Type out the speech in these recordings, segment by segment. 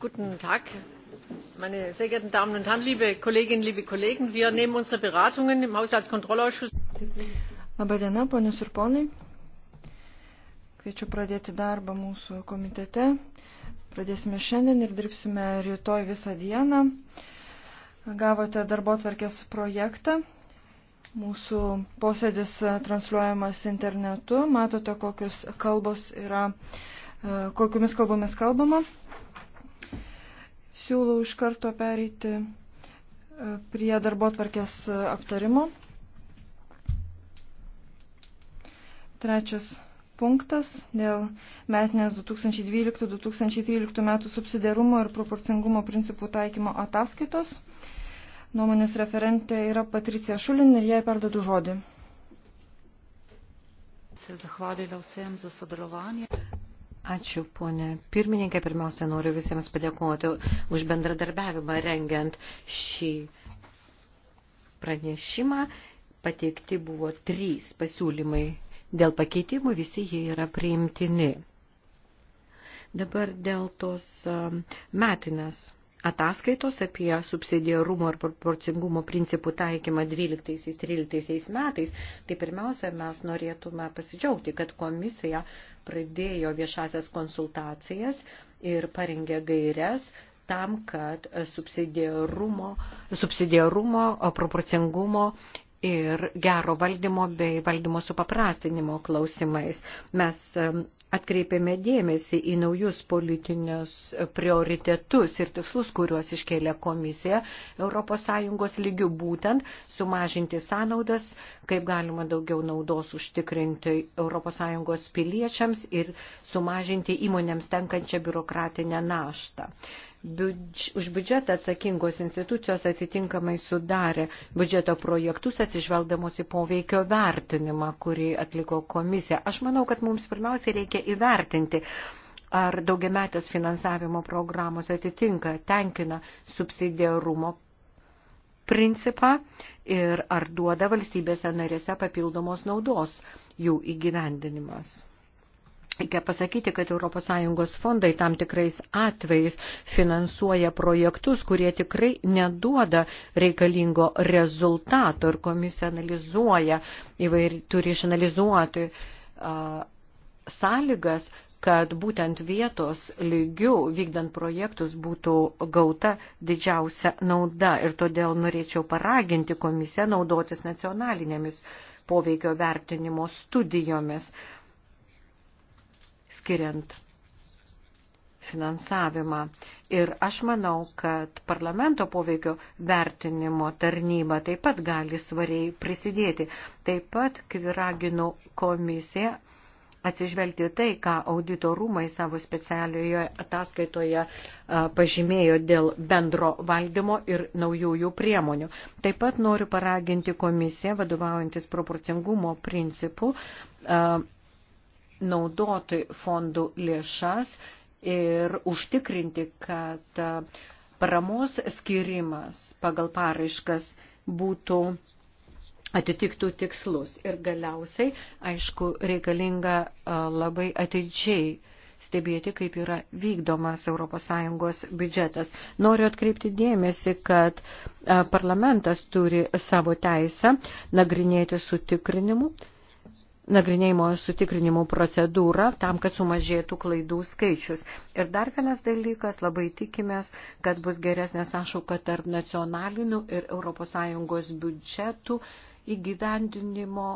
Guten Tag, meine sehr geehrten Damen und Herren, liebe Kolleginnen, liebe Kollegen. Wir nehmen unsere Beratungen im Haushaltskontrollausschuss. Labadiena, ponios ir ponai. Kviečiu pradėti darbą mūsų komitete. Pradėsime šiandien ir dirbsime rytoj visą dieną. Gavote darbo tvarkės projektą. Mūsų posėdis transliuojamas internetu. Matote, kokius kalbos yra, e, kokiomis kalbomis kalbama. Siūlau iš karto pereiti e, prie darbo tvarkės e, aptarimo. Trečias punktas dėl metinės 2012-2013 metų subsidiarumo ir proporcingumo principų taikymo ataskaitos. Nuomonės referentė yra Patricija Šulin ir jai perdodu žodį. Ačiū, ponė. Pirmininkė, pirmiausia, noriu visiems padėkoti už bendradarbiavimą rengiant šį pranešimą. Pateikti buvo trys pasiūlymai dėl pakeitimų, visi jie yra priimtini. Dabar dėl tos metinės ataskaitos apie subsidiarumo ir proporcingumo principų taikymą 12-13 metais, tai pirmiausia, mes norėtume pasidžiaugti, kad komisija pradėjo viešasias konsultacijas ir parengė gairias tam, kad subsidiarumo, subsidiarumo proporcingumo ir gero valdymo bei valdymo supaprastinimo klausimais. Mes atkreipėme dėmesį į naujus politinius prioritetus ir tikslus, kuriuos iškėlė komisija ES lygių būtent sumažinti sąnaudas, kaip galima daugiau naudos užtikrinti ES piliečiams ir sumažinti įmonėms tenkančią biurokratinę naštą biudž, už biudžetą atsakingos institucijos atitinkamai sudarė biudžeto projektus atsižvelgdamos į poveikio vertinimą, kurį atliko komisija. Aš manau, kad mums pirmiausia reikia įvertinti, ar daugiametės finansavimo programos atitinka, tenkina subsidiarumo principą ir ar duoda valstybėse narėse papildomos naudos jų įgyvendinimas. Reikia pasakyti, kad ES fondai tam tikrais atvejais finansuoja projektus, kurie tikrai neduoda reikalingo rezultato ir komisija analizuoja, įvair, turi išanalizuoti uh, sąlygas, kad būtent vietos lygių vykdant projektus būtų gauta didžiausia nauda. Ir todėl norėčiau paraginti komisiją naudotis nacionalinėmis poveikio vertinimo studijomis. Uh, skiriant finansavimą. Ir aš manau, kad parlamento poveikio vertinimo tarnyba taip pat gali svariai prisidėti. Taip pat kviragino komisija atsižvelgti tai, ką audito rūmai savo specialioje ataskaitoje pažymėjo dėl bendro valdymo ir naujųjų priemonių. Taip pat noriu paraginti komisiją, vadovaujantis proporcingumo principu, naudoti fondų lėšas ir užtikrinti, kad e, paramos skirimas pagal paraiškas būtų atitiktų tikslus. Ir galiausiai, aišku, reikalinga e, labai ateidžiai stebėti, kaip yra vykdomas ES biudžetas. Noriu atkreipti dėmesį, kad e, parlamentas turi savo teisę nagrinėti su tikrinimu nagrinėjimo sutikrinimų procedūrą tam, kad sumažėtų klaidų skaičius. Ir dar vienas dalykas, labai tikimės, kad bus geresnė sąšauka tarp nacionalinių ir ES biudžetų įgyvendinimo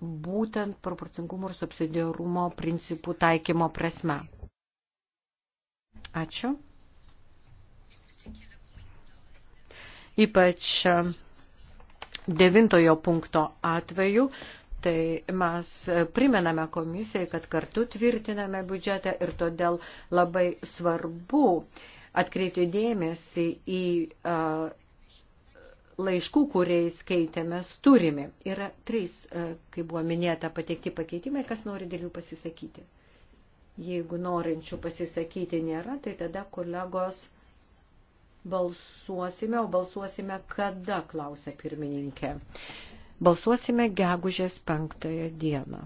būtent proporcingumo ir subsidiarumo principų taikymo prasme. Ačiū. Ypač devintojo punkto atveju tai mes primename komisijai, kad kartu tvirtiname biudžetą ir todėl labai svarbu atkreipti dėmesį į a, laiškų, kuriais keitėmės turimi. Yra trys, a, kaip buvo minėta, pateikti pakeitimai, kas nori dėl jų pasisakyti. Jeigu norinčių pasisakyti nėra, tai tada kolegos balsuosime, o balsuosime kada, klausia pirmininkė. Balsuosime gegužės penktąją dieną.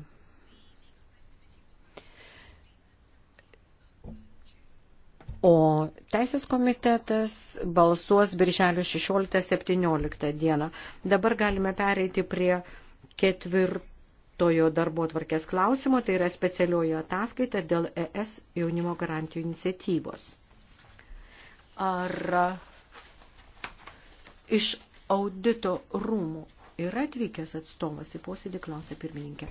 O teisės komitetas balsuos birželio 16-17 dieną. Dabar galime pereiti prie ketvirtojo darbo tvarkės klausimo, tai yra specialioji ataskaita dėl ES jaunimo garantijų iniciatyvos. Ar iš audito rūmų Yra atvykęs atstovas į posėdį, klausė pirmininkė.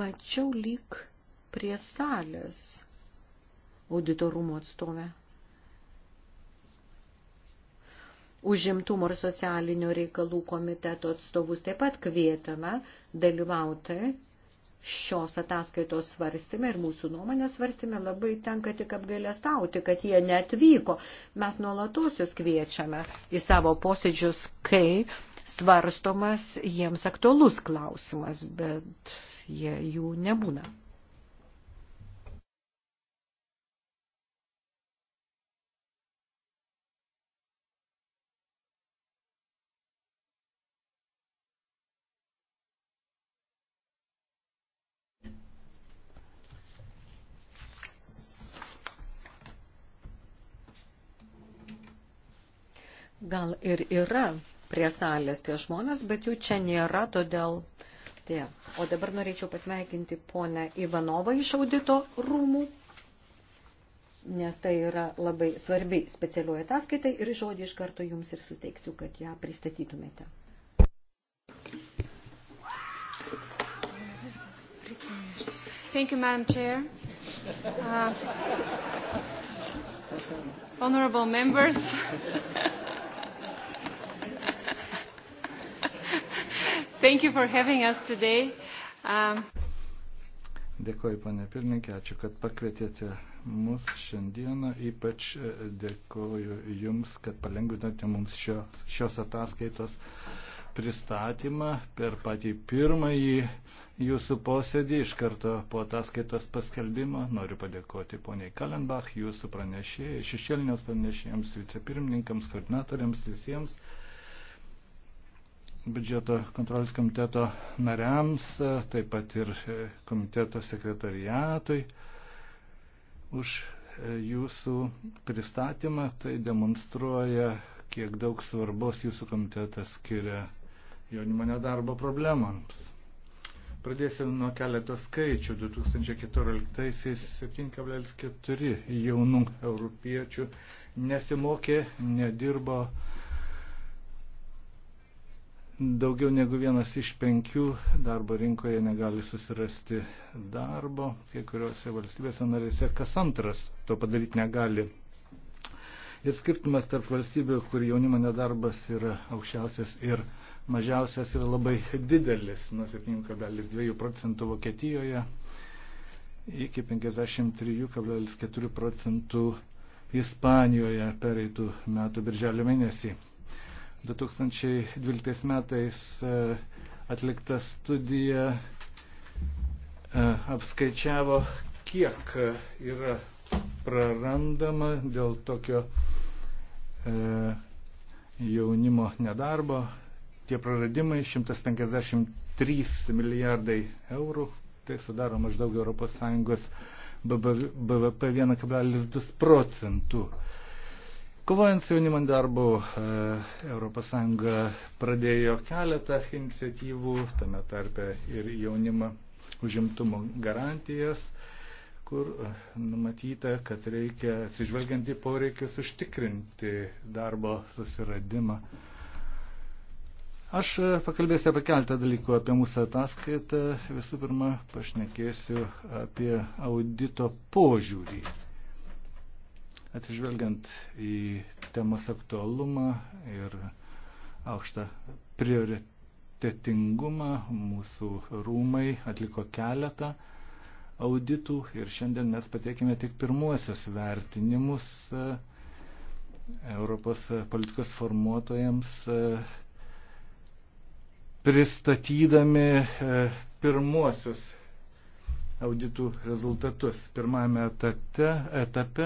Mačiau lyg prie salės auditorumo atstovę. Užimtumo ir socialinio reikalų komiteto atstovus taip pat kvietame dalyvauti šios ataskaitos svarstymę ir mūsų nuomonės svarstymę labai tenka tik apgailestauti, kad jie neatvyko. Mes nuolatos jūs kviečiame į savo posėdžius, kai svarstomas jiems aktualus klausimas, bet jie jų nebūna. gal ir yra prie salės tie žmonės, bet jų čia nėra, todėl tie. O dabar norėčiau pasveikinti ponę Ivanovą iš audito rūmų, nes tai yra labai svarbi specialioji ataskaita ir žodį iš karto jums ir suteiksiu, kad ją pristatytumėte. Thank you, Madam Chair. Uh, honorable members. Thank you for having us today. Um... Dėkuoju, panė pirmininkė, ačiū, kad pakvietėte mus šiandieną. Ypač e, dėkuoju Jums, kad palengvinote mums šio, šios ataskaitos pristatymą per patį pirmąjį Jūsų posėdį iš karto po ataskaitos paskelbimo. Noriu padėkoti poniai Kalenbach, Jūsų pranešėjai, šešėlinės pranešėjams, vicepirmininkams, koordinatoriams, visiems biudžeto kontrolės komiteto nariams, taip pat ir e, komiteto sekretariatui už e, jūsų pristatymą. Tai demonstruoja, kiek daug svarbos jūsų komitetas skiria jaunimo nedarbo problemams. Pradėsiu nuo keletos skaičių. 2014-aisiais 7,4 jaunų europiečių nesimokė, nedirbo Daugiau negu vienas iš penkių darbo rinkoje negali susirasti darbo, kai kuriuose valstybėse narėse kas antras to padaryti negali. Ir skirtumas tarp valstybių, kur jaunimo nedarbas yra aukščiausias ir mažiausias, yra labai didelis, nuo 7,2 procentų Vokietijoje iki 53,4 procentų Ispanijoje pereitų metų birželio mėnesį. 2012 metais e, atlikta studija e, apskaičiavo, kiek yra prarandama dėl tokio e, jaunimo nedarbo. Tie praradimai 153 milijardai eurų, tai sudaro maždaug ES BVP 1,2 procentų. Kovojant su jaunimo darbu, ES pradėjo keletą iniciatyvų, tame tarpe ir jaunimą užimtumo garantijas, kur e, numatyta, kad reikia atsižvelgiant į poreikius užtikrinti darbo susiradimą. Aš e, pakalbėsiu apie keltą dalykų apie mūsų ataskaitą. Visų pirma, pašnekėsiu apie audito požiūrį Atsižvelgiant į temos aktualumą ir aukštą prioritetingumą, mūsų rūmai atliko keletą auditų ir šiandien mes patiekime tik pirmuosius vertinimus e, Europos politikos formuotojams e, pristatydami e, pirmuosius auditų rezultatus. Pirmame etate, etape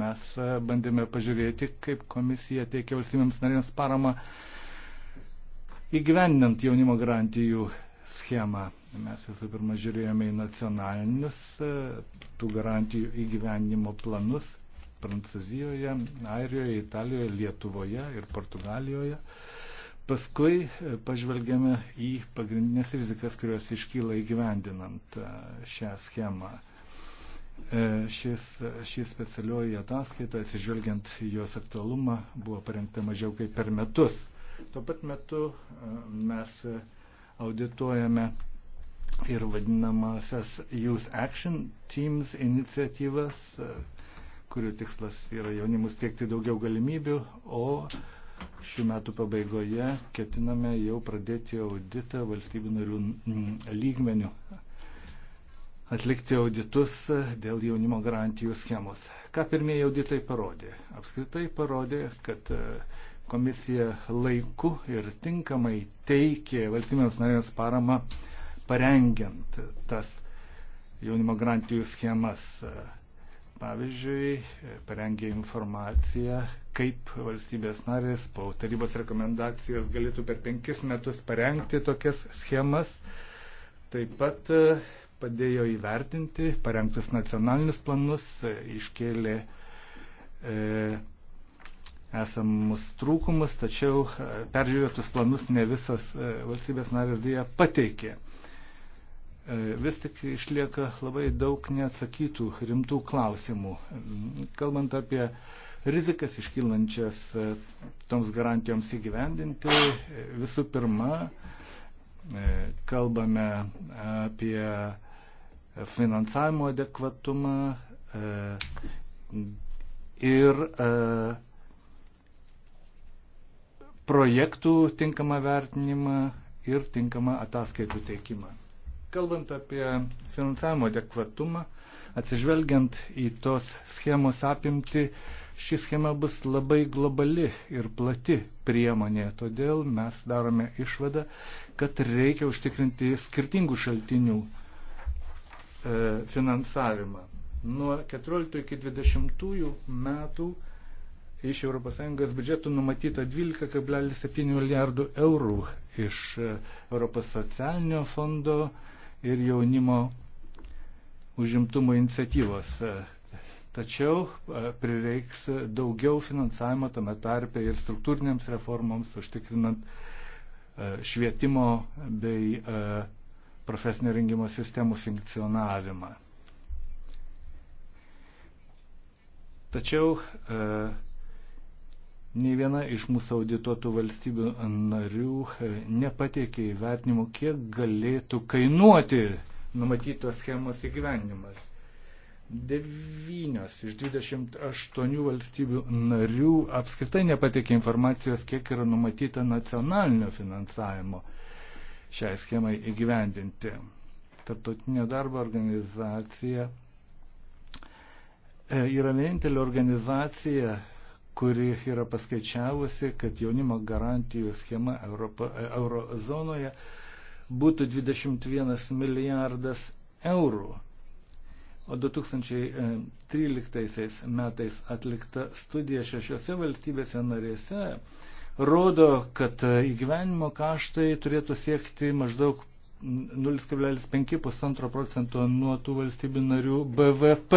mes bandėme pažiūrėti, kaip komisija teikia valstybėms narėms paramą įgyvendinant jaunimo garantijų schemą. Mes visų pirma žiūrėjome į nacionalinius e, tų garantijų įgyvendinimo planus Prancūzijoje, Airijoje, Italijoje, Lietuvoje ir Portugalijoje. Paskui e, pažvelgiame į pagrindinės rizikas, kurios iškyla įgyvendinant e, šią schemą. E, šis, šis specialioji ataskaita, atsižvelgiant į jos aktualumą, buvo parengta mažiau kaip per metus. Tuo pat metu mes audituojame ir vadinamasias Youth Action Teams iniciatyvas, kurių tikslas yra jaunimus tiekti daugiau galimybių, o Šių metų pabaigoje ketiname jau pradėti auditą valstybinių mm, lygmenių, atlikti auditus dėl jaunimo garantijų schemos. Ką pirmieji auditai parodė? Apskritai parodė, kad e, komisija laiku ir tinkamai teikė valstybėms narėms paramą parengiant tas jaunimo garantijų schemas. Pavyzdžiui, parengė informaciją, kaip valstybės narės po tarybos rekomendacijos galėtų per penkis metus parengti tokias schemas. Taip pat e, padėjo įvertinti parengtus nacionalinius planus, e, iškėlė e, esamus trūkumus, tačiau e, peržiūrėtus planus ne visas valstybės narės dėja pateikė. E, vis tik išlieka labai daug neatsakytų rimtų klausimų. Kalbant apie rizikas iškylančias e, toms garantijoms įgyvendinti, e, visų pirma, kalbame apie finansavimo adekvatumą ir projektų tinkamą vertinimą ir tinkamą ataskaitų teikimą. Kalbant apie finansavimo adekvatumą, atsižvelgiant į tos schemos apimti, ši schema bus labai globali ir plati priemonė. Todėl mes darome išvadą, kad reikia užtikrinti skirtingų šaltinių e, finansavimą. Nuo 14 iki 20 metų iš ES biudžeto numatyta 12,7 milijardų eurų iš ES fondo ir jaunimo užimtumo iniciatyvos. Tačiau prireiks daugiau finansavimo tame tarpe ir struktūrinėms reformoms, užtikrinant švietimo bei profesinio rengimo sistemų funkcionavimą. Tačiau Nei viena iš mūsų audituotų valstybių narių e, nepateikė įvertinimų, kiek galėtų kainuoti numatytos schemos įgyvenimas. 9 iš 28 valstybių narių apskritai nepateikė informacijos, kiek yra numatyta nacionalinio finansavimo šiai schemai įgyvendinti. Tarptautinė darbo organizacija e, yra vienintelė organizacija kuri yra paskaičiavusi, kad jaunimo garantijų schema Europa, e, eurozonoje būtų 21 milijardas eurų. O 2013 metais atlikta studija šešiose valstybėse narėse rodo, kad įgyvenimo kaštai turėtų siekti maždaug 0,5 pusantro procento nuo tų valstybių narių BVP.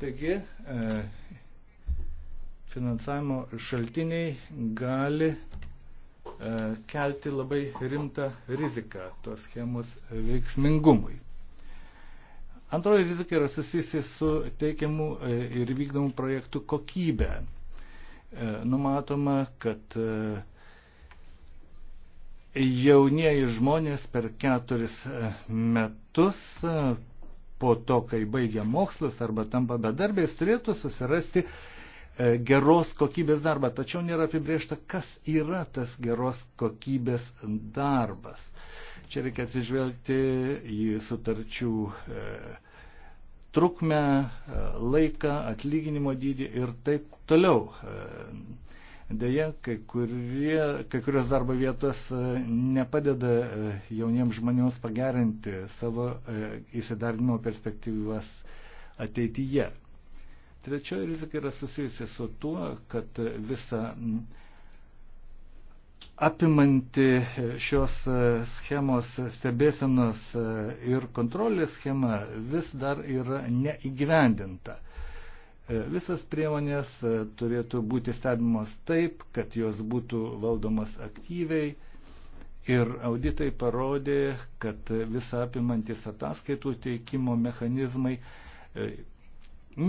Taigi, e, finansavimo šaltiniai gali e, kelti labai rimtą riziką tos schemos veiksmingumui. Antroji rizika yra susijusi su teikiamų e, ir vykdomų projektų kokybė. Numatoma, kad jaunieji žmonės per keturis metus po to, kai baigia mokslus arba tampa bedarbiais, turėtų susirasti e, geros kokybės darbą, tačiau nėra apibriešta, kas yra tas geros kokybės darbas. Čia reikia atsižvelgti į sutarčių e, trukmę, e, laiką, atlyginimo dydį ir taip toliau. E, Deja, kai, kurie, kai kurios darbo vietos e, nepadeda e, jauniems žmonėms pagerinti savo e, įsidarbinimo perspektyvas ateityje. Trečioji rizika yra susijusi su tuo, kad visa apimanti šios schemos stebėsenos ir kontrolės schema vis dar yra neįgyvendinta. E, Visas priemonės e, turėtų būti stebimos taip, kad jos būtų valdomas aktyviai ir auditai parodė, kad visą apimantis ataskaitų teikimo mechanizmai e,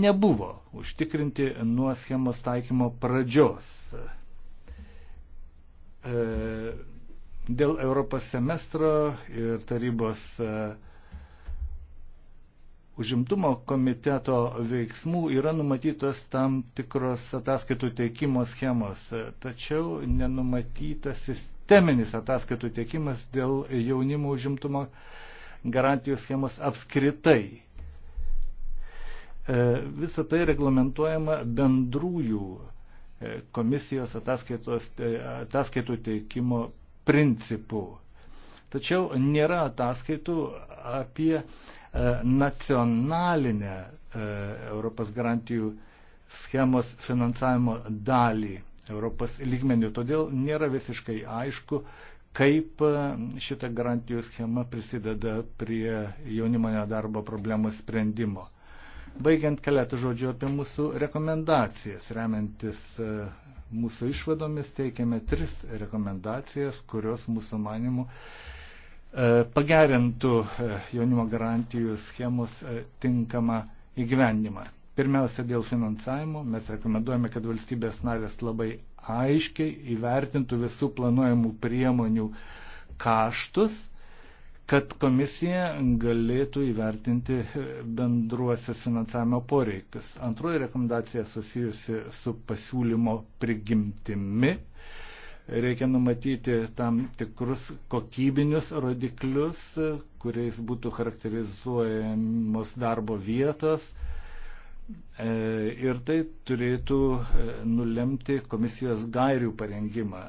nebuvo užtikrinti nuo schemos taikymo pradžios. Dėl Europos semestro ir tarybos užimtumo komiteto veiksmų yra numatytos tam tikros ataskaitų teikimo schemos, tačiau nenumatytas sisteminis ataskaitų teikimas dėl jaunimo užimtumo garantijų schemos apskritai. E, Visą tai reglamentuojama bendrųjų e, komisijos e, ataskaitų teikimo principų. Tačiau nėra ataskaitų apie E, nacionalinę e, Europos garantijų schemos finansavimo dalį Europos lygmenių. Todėl nėra visiškai aišku, kaip e, šita garantijų schema prisideda prie jaunimo nedarbo problemos sprendimo. Baigiant keletą žodžių apie mūsų rekomendacijas, remiantis mūsų išvadomis, teikiame tris rekomendacijas, kurios mūsų manimų E, pagerintų e, jaunimo garantijų schemos e, tinkamą įgyvendimą. Pirmiausia, dėl finansavimo mes rekomenduojame, kad valstybės narės labai aiškiai įvertintų visų planuojamų priemonių kaštus, kad komisija galėtų įvertinti bendruosius finansavimo poreikius. Antroji rekomendacija susijusi su pasiūlymo prigimtimi Reikia numatyti tam tikrus kokybinius rodiklius, kuriais būtų charakterizuojamos darbo vietos. E, ir tai turėtų e, nulemti komisijos gairių parengimą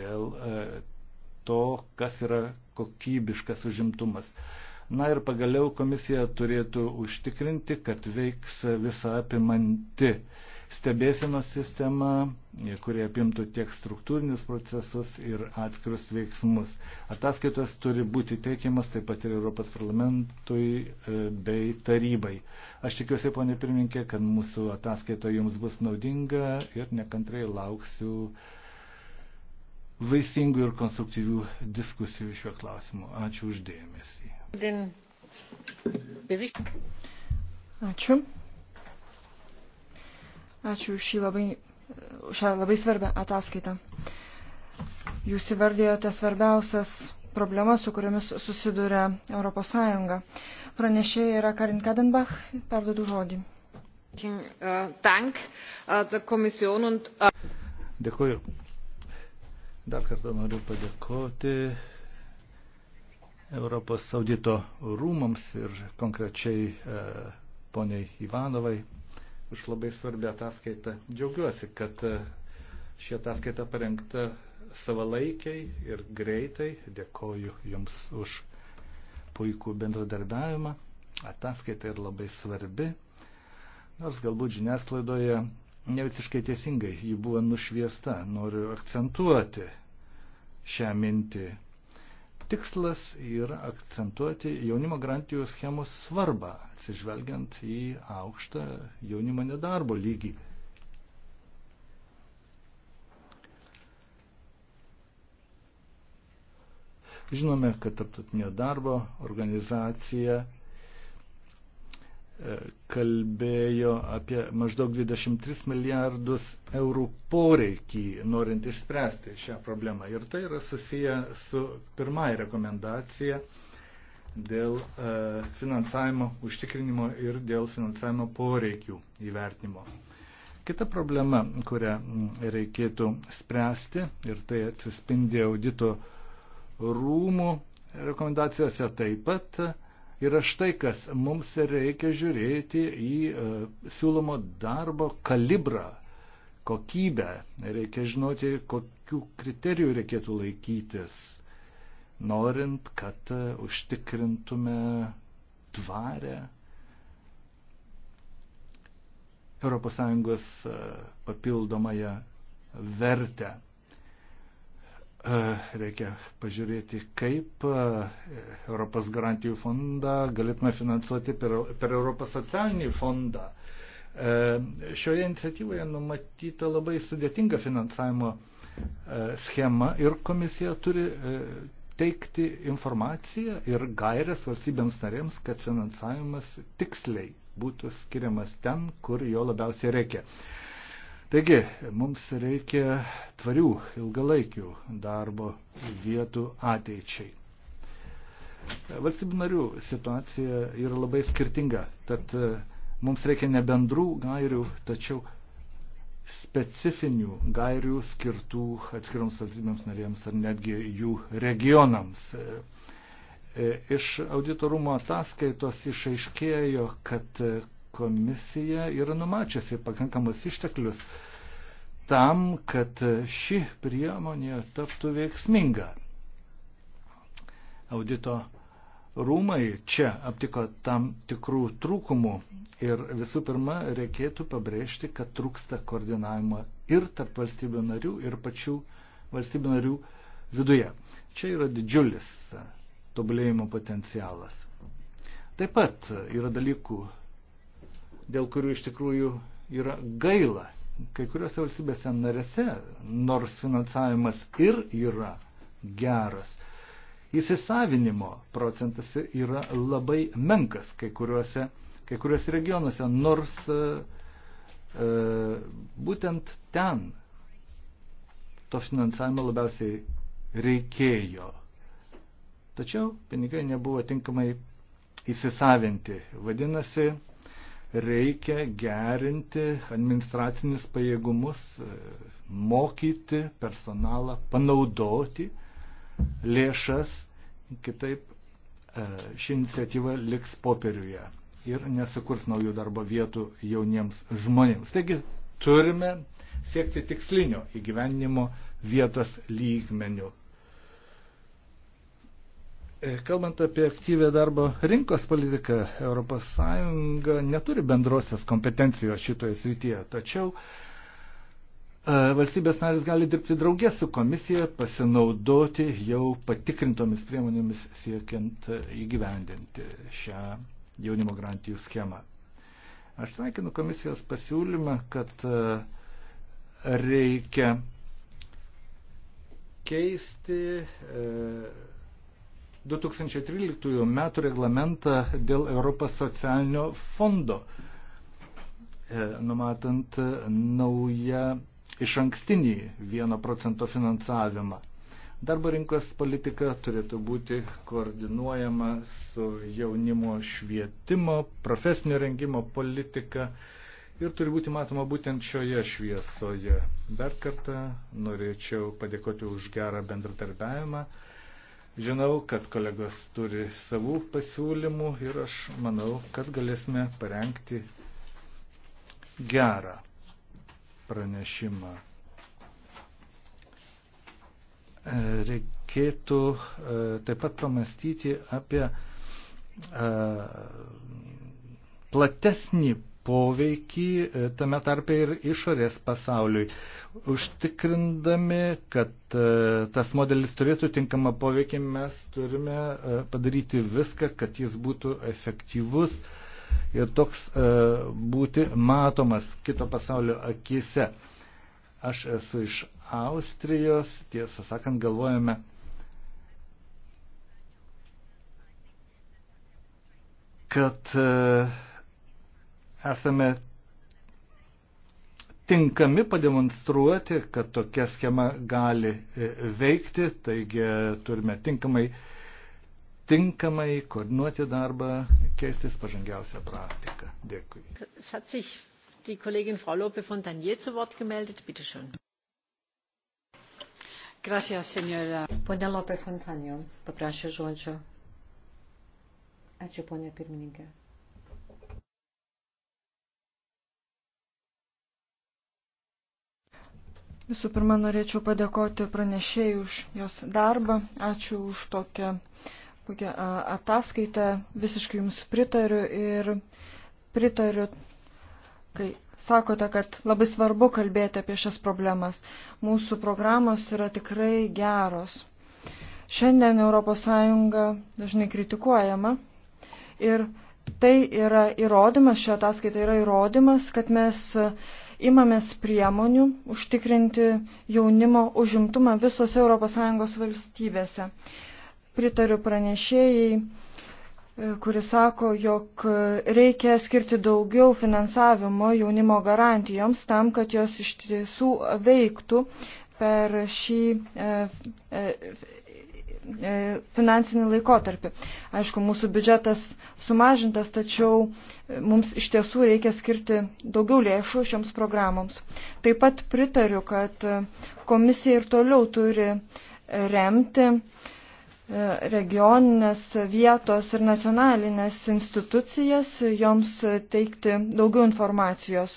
dėl e, to, kas yra kokybiškas užimtumas. Na ir pagaliau komisija turėtų užtikrinti, kad veiks visą apimanti stebėsienos sistema, kurie apimtų tiek struktūrinius procesus ir atskirus veiksmus. Ataskaitos turi būti teikiamas taip pat ir Europos parlamentui e, bei tarybai. Aš tikiuosi, ponė pirminkė, kad mūsų ataskaita jums bus naudinga ir nekantrai lauksiu vaisingų ir konstruktyvių diskusijų šiuo klausimu. Ačiū uždėmesį. Ačiū. Ačiū už šį labai, šią labai svarbę ataskaitą. Jūs įvardėjote svarbiausias problemas, su kuriomis susiduria ES. Pranešėja yra Karin Kadenbach, perdodu žodį. Äh, äh Dėkuoju. Dar kartą noriu padėkoti Europos audito rūmams ir konkrečiai e, poniai Ivanovai už labai svarbę ataskaitą. Džiaugiuosi, kad e, ši ataskaita parengta savalaikiai ir greitai. Dėkoju Jums už puikų bendradarbiavimą. Ataskaita ir labai svarbi. Nors galbūt žiniasklaidoje ne visiškai teisingai ji buvo nušviesta. Noriu akcentuoti šią mintį tikslas yra akcentuoti jaunimo garantijų schemos svarbą, atsižvelgiant į aukštą jaunimo nedarbo lygį. Žinome, kad tarptautinė darbo organizacija kalbėjo apie maždaug 23 milijardus eurų poreikį, norint išspręsti šią problemą. Ir tai yra susiję su pirmąja rekomendacija dėl e, finansavimo užtikrinimo ir dėl finansavimo poreikių įvertinimo. Kita problema, kurią mm, reikėtų spręsti, ir tai atsispindi audito rūmų rekomendacijose taip pat, yra štai kas, mums reikia žiūrėti į e, siūlomo darbo kalibrą, kokybę, reikia žinoti, kokių kriterijų reikėtų laikytis, norint, kad e, užtikrintume tvarę ES e, papildomąją vertę. E, reikia pažiūrėti, kaip e, Europos garantijų fondą galėtume finansuoti per, per Europos socialinį fondą. E, šioje iniciatyvoje numatyta labai sudėtinga finansavimo schema ir komisija turi teikti informaciją ir gairias valstybėms narėms, kad finansavimas tiksliai būtų skiriamas ten, kur jo labiausiai reikia. Taigi, mums reikia tvarių, ilgalaikių darbo vietų ateičiai. Valstybių narių situacija yra labai skirtinga, tad e, mums reikia ne bendrų gairių, tačiau specifinių gairių skirtų atskiroms valstybėms narėms ar netgi jų regionams. E, e, iš auditorumo ataskaitos išaiškėjo, kad komisija yra numačiusi pakankamus išteklius tam, kad ši priemonė taptų veiksminga. Audito rūmai čia aptiko tam tikrų trūkumų ir visų pirma reikėtų pabrėžti, kad trūksta koordinavimo ir tarp valstybių narių, ir pačių valstybių narių viduje. Čia yra didžiulis tobulėjimo potencialas. Taip pat yra dalykų, dėl kurių iš tikrųjų yra gaila. Kai kuriuose valstybėse narėse, nors finansavimas ir yra geras, įsisavinimo procentas yra labai menkas kai kuriuose, kai kuriuose regionuose, nors e, e būtent ten to finansavimo labiausiai reikėjo. Tačiau pinigai nebuvo tinkamai įsisavinti. Vadinasi, reikia gerinti administracinius pajėgumus, mokyti personalą, panaudoti lėšas, kitaip e, ši iniciatyva liks popieriuje ir nesukurs naujų darbo vietų jauniems žmonėms. Taigi turime siekti tikslinio įgyvenimo vietos lygmenių. E, kalbant apie aktyvę darbo rinkos politiką, ES neturi bendrosios kompetencijos šitoje srityje, tačiau e, valstybės narės gali dirbti draugė su komisija, pasinaudoti jau patikrintomis priemonėmis siekiant e, įgyvendinti šią jaunimo garantijų schemą. Aš sveikinu komisijos pasiūlymą, kad reikia keisti. E, 2013 m. reglamentą dėl Europos socialinio fondo, e, numatant e, naują iš ankstinį 1 procento finansavimą. Darbo rinkos politika turėtų būti koordinuojama su jaunimo švietimo, profesinio rengimo politika ir turi būti matoma būtent šioje šviesoje. Dar kartą norėčiau padėkoti už gerą bendradarbiavimą. Žinau, kad kolegos turi savų pasiūlymų ir aš manau, kad galėsime parengti gerą pranešimą. E, reikėtų e, taip pat pamastyti apie e, platesnį poveikį e, tame tarpe ir išorės pasauliui, užtikrindami, kad e, tas modelis turėtų tinkamą poveikį, mes turime e, padaryti viską, kad jis būtų efektyvus ir toks būti matomas kito pasaulio akise. Aš esu iš Austrijos, tiesą sakant, galvojame, kad uh, esame tinkami pademonstruoti, kad tokia schema gali e, veikti, taigi turime tinkamai, tinkamai koordinuoti darbą, keistis pažangiausią praktiką. Dėkui. Die Kollegin Frau Lope Fontanier zu Wort gemeldet. Bitte schön. Gracias, señora. Pone Lope Fontanier, paprašė žodžio. Ačiū, ponė pirmininkė. Visų pirma, norėčiau padėkoti pranešėjai už jos darbą. Ačiū už tokią puikia, ataskaitą. Visiškai jums pritariu ir pritariu, kai sakote, kad labai svarbu kalbėti apie šias problemas. Mūsų programos yra tikrai geros. Šiandien ES dažnai kritikuojama ir tai yra įrodymas, ši ataskaita yra įrodymas, kad mes imamės priemonių užtikrinti jaunimo užimtumą visose ES valstybėse. Pritariu pranešėjai, e, kuris sako, jog reikia skirti daugiau finansavimo jaunimo garantijoms tam, kad jos iš tiesų veiktų per šį e, e, E, finansinį laikotarpį. Aišku, mūsų biudžetas sumažintas, tačiau e, mums iš tiesų reikia skirti daugiau lėšų šioms programoms. Taip pat pritariu, kad e, komisija ir toliau turi remti regioninės vietos ir nacionalinės institucijas, joms teikti daugiau informacijos.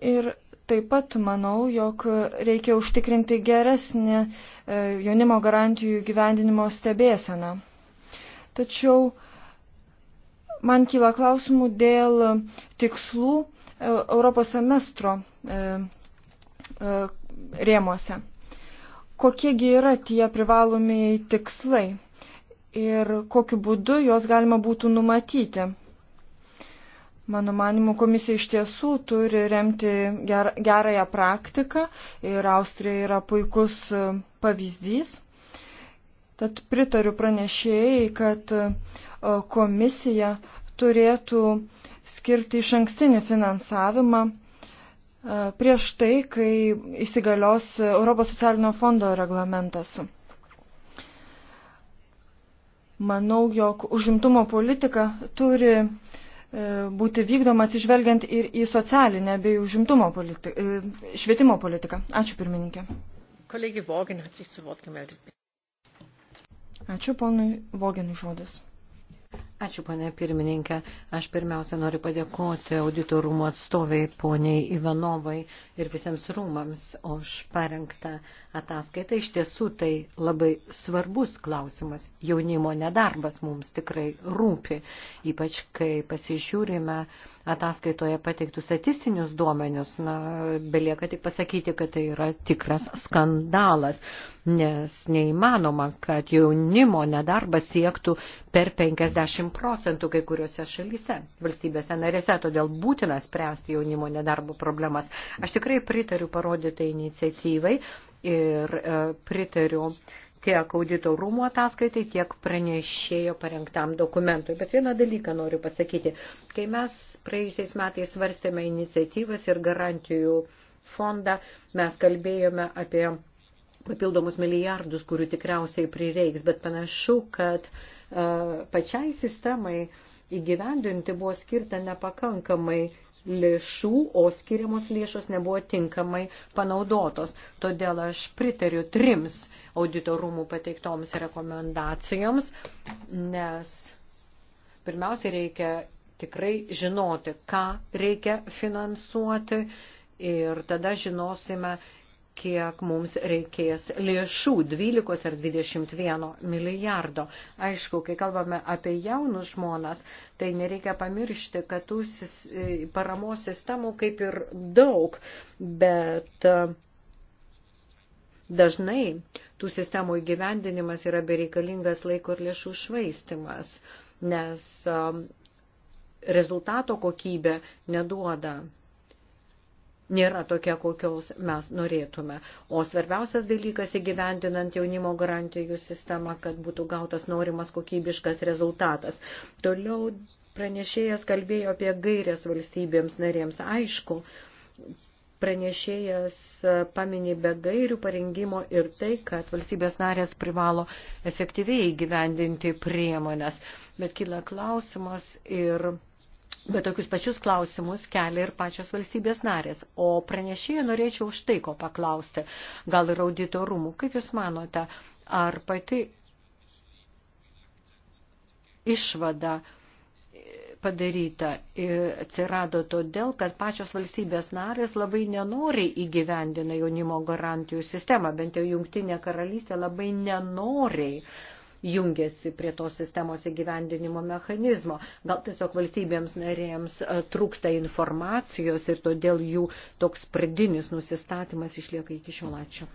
Ir Taip pat manau, jog reikia užtikrinti geresnį e, jaunimo garantijų gyvendinimo stebėseną. Tačiau man kyla klausimų dėl tikslų e, Europos semestro e, rėmuose. Kokiegi yra tie privalomiai tikslai ir kokiu būdu juos galima būtų numatyti? Mano manimų komisija iš tiesų turi remti ger, gerąją praktiką ir Austrija yra puikus e, pavyzdys. Tad pritariu pranešėjai, kad e, komisija turėtų skirti iš ankstinį finansavimą e, prieš tai, kai įsigalios Europos socialinio fondo reglamentas. Manau, jog užimtumo politika turi uh, E, būti vykdomas išvelgiant ir į socialinę bei užimtumo politiką, e, švietimo politiką. Ačiū pirmininkė. Kolegė Vogin hat sich zu Wort gemeldet. Ačiū ponui Voginui žodis. Ačiū, pane pirmininkė. Aš pirmiausia noriu padėkoti auditorumo atstoviai poniai Ivanovai ir visiems rūmams už parengtą ataskaitą. Iš tiesų tai labai svarbus klausimas. Jaunimo nedarbas mums tikrai rūpi, ypač kai pasižiūrime ataskaitoje pateiktus statistinius duomenius. Na, belieka tik pasakyti, kad tai yra tikras skandalas, nes neįmanoma, kad jaunimo nedarbas siektų per 50 50 procentų kai kuriuose šalyse, valstybėse narėse, todėl būtina spręsti jaunimo nedarbo problemas. Aš tikrai pritariu parodytai iniciatyvai ir e, pritariu tiek audito rūmų ataskaitai, tiek pranešėjo parengtam dokumentui. Bet vieną dalyką noriu pasakyti. Kai mes praėjusiais metais svarstėme iniciatyvas ir garantijų fondą, mes kalbėjome apie papildomus milijardus, kurių tikriausiai prireiks, bet panašu, kad uh, E, pačiai sistemai įgyvendinti buvo skirta nepakankamai lėšų, o skiriamos lėšos nebuvo tinkamai panaudotos. Todėl aš pritariu trims auditorumų pateiktoms rekomendacijoms, nes pirmiausia reikia tikrai žinoti, ką reikia finansuoti ir tada žinosime kiek mums reikės lėšų - 12 ar 21 milijardo. Aišku, kai kalbame apie jaunus žmonas, tai nereikia pamiršti, kad tų e, paramos sistemų kaip ir daug, bet e, dažnai tų sistemų įgyvendinimas yra bereikalingas laiko ir lėšų švaistimas, nes e, rezultato kokybė neduoda nėra tokia, kokios mes norėtume. O svarbiausias dalykas įgyvendinant jaunimo garantijų sistemą, kad būtų gautas norimas kokybiškas rezultatas. Toliau pranešėjas kalbėjo apie gairės valstybėms narėms. Aišku, pranešėjas paminė be gairių parengimo ir tai, kad valstybės narės privalo efektyviai įgyvendinti priemonės. Bet kyla klausimas ir Bet tokius pačius klausimus kelia ir pačios valstybės narės. O pranešėjo norėčiau štai ko paklausti, gal ir audito rūmų. Kaip Jūs manote, ar pati išvada padaryta atsirado todėl, kad pačios valstybės narės labai nenoriai įgyvendina jaunimo garantijų sistemą, bent jau jungtinė karalystė labai nenoriai uh, jungiasi prie tos sistemos įgyvendinimo mechanizmo. Gal tiesiog valstybėms narėms e, trūksta informacijos ir todėl jų toks pradinis nusistatymas išlieka iki šiol. Ačiū.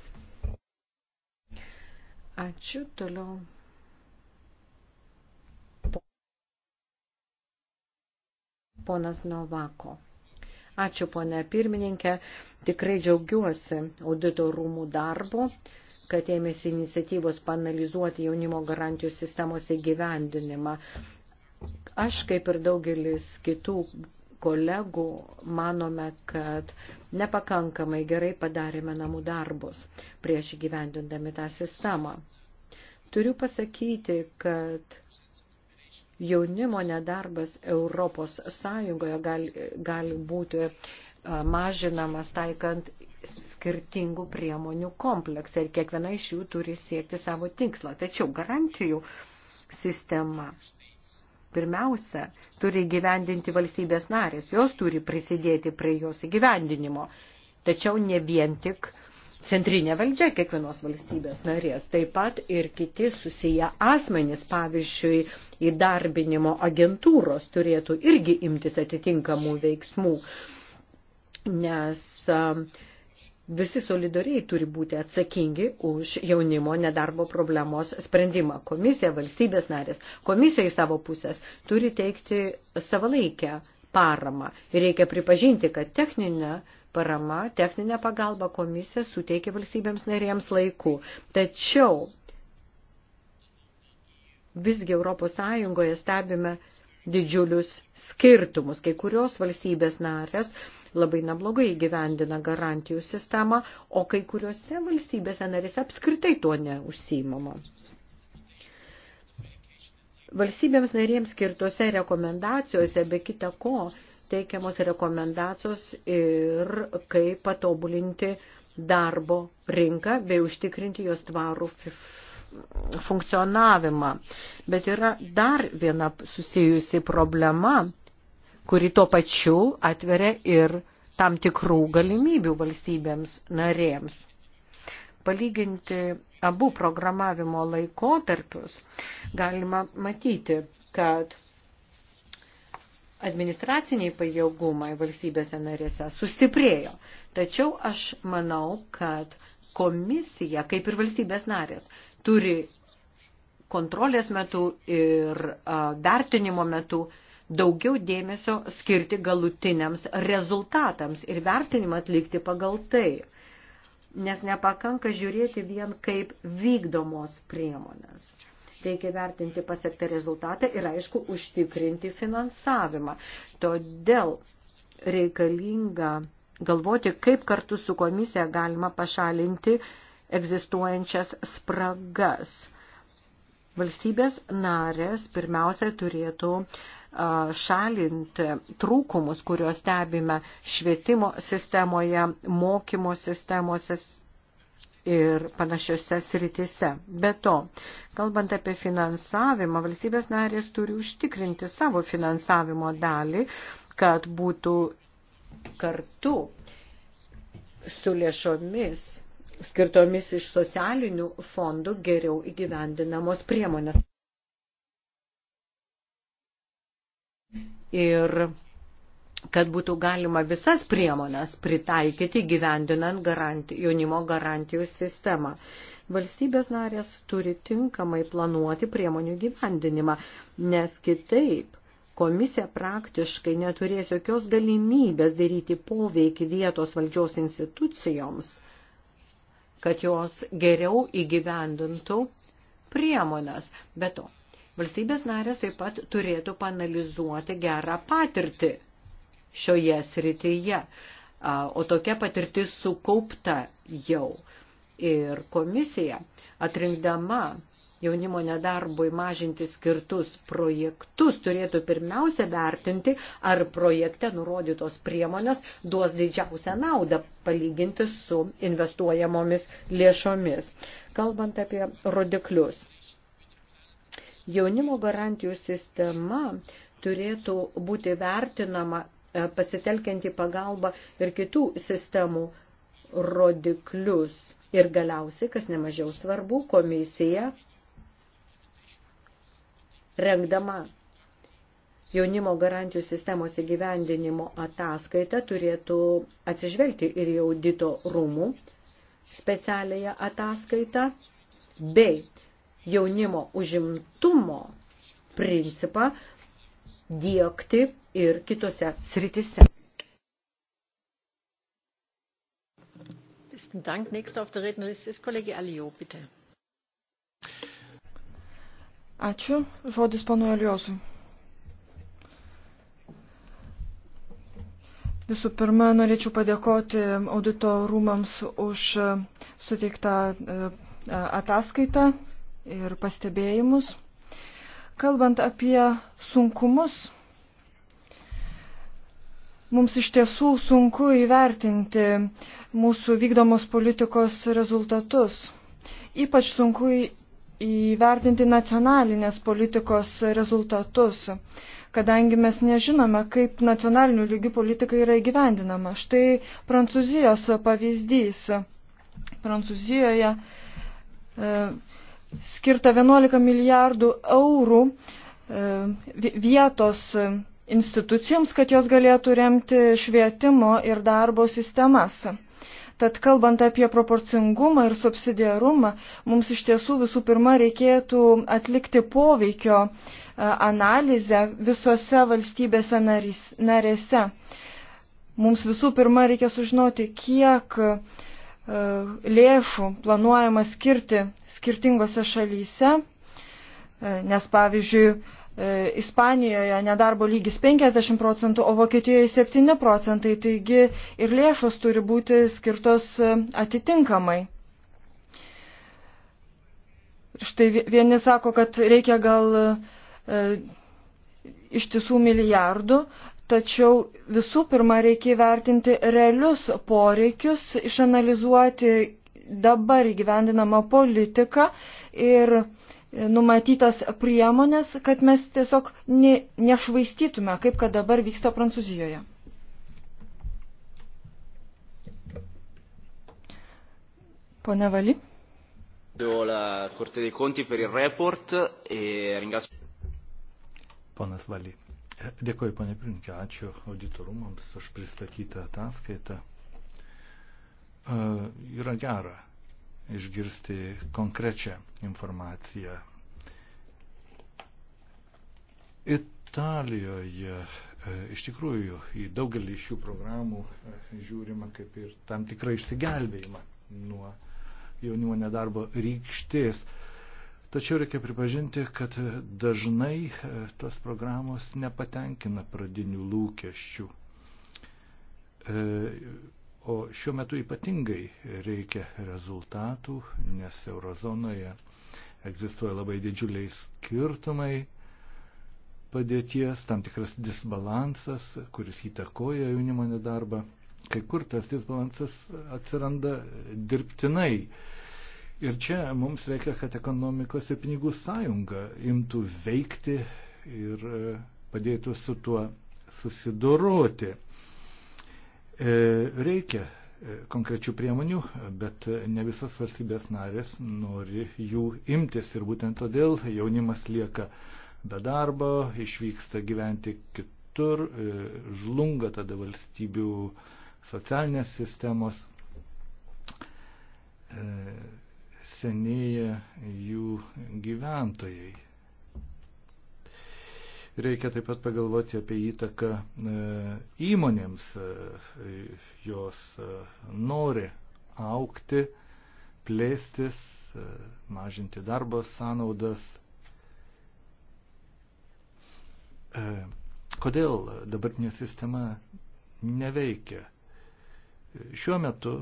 Ačiū. Toliau. Ponas Novako. Ačiū, ponė pirmininkė. Tikrai džiaugiuosi audito rūmų darbu kad ėmėsi iniciatyvos panalizuoti jaunimo garantijų sistemos įgyvendinimą. Aš, kaip ir daugelis kitų kolegų, manome, kad nepakankamai gerai padarėme namų darbus prieš įgyvendindami tą sistemą. Turiu pasakyti, kad jaunimo nedarbas Europos Sąjungoje gali, gali būti mažinamas taikant skirtingų priemonių kompleksą ir kiekviena iš jų turi siekti savo tikslą. Tačiau garantijų sistema pirmiausia turi gyvendinti valstybės narės, jos turi prisidėti prie jos įgyvendinimo. Tačiau ne vien tik centrinė valdžia kiekvienos valstybės narės, taip pat ir kiti susiję asmenys, pavyzdžiui, įdarbinimo agentūros turėtų irgi imtis atitinkamų veiksmų, nes um, visi solidariai turi būti atsakingi už jaunimo nedarbo problemos sprendimą. Komisija, valstybės narės, komisija į savo pusės turi teikti savalaikę paramą. Ir reikia pripažinti, kad techninė parama, techninė pagalba komisija suteikia valstybėms narėms laikų. Tačiau visgi ES stebime didžiulius skirtumus. Kai kurios valstybės narės labai neblogai įgyvendina garantijų sistemą, o kai kuriuose valstybėse narėse apskritai tuo neužsiimama. Valstybėms narėms skirtose rekomendacijose, be kita ko, teikiamos rekomendacijos ir kaip patobulinti darbo rinką bei užtikrinti jos tvarų funkcionavimą. Bet yra dar viena susijusi problema kuri tuo pačiu atveria ir tam tikrų galimybių valstybėms narėms. Palyginti abu programavimo laikotarpius galima matyti, kad administraciniai pajėgumai valstybėse narėse sustiprėjo. Tačiau aš manau, kad komisija, kaip ir valstybės narės, turi kontrolės metu ir vertinimo metu uh, daugiau dėmesio skirti galutiniams rezultatams ir vertinimą atlikti pagal tai. Nes nepakanka žiūrėti vien kaip vykdomos priemonės. Reikia vertinti pasiektą rezultatą ir, aišku, užtikrinti finansavimą. Todėl reikalinga galvoti, kaip kartu su komisija galima pašalinti egzistuojančias spragas. Valstybės narės pirmiausia turėtų šalinti trūkumus, kuriuos stebime švietimo sistemoje, mokymo sistemose ir panašiose sritise. Be to, kalbant apie finansavimą, valstybės narės turi užtikrinti savo finansavimo dalį, kad būtų kartu su lėšomis skirtomis iš socialinių fondų geriau įgyvendinamos priemonės. ir kad būtų galima visas priemonas pritaikyti gyvendinant garanti, jaunimo garantijų sistemą. Valstybės narės turi tinkamai planuoti priemonių gyvendinimą, nes kitaip komisija praktiškai neturės jokios galimybės daryti poveikį vietos valdžios institucijoms, kad jos geriau įgyvendintų priemonas. Be to, Valstybės narės taip pat turėtų panalizuoti gerą patirtį šioje srityje, o tokia patirtis sukaupta jau. Ir komisija atrinkdama jaunimo nedarbui mažinti skirtus projektus turėtų pirmiausia vertinti, ar projekte nurodytos priemonės duos didžiausią naudą palyginti su investuojamomis lėšomis. Kalbant apie rodiklius, Jaunimo garantijų sistema turėtų būti vertinama e, pasitelkianti pagalbą ir kitų sistemų rodiklius. Ir galiausiai, kas nemažiau svarbu, komisija rengdama jaunimo garantijų sistemos įgyvendinimo ataskaita turėtų atsižvelgti ir į audito rūmų specialiąją ataskaitą bei jaunimo užimtumo principą diegti ir kitose sritise. Dank. Nächster auf der Rednerliste ist Kollege Alio, bitte. Ačiū. Žodis panu Aliosui. Visų pirma, norėčiau padėkoti audito rūmams už suteiktą e, ataskaitą ir pastebėjimus. Kalbant apie sunkumus, mums iš tiesų sunku įvertinti mūsų vykdomos politikos rezultatus. Ypač sunku įvertinti nacionalinės politikos rezultatus, kadangi mes nežinome, kaip nacionalinių lygių politika yra įgyvendinama. Štai Prancūzijos pavyzdys. Prancūzijoje e, skirta 11 milijardų eurų e, vietos institucijoms, kad jos galėtų remti švietimo ir darbo sistemas. Tad kalbant apie proporcingumą ir subsidiarumą, mums iš tiesų visų pirma reikėtų atlikti poveikio e, analizę visose valstybėse narys, narėse. Mums visų pirma reikia sužinoti, kiek uh, E, lėšų planuojama skirti skirtingose šalyse, e, nes pavyzdžiui, e, Ispanijoje nedarbo lygis 50 procentų, o Vokietijoje 7 procentai, taigi ir lėšos turi būti skirtos atitinkamai. Štai vieni sako, kad reikia gal iš tiesų milijardų, Tačiau visų pirma reikia įvertinti realius poreikius, išanalizuoti dabar įgyvendinamą politiką ir e, numatytas priemonės, kad mes tiesiog ne, nešvaistytume, kaip kad dabar vyksta Prancūzijoje. Pone Vali. E Ponas Vali. Dėkuoju, panė Pirinkė, ačiū auditorumams už pristatytą ataskaitą. E, yra gera išgirsti konkrečią informaciją. Italijoje e, iš tikrųjų į daugelį šių programų e, žiūrima kaip ir tam tikrą išsigelbėjimą nuo jaunimo nedarbo rykštės. E, Tačiau reikia pripažinti, kad dažnai e, tos programos nepatenkina pradinių lūkesčių. E, o šiuo metu ypatingai reikia rezultatų, nes eurozonoje egzistuoja labai didžiuliai skirtumai padėties, tam tikras disbalansas, kuris įtakoja jaunimo nedarbą. Kai kur tas disbalansas atsiranda dirbtinai Ir čia mums reikia, kad ekonomikos ir pinigų sąjunga imtų veikti ir e, padėtų su tuo susidoroti. E, reikia e, konkrečių priemonių, bet ne visas valstybės narės nori jų imtis ir būtent todėl jaunimas lieka be darbo, išvyksta gyventi kitur, žlunga tada valstybių socialinės sistemos. senėja jų gyventojai. Reikia taip pat pagalvoti apie įtaką e, įmonėms, e, jos e, nori aukti, plėstis, mažinti darbo sąnaudas. Kodėl dabartinė sistema neveikia? Šiuo metu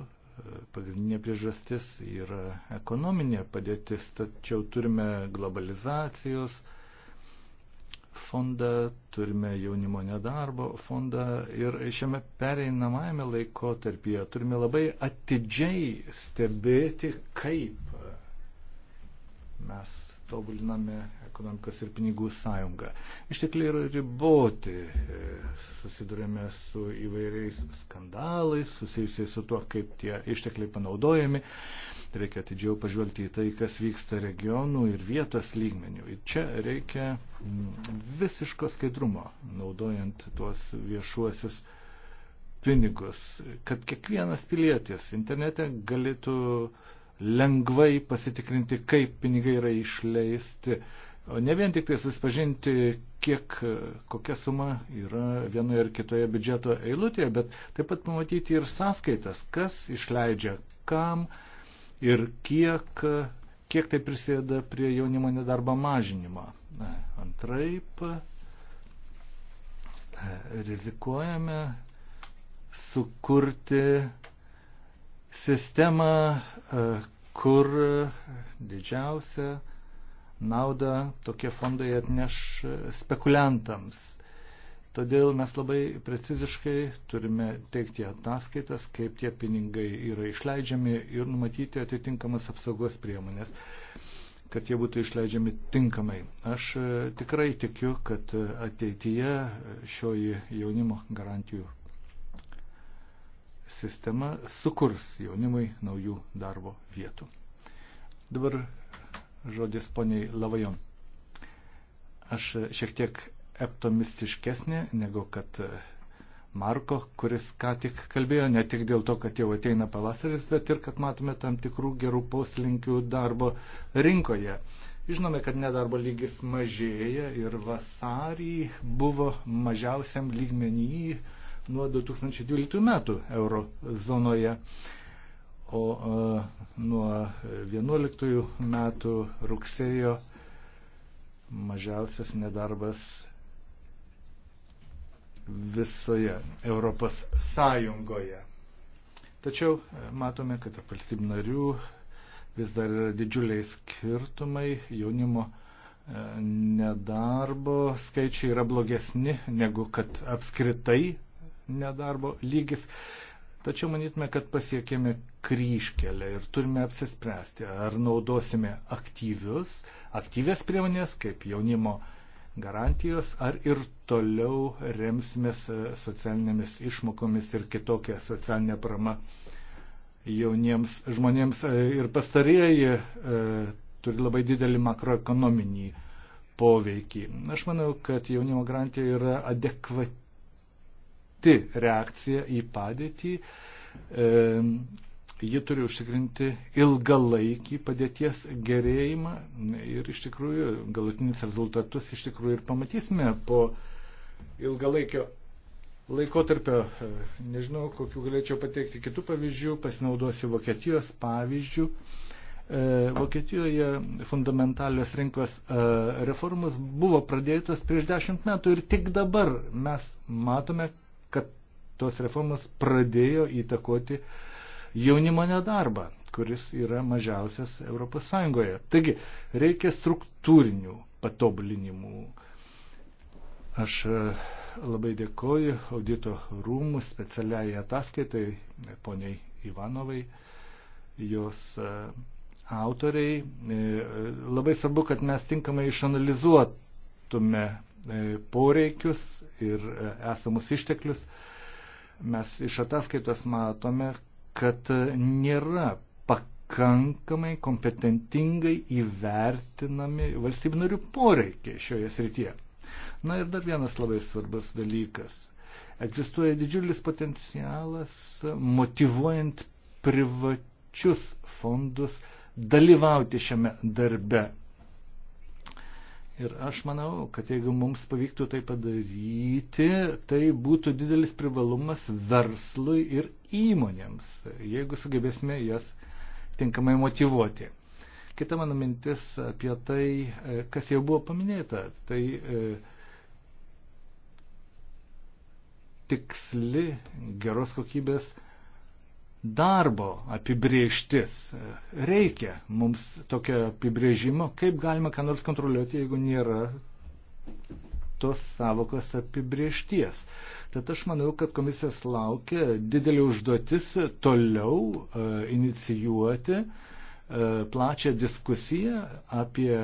Pagrindinė priežastis yra ekonominė padėtis, tačiau turime globalizacijos fondą, turime jaunimo nedarbo fondą ir šiame pereinamajame laiko tarpyje turime labai atidžiai stebėti, kaip mes tobuliname ekonomikos ir pinigų sąjungą. Ištekliai yra riboti, e, susidurėme su įvairiais skandalais, susijusiais su tuo, kaip tie ištekliai panaudojami. Tai reikia atidžiau pažvelgti į tai, kas vyksta regionų ir vietos lygmenių. Ir čia reikia mm, visiško skaidrumo, naudojant tuos viešuosius pinigus, kad kiekvienas pilietis internete galėtų lengvai pasitikrinti, kaip pinigai yra išleisti. Ne vien tik tai susipažinti, kiek, kokia suma yra vienoje ar kitoje biudžeto eilutėje, bet taip pat pamatyti ir sąskaitas, kas išleidžia kam ir kiek, kiek tai prisėda prie jaunimo nedarbo mažinimo. Antraip, rizikuojame sukurti sistemą, kur didžiausia naudą tokie fondai atneš spekuliantams. Todėl mes labai preciziškai turime teikti ataskaitas, kaip tie pinigai yra išleidžiami ir numatyti atitinkamas apsaugos priemonės, kad jie būtų išleidžiami tinkamai. Aš e, tikrai tikiu, kad e, ateityje šioji jaunimo garantijų sistema sukurs jaunimui naujų darbo vietų. Dabar žodis poniai Lavajon. Aš šiek tiek optimistiškesnė negu kad Marko, kuris ką tik kalbėjo, ne tik dėl to, kad jau ateina pavasaris, bet ir kad matome tam tikrų gerų poslinkių darbo rinkoje. Žinome, kad nedarbo lygis mažėja ir vasarį buvo mažiausiam lygmenį nuo 2012 metų euro zonoje o nuo 11 metų rugsėjo mažiausias nedarbas visoje Europos Sąjungoje. Tačiau matome, kad tarp valstybių narių vis dar yra didžiuliai skirtumai, jaunimo nedarbo skaičiai yra blogesni negu kad apskritai nedarbo lygis. Tačiau manytume, kad pasiekėme kryškelę ir turime apsispręsti, ar naudosime aktyvius, aktyvės priemonės, kaip jaunimo garantijos, ar ir toliau remsimės e, socialinėmis išmokomis ir kitokią socialinę pramą jauniems žmonėms. E, ir pastarieji e, turi labai didelį makroekonominį poveikį. Aš manau, kad jaunimo garantija yra adekvati pati reakcija į padėtį. E, ji turi užtikrinti ilgalaikį padėties gerėjimą ir iš tikrųjų galutinius rezultatus iš tikrųjų ir pamatysime po ilgalaikio laikotarpio, e, nežinau, kokiu galėčiau pateikti kitų pavyzdžių, pasinaudosiu Vokietijos pavyzdžių. E, Vokietijoje fundamentalios rinkos e, reformos buvo pradėtos prieš dešimt metų ir tik dabar mes matome, tos reformos pradėjo įtakoti jaunimo nedarbą, kuris yra mažiausias ES. Taigi, reikia struktūrinių patobulinimų. Aš e, labai dėkoju audito rūmų specialiai ataskaitai, poniai Ivanovai, jos e, autoriai. E, labai svarbu, kad mes tinkamai išanalizuotume poreikius ir esamus išteklius, Mes iš ataskaitos matome, kad nėra pakankamai kompetentingai įvertinami valstybių narių poreikiai šioje srityje. Na ir dar vienas labai svarbus dalykas. Egzistuoja didžiulis potencialas motivuojant privačius fondus dalyvauti šiame darbe. Ir aš manau, kad jeigu mums pavyktų tai padaryti, tai būtų didelis privalumas verslui ir įmonėms, jeigu sugebėsime jas tinkamai motivuoti. Kita mano mintis apie tai, e, kas jau buvo paminėta, tai e, tiksli geros kokybės darbo apibrieštis. Reikia mums tokio apibrėžimo, kaip galima ką nors kontroliuoti, jeigu nėra tos savokos apibriešties. Tad aš manau, kad komisijos laukia didelį užduotis toliau e, inicijuoti e, plačią diskusiją apie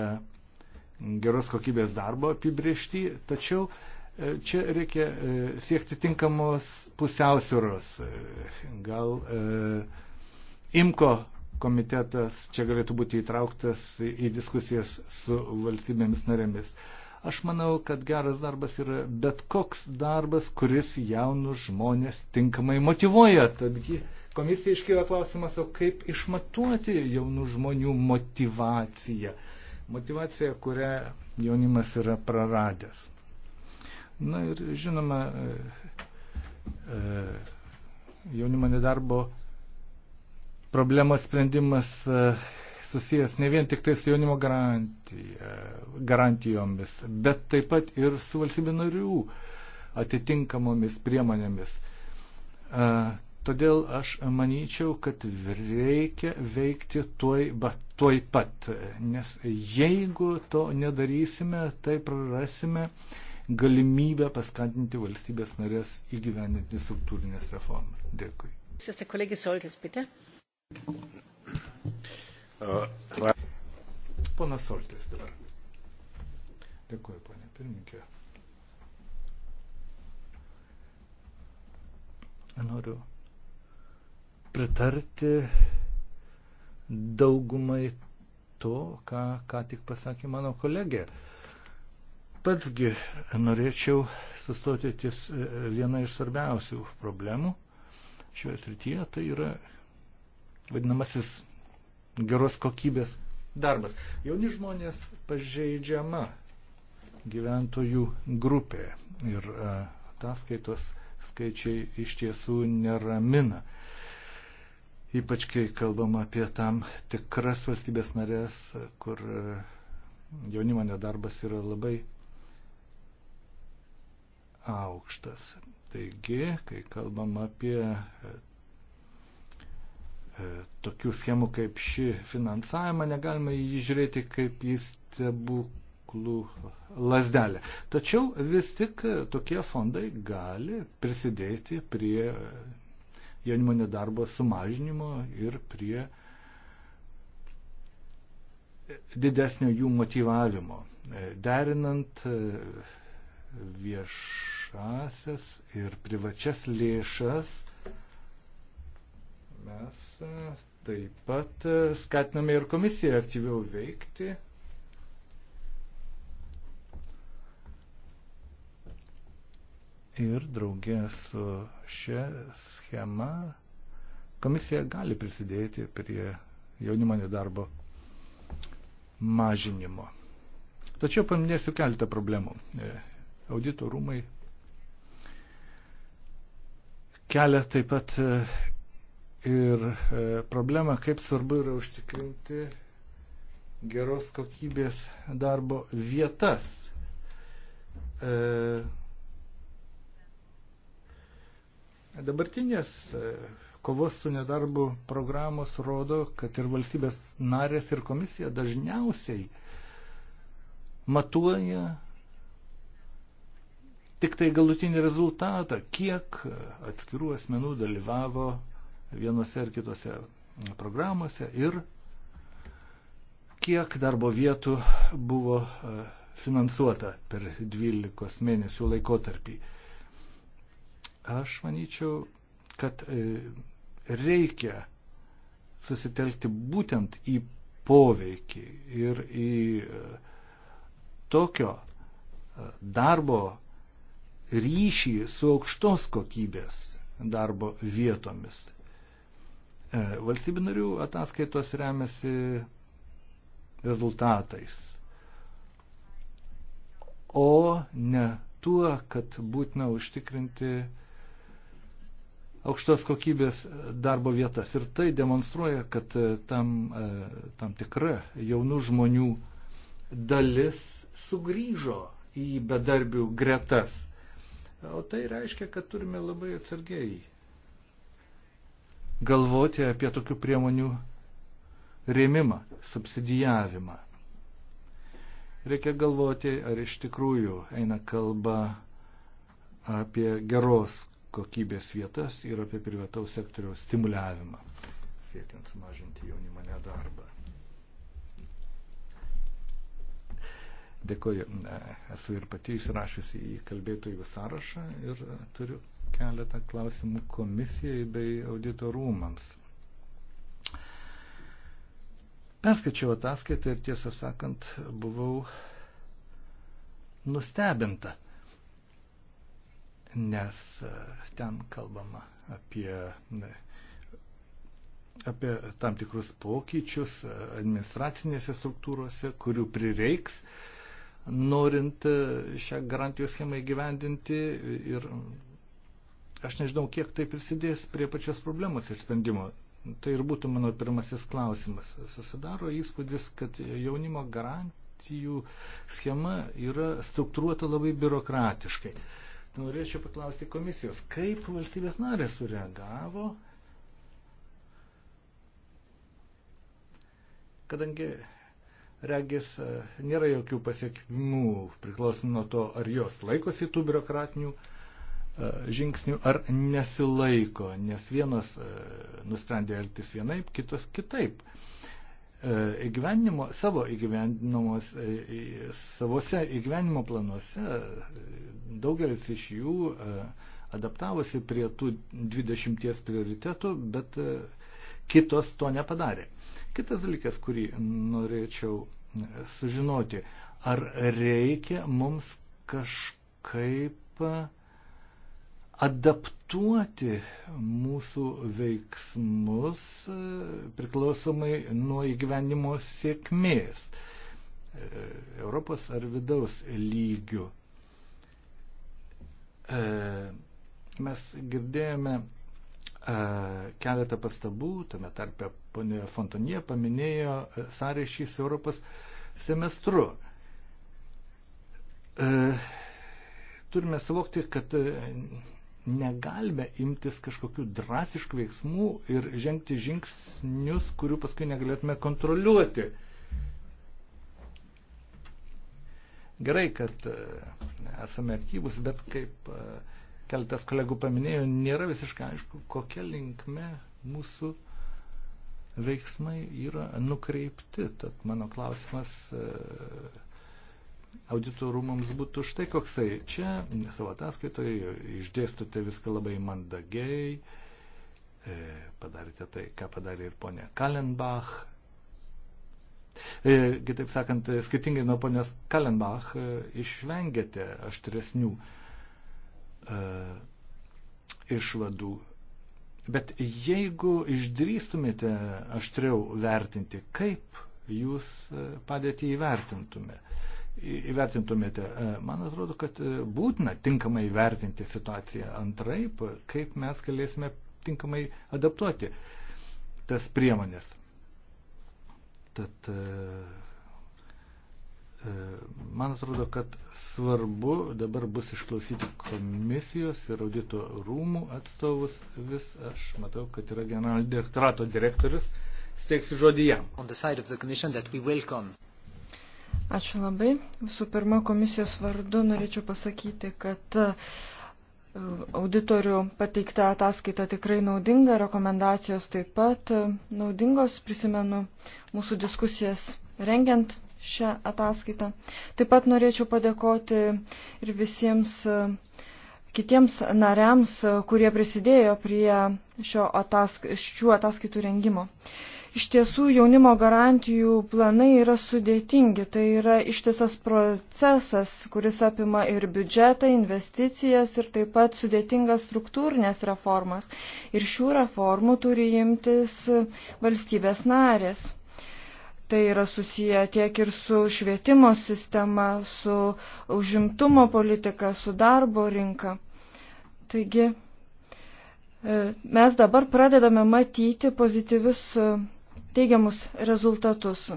geros kokybės darbo apibriešti, tačiau Čia reikia e, siekti tinkamos pusiausvėros. Gal e, IMKO komitetas čia galėtų būti įtrauktas į diskusijas su valstybėmis narėmis. Aš manau, kad geras darbas yra bet koks darbas, kuris jaunus žmonės tinkamai motivuoja. Tad komisija iškyla klausimas, o kaip išmatuoti jaunų žmonių motivaciją. Motivacija, kurią jaunimas yra praradęs. Na ir žinoma, e, e, jaunimo nedarbo problemos sprendimas e, susijęs ne vien tik tai su jaunimo garantija, garantijomis, bet taip pat ir su valstybių narių atitinkamomis priemonėmis. Todėl aš manyčiau, kad reikia veikti tuoj, ba, tuoj pat, nes jeigu to nedarysime, tai prarasime uh, galimybę paskatinti valstybės narės įgyvendinti struktūrinės reformas. Dėkui. Ponas Soltis dabar. Dėkuoju, ponė pirmininkė. Noriu pritarti daugumai to, ką, ką tik pasakė mano kolegė. Uh, Patsgi norėčiau sustoti ties e, viena iš svarbiausių problemų šioje srityje, tai yra vadinamasis geros kokybės darbas. Jauni žmonės pažeidžiama gyventojų grupė ir e, ataskaitos skaičiai iš tiesų neramina. Ypač kai kalbam apie tam tikras valstybės narės, kur e, jaunimo nedarbas yra labai aukštas. Taigi, kai kalbam apie e, e, tokių schemų kaip ši finansavimą, negalima jį žiūrėti kaip į stebuklų lasdelę. Tačiau vis tik e, tokie fondai gali prisidėti prie jaunimo nedarbo sumažinimo ir prie didesnio jų motivavimo, derinant vieš viešasias ir privačias lėšas, mes e, taip pat e, skatiname ir komisiją aktyviau veikti. Ir draugė su šia schema komisija gali prisidėti prie jaunimo nedarbo mažinimo. Tačiau paminėsiu keletą problemų. E, audito rūmai kelia taip pat e, ir e, problemą, kaip svarbu yra užtikrinti geros kokybės darbo vietas. E, dabartinės kovos su nedarbu programos rodo, kad ir valstybės narės ir komisija dažniausiai matuoja tik tai galutinį rezultatą, kiek atskirų asmenų dalyvavo vienose ar kitose programuose ir kiek darbo vietų buvo e, finansuota per 12 mėnesių laikotarpį. Aš manyčiau, kad e, reikia susitelkti būtent į poveikį ir į e, tokio darbo ryšį su aukštos kokybės darbo vietomis. E, Valstybinarių ataskaitos remiasi rezultatais, o ne tuo, kad būtina užtikrinti aukštos kokybės darbo vietas. Ir tai demonstruoja, kad e, tam, e, tam tikra jaunų žmonių dalis sugrįžo į bedarbių gretas. O tai reiškia, kad turime labai atsargiai galvoti apie tokių priemonių rėmimą, subsidijavimą. Reikia galvoti, ar iš tikrųjų eina kalba apie geros kokybės vietas ir apie privataus sektoriaus stimuliavimą, siekiant sumažinti jaunimo nedarbą. Dėkoju. E, esu ir pati įsirašusi į kalbėtojų sąrašą ir turiu keletą klausimų komisijai bei auditorumams. Perskaičiau ataskaitą ir tiesą sakant, buvau nustebinta, nes e, ten kalbama apie, e, apie tam tikrus pokyčius administracinėse struktūrose, kurių prireiks, uh, norint e, šią garantijų schemą įgyvendinti ir aš nežinau, kiek tai prisidės prie pačios problemos išsprendimo. Tai ir būtų mano pirmasis klausimas. Susidaro įspūdis, kad jaunimo garantijų schema yra struktūruota labai biurokratiškai. Tai norėčiau paklausti komisijos, kaip valstybės narės sureagavo, kadangi regis, e, nėra jokių pasiekmių, priklausom nuo to, ar jos laikosi tų biurokratinių e, žingsnių ar nesilaiko, nes vienos e, nusprendė elgtis vienaip, kitos kitaip. Įgyvenimo, savo įgyvendinamos, savose įgyvenimo planuose daugelis iš jų adaptavosi prie tų 20 prioritetų, bet kitos to nepadarė. Kitas dalykas, kurį norėčiau sužinoti, ar reikia mums kažkaip adaptuoti mūsų veiksmus e, priklausomai nuo įgyvenimo sėkmės e, Europos ar vidaus lygių. E, mes girdėjome keletą pastabų, tame tarpe ponė Fontanė paminėjo e, sąryšį su Europos semestru. E, turime suvokti, kad e, negalime imtis kažkokių drastiškų veiksmų ir žengti žingsnius, kurių paskui negalėtume kontroliuoti. Gerai, kad esame aktyvus, bet kaip keletas kolegų paminėjo, nėra visiškai aišku, kokia linkme mūsų uh, veiksmai yra nukreipti. Tad mano klausimas e, audito rūmams būtų štai koksai. Čia savo ataskaitoje išdėstote viską labai mandagiai, e, padarėte tai, ką padarė ir ponė Kalenbach. E, kitaip sakant, skirtingai nuo ponios Kalenbach išvengėte aštresnių išvadų. Bet jeigu išdrįstumėte aštriau vertinti, kaip jūs e, padėtį įvertintumėte, įvertintumėte. Man atrodo, kad e, būtina tinkamai įvertinti situaciją. Antraip, kaip mes galėsime tinkamai adaptuoti tas priemonės. Tad e, E, man atrodo, kad svarbu dabar bus išklausyti komisijos ir audito rūmų atstovus vis. Aš matau, kad yra generalinio direktorato direktorius. Steiksiu žodį jam. Ačiū labai. Visų pirma, komisijos vardu norėčiau pasakyti, kad e, auditorių pateikta ataskaita tikrai naudinga, rekomendacijos taip pat e, naudingos. Prisimenu mūsų diskusijas rengiant šią ataskaitą. Taip pat norėčiau padėkoti ir visiems e, kitiems nariams, e, kurie prisidėjo prie atask šių ataskaitų rengimo. Iš tiesų jaunimo garantijų planai yra sudėtingi, tai yra ištisas procesas, kuris apima ir biudžetą, investicijas ir taip pat sudėtingas struktūrinės reformas. Ir šių reformų turi imtis valstybės narės. Tai yra susiję tiek ir su švietimo sistema, su užimtumo politika, su darbo rinka. Taigi e, mes dabar pradedame matyti pozityvius e, teigiamus rezultatus.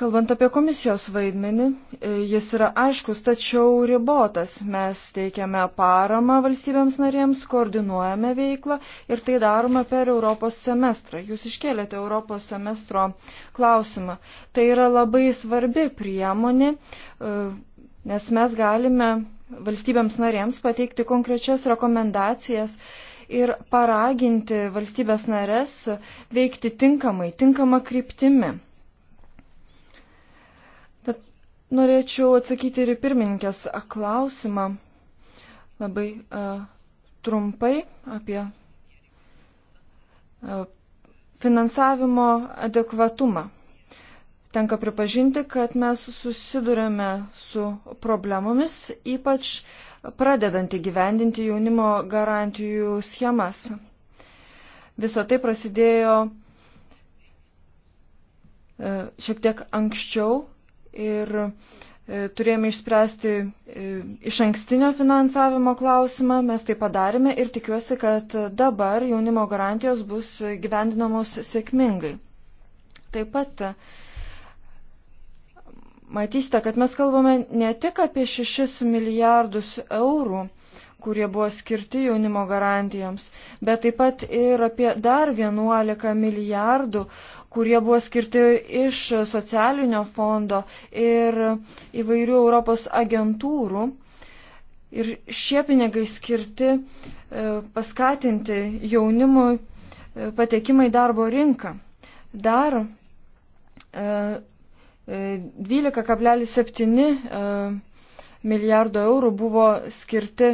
Kalbant apie komisijos vaidmenį, e, jis yra aiškus, tačiau ribotas. Mes teikiame paramą valstybėms narėms, koordinuojame veiklą ir tai darome per Europos semestrą. Jūs iškėlėte Europos semestro klausimą. Tai yra labai svarbi priemonė, e, nes mes galime valstybėms narėms pateikti konkrečias rekomendacijas ir paraginti valstybės narės veikti tinkamai, tinkamą kryptimi. Norėčiau atsakyti ir į pirmininkės klausimą labai uh, trumpai apie uh, finansavimo adekvatumą. Tenka pripažinti, kad mes susidurėme su problemomis, ypač pradedant įgyvendinti jaunimo garantijų schemas. Visą tai prasidėjo e, šiek tiek anksčiau ir e, turėjome išspręsti e, iš ankstinio finansavimo klausimą, mes tai padarėme ir tikiuosi, kad dabar jaunimo garantijos bus gyvendinamos sėkmingai. Taip pat matysite, kad mes kalbame ne tik apie 6 milijardus eurų, kurie buvo skirti jaunimo garantijoms, bet taip pat ir apie dar 11 milijardų, kurie buvo skirti iš socialinio fondo ir įvairių Europos agentūrų. Ir šie pinigai skirti e, paskatinti jaunimui e, patekimą į darbo rinką. Dar 12,7 e, milijardo eurų buvo skirti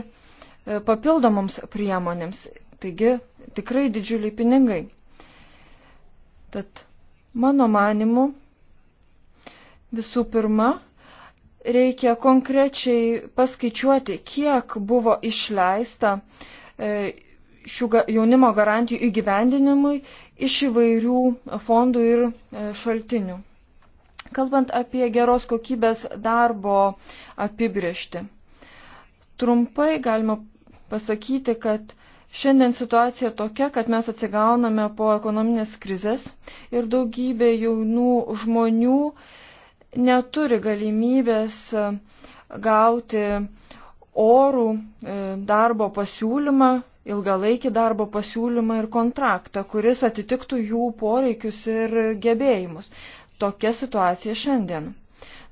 papildomoms priemonėms. Taigi tikrai didžiuliai pinigai. Tad mano manimu, visų pirma, reikia konkrečiai paskaičiuoti, kiek buvo išleista e, šių jaunimo garantijų įgyvendinimui iš įvairių fondų ir e, šaltinių. Kalbant apie geros kokybės darbo apibriešti, trumpai galima pasakyti, kad šiandien situacija tokia, kad mes atsigauname po ekonominės krizės ir daugybė jaunų žmonių neturi galimybės e, gauti orų e, darbo pasiūlymą, ilgalaikį darbo pasiūlymą ir kontraktą, kuris atitiktų jų poreikius ir gebėjimus. Tokia situacija šiandien.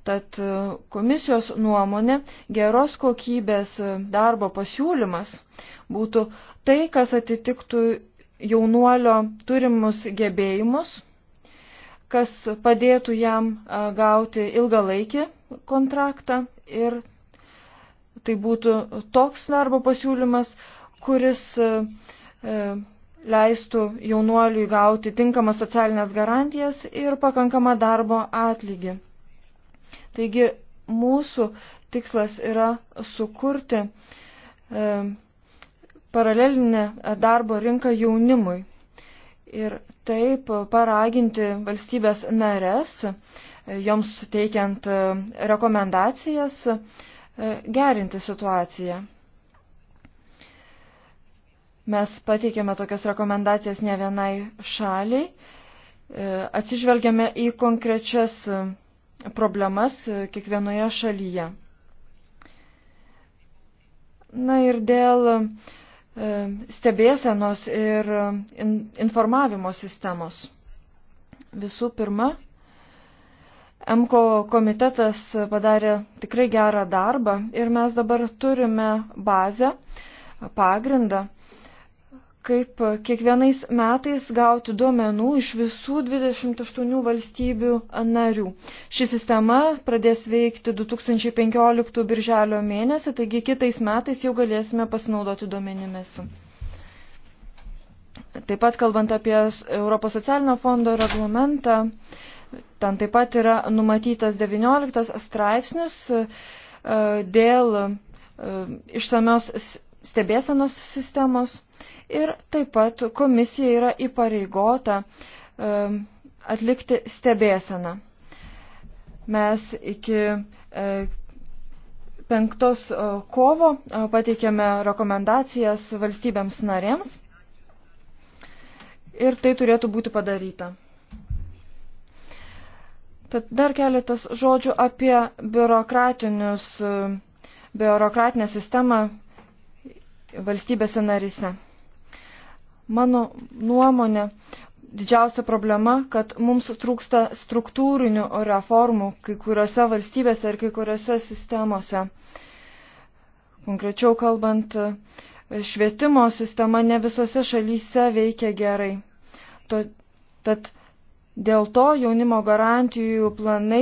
Tad e, komisijos nuomonė geros kokybės e, darbo pasiūlymas būtų tai, kas atitiktų jaunuolio turimus gebėjimus, kas padėtų jam e, gauti ilgalaikį kontraktą ir tai būtų toks darbo pasiūlymas, kuris leistų jaunuoliui gauti tinkamas socialinės garantijas ir pakankamą darbo atlygį. Taigi mūsų tikslas yra sukurti e, paralelinę darbo rinką jaunimui ir taip paraginti valstybės nares, joms suteikiant e, rekomendacijas, e, gerinti situaciją. Mes pateikėme tokias rekomendacijas ne vienai šaliai, e, atsižvelgiame į konkrečias problemas e, kiekvienoje šalyje. Na ir dėl e, stebėsenos ir e, informavimo sistemos. Visų pirma, MKO komitetas padarė tikrai gerą darbą ir mes dabar turime bazę, pagrindą, kaip kiekvienais metais gauti duomenų iš visų 28 valstybių narių. Ši sistema pradės veikti 2015 birželio mėnesį, taigi kitais metais jau galėsime pasinaudoti duomenimis. Taip pat kalbant apie Europos socialinio fondo reglamentą, ten taip pat yra numatytas 19 straipsnis e, dėl e, išsamios stebėsenos sistemos Ir taip pat komisija yra įpareigota atlikti stebėseną. Mes iki e, penktos e, kovo e, pateikėme rekomendacijas valstybėms narėms ir tai turėtų būti padaryta. Tad dar keletas žodžių apie biurokratinius, biurokratinę sistemą valstybėse narise. Mano nuomonė, didžiausia problema, kad mums trūksta struktūrinių reformų kai kuriuose valstybėse ir kai kuriuose sistemose. Konkrečiau kalbant, švietimo sistema ne visose šalyse veikia gerai. To, tad Dėl to jaunimo garantijų planai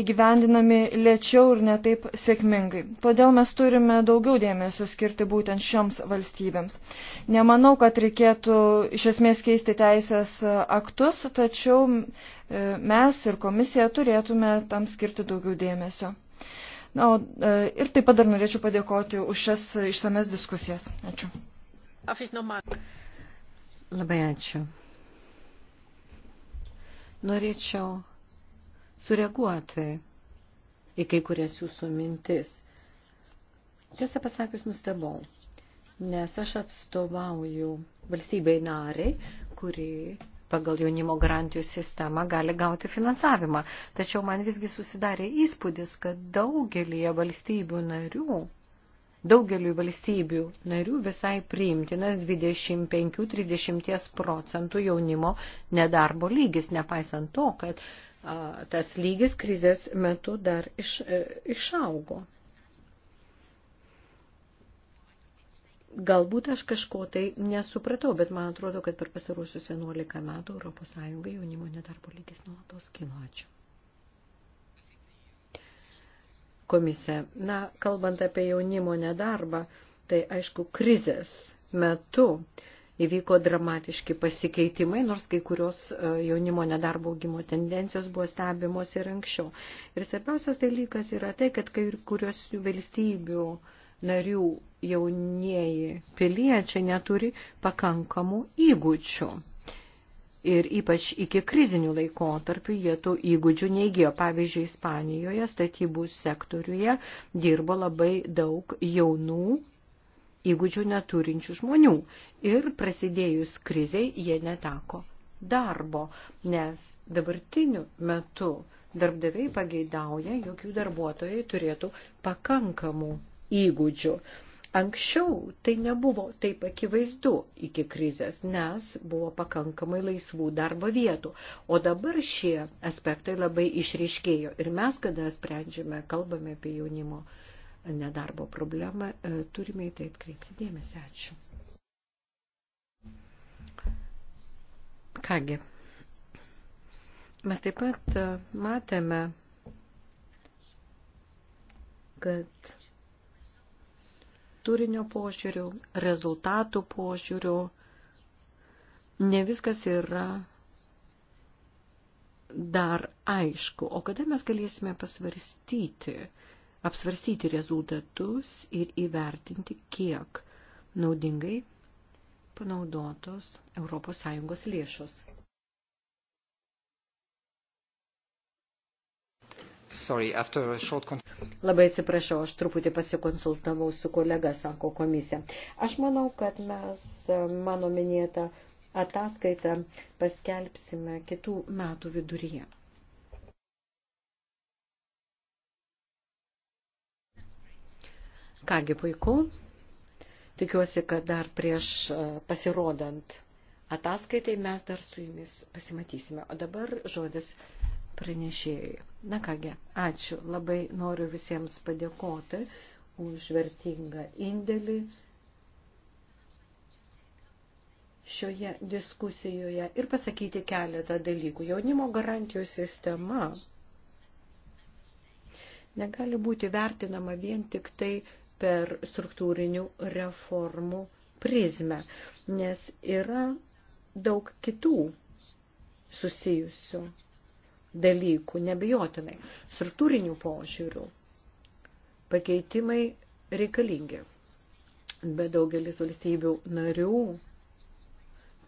įgyvendinami lėčiau ir netaip sėkmingai. Todėl mes turime daugiau dėmesio skirti būtent šioms valstybėms. Nemanau, kad reikėtų iš esmės keisti teisės aktus, tačiau e, mes ir komisija turėtume tam skirti daugiau dėmesio. Na, o, e, ir taip pat dar norėčiau padėkoti už šias išsames diskusijas. Ačiū. Labai ačiū norėčiau sureaguoti į kai kurias jūsų mintis. Tiesą pasakius, nustebau, nes aš atstovauju valstybei nariai, kuri pagal jaunimo garantijų sistemą gali gauti finansavimą. Tačiau man visgi susidarė įspūdis, kad daugelie valstybių narių daugeliu valstybių narių visai priimtinas 25-30 procentų jaunimo nedarbo lygis, nepaisant to, kad a, tas lygis krizės metu dar iš, e, išaugo. Galbūt aš kažko tai nesupratau, bet man atrodo, kad per pastaruosius 11 metų ES jaunimo nedarbo lygis nuolatos kilo. Ačiū. komisija. Na, kalbant apie jaunimo nedarbą, tai aišku, krizės metu įvyko dramatiški pasikeitimai, nors kai kurios e, jaunimo nedarbo augimo tendencijos buvo stebimos ir anksčiau. Ir svarbiausias dalykas yra tai, kad kai kurios valstybių narių jaunieji piliečiai neturi pakankamų įgūdžių ir ypač iki krizinių laikotarpių jie tų įgūdžių neįgyjo. Pavyzdžiui, Ispanijoje statybų sektoriuje dirbo labai daug jaunų įgūdžių neturinčių žmonių ir prasidėjus kriziai jie neteko darbo, nes dabartiniu metu darbdaviai pageidauja, jog jų darbuotojai turėtų pakankamų įgūdžių. Anksčiau tai nebuvo taip akivaizdu iki krizės, nes buvo pakankamai laisvų darbo vietų. O dabar šie aspektai labai išriškėjo. Ir mes, kada sprendžiame, kalbame apie jaunimo nedarbo problemą, e, turime į tai atkreipti dėmesį. Ačiū. Kągi, mes taip pat e, matėme, kad turinio požiūrių, rezultatų požiūrių, ne viskas yra dar aišku. O kada mes galėsime pasvarstyti, apsvarstyti rezultatus ir įvertinti, kiek naudingai panaudotos ES lėšos. Sorry, short... Labai atsiprašau, aš truputį pasikonsultavau su kolega, sako komisija. Aš manau, kad mes e, mano minėtą ataskaitą paskelbsime kitų metų viduryje. Kągi puiku, tikiuosi, kad dar prieš e, pasirodant ataskaitai mes dar su jumis pasimatysime. O dabar žodis pranešėjui. Na kągi, ačiū. Labai noriu visiems padėkoti už vertingą indėlį šioje diskusijoje ir pasakyti keletą dalykų. Jaunimo garantijų sistema negali būti vertinama vien tik tai per struktūrinių reformų prizmę, nes yra daug kitų susijusių dalykų, nebejotinai, struktūrinių požiūrių. Pakeitimai reikalingi, bet daugelis valstybių narių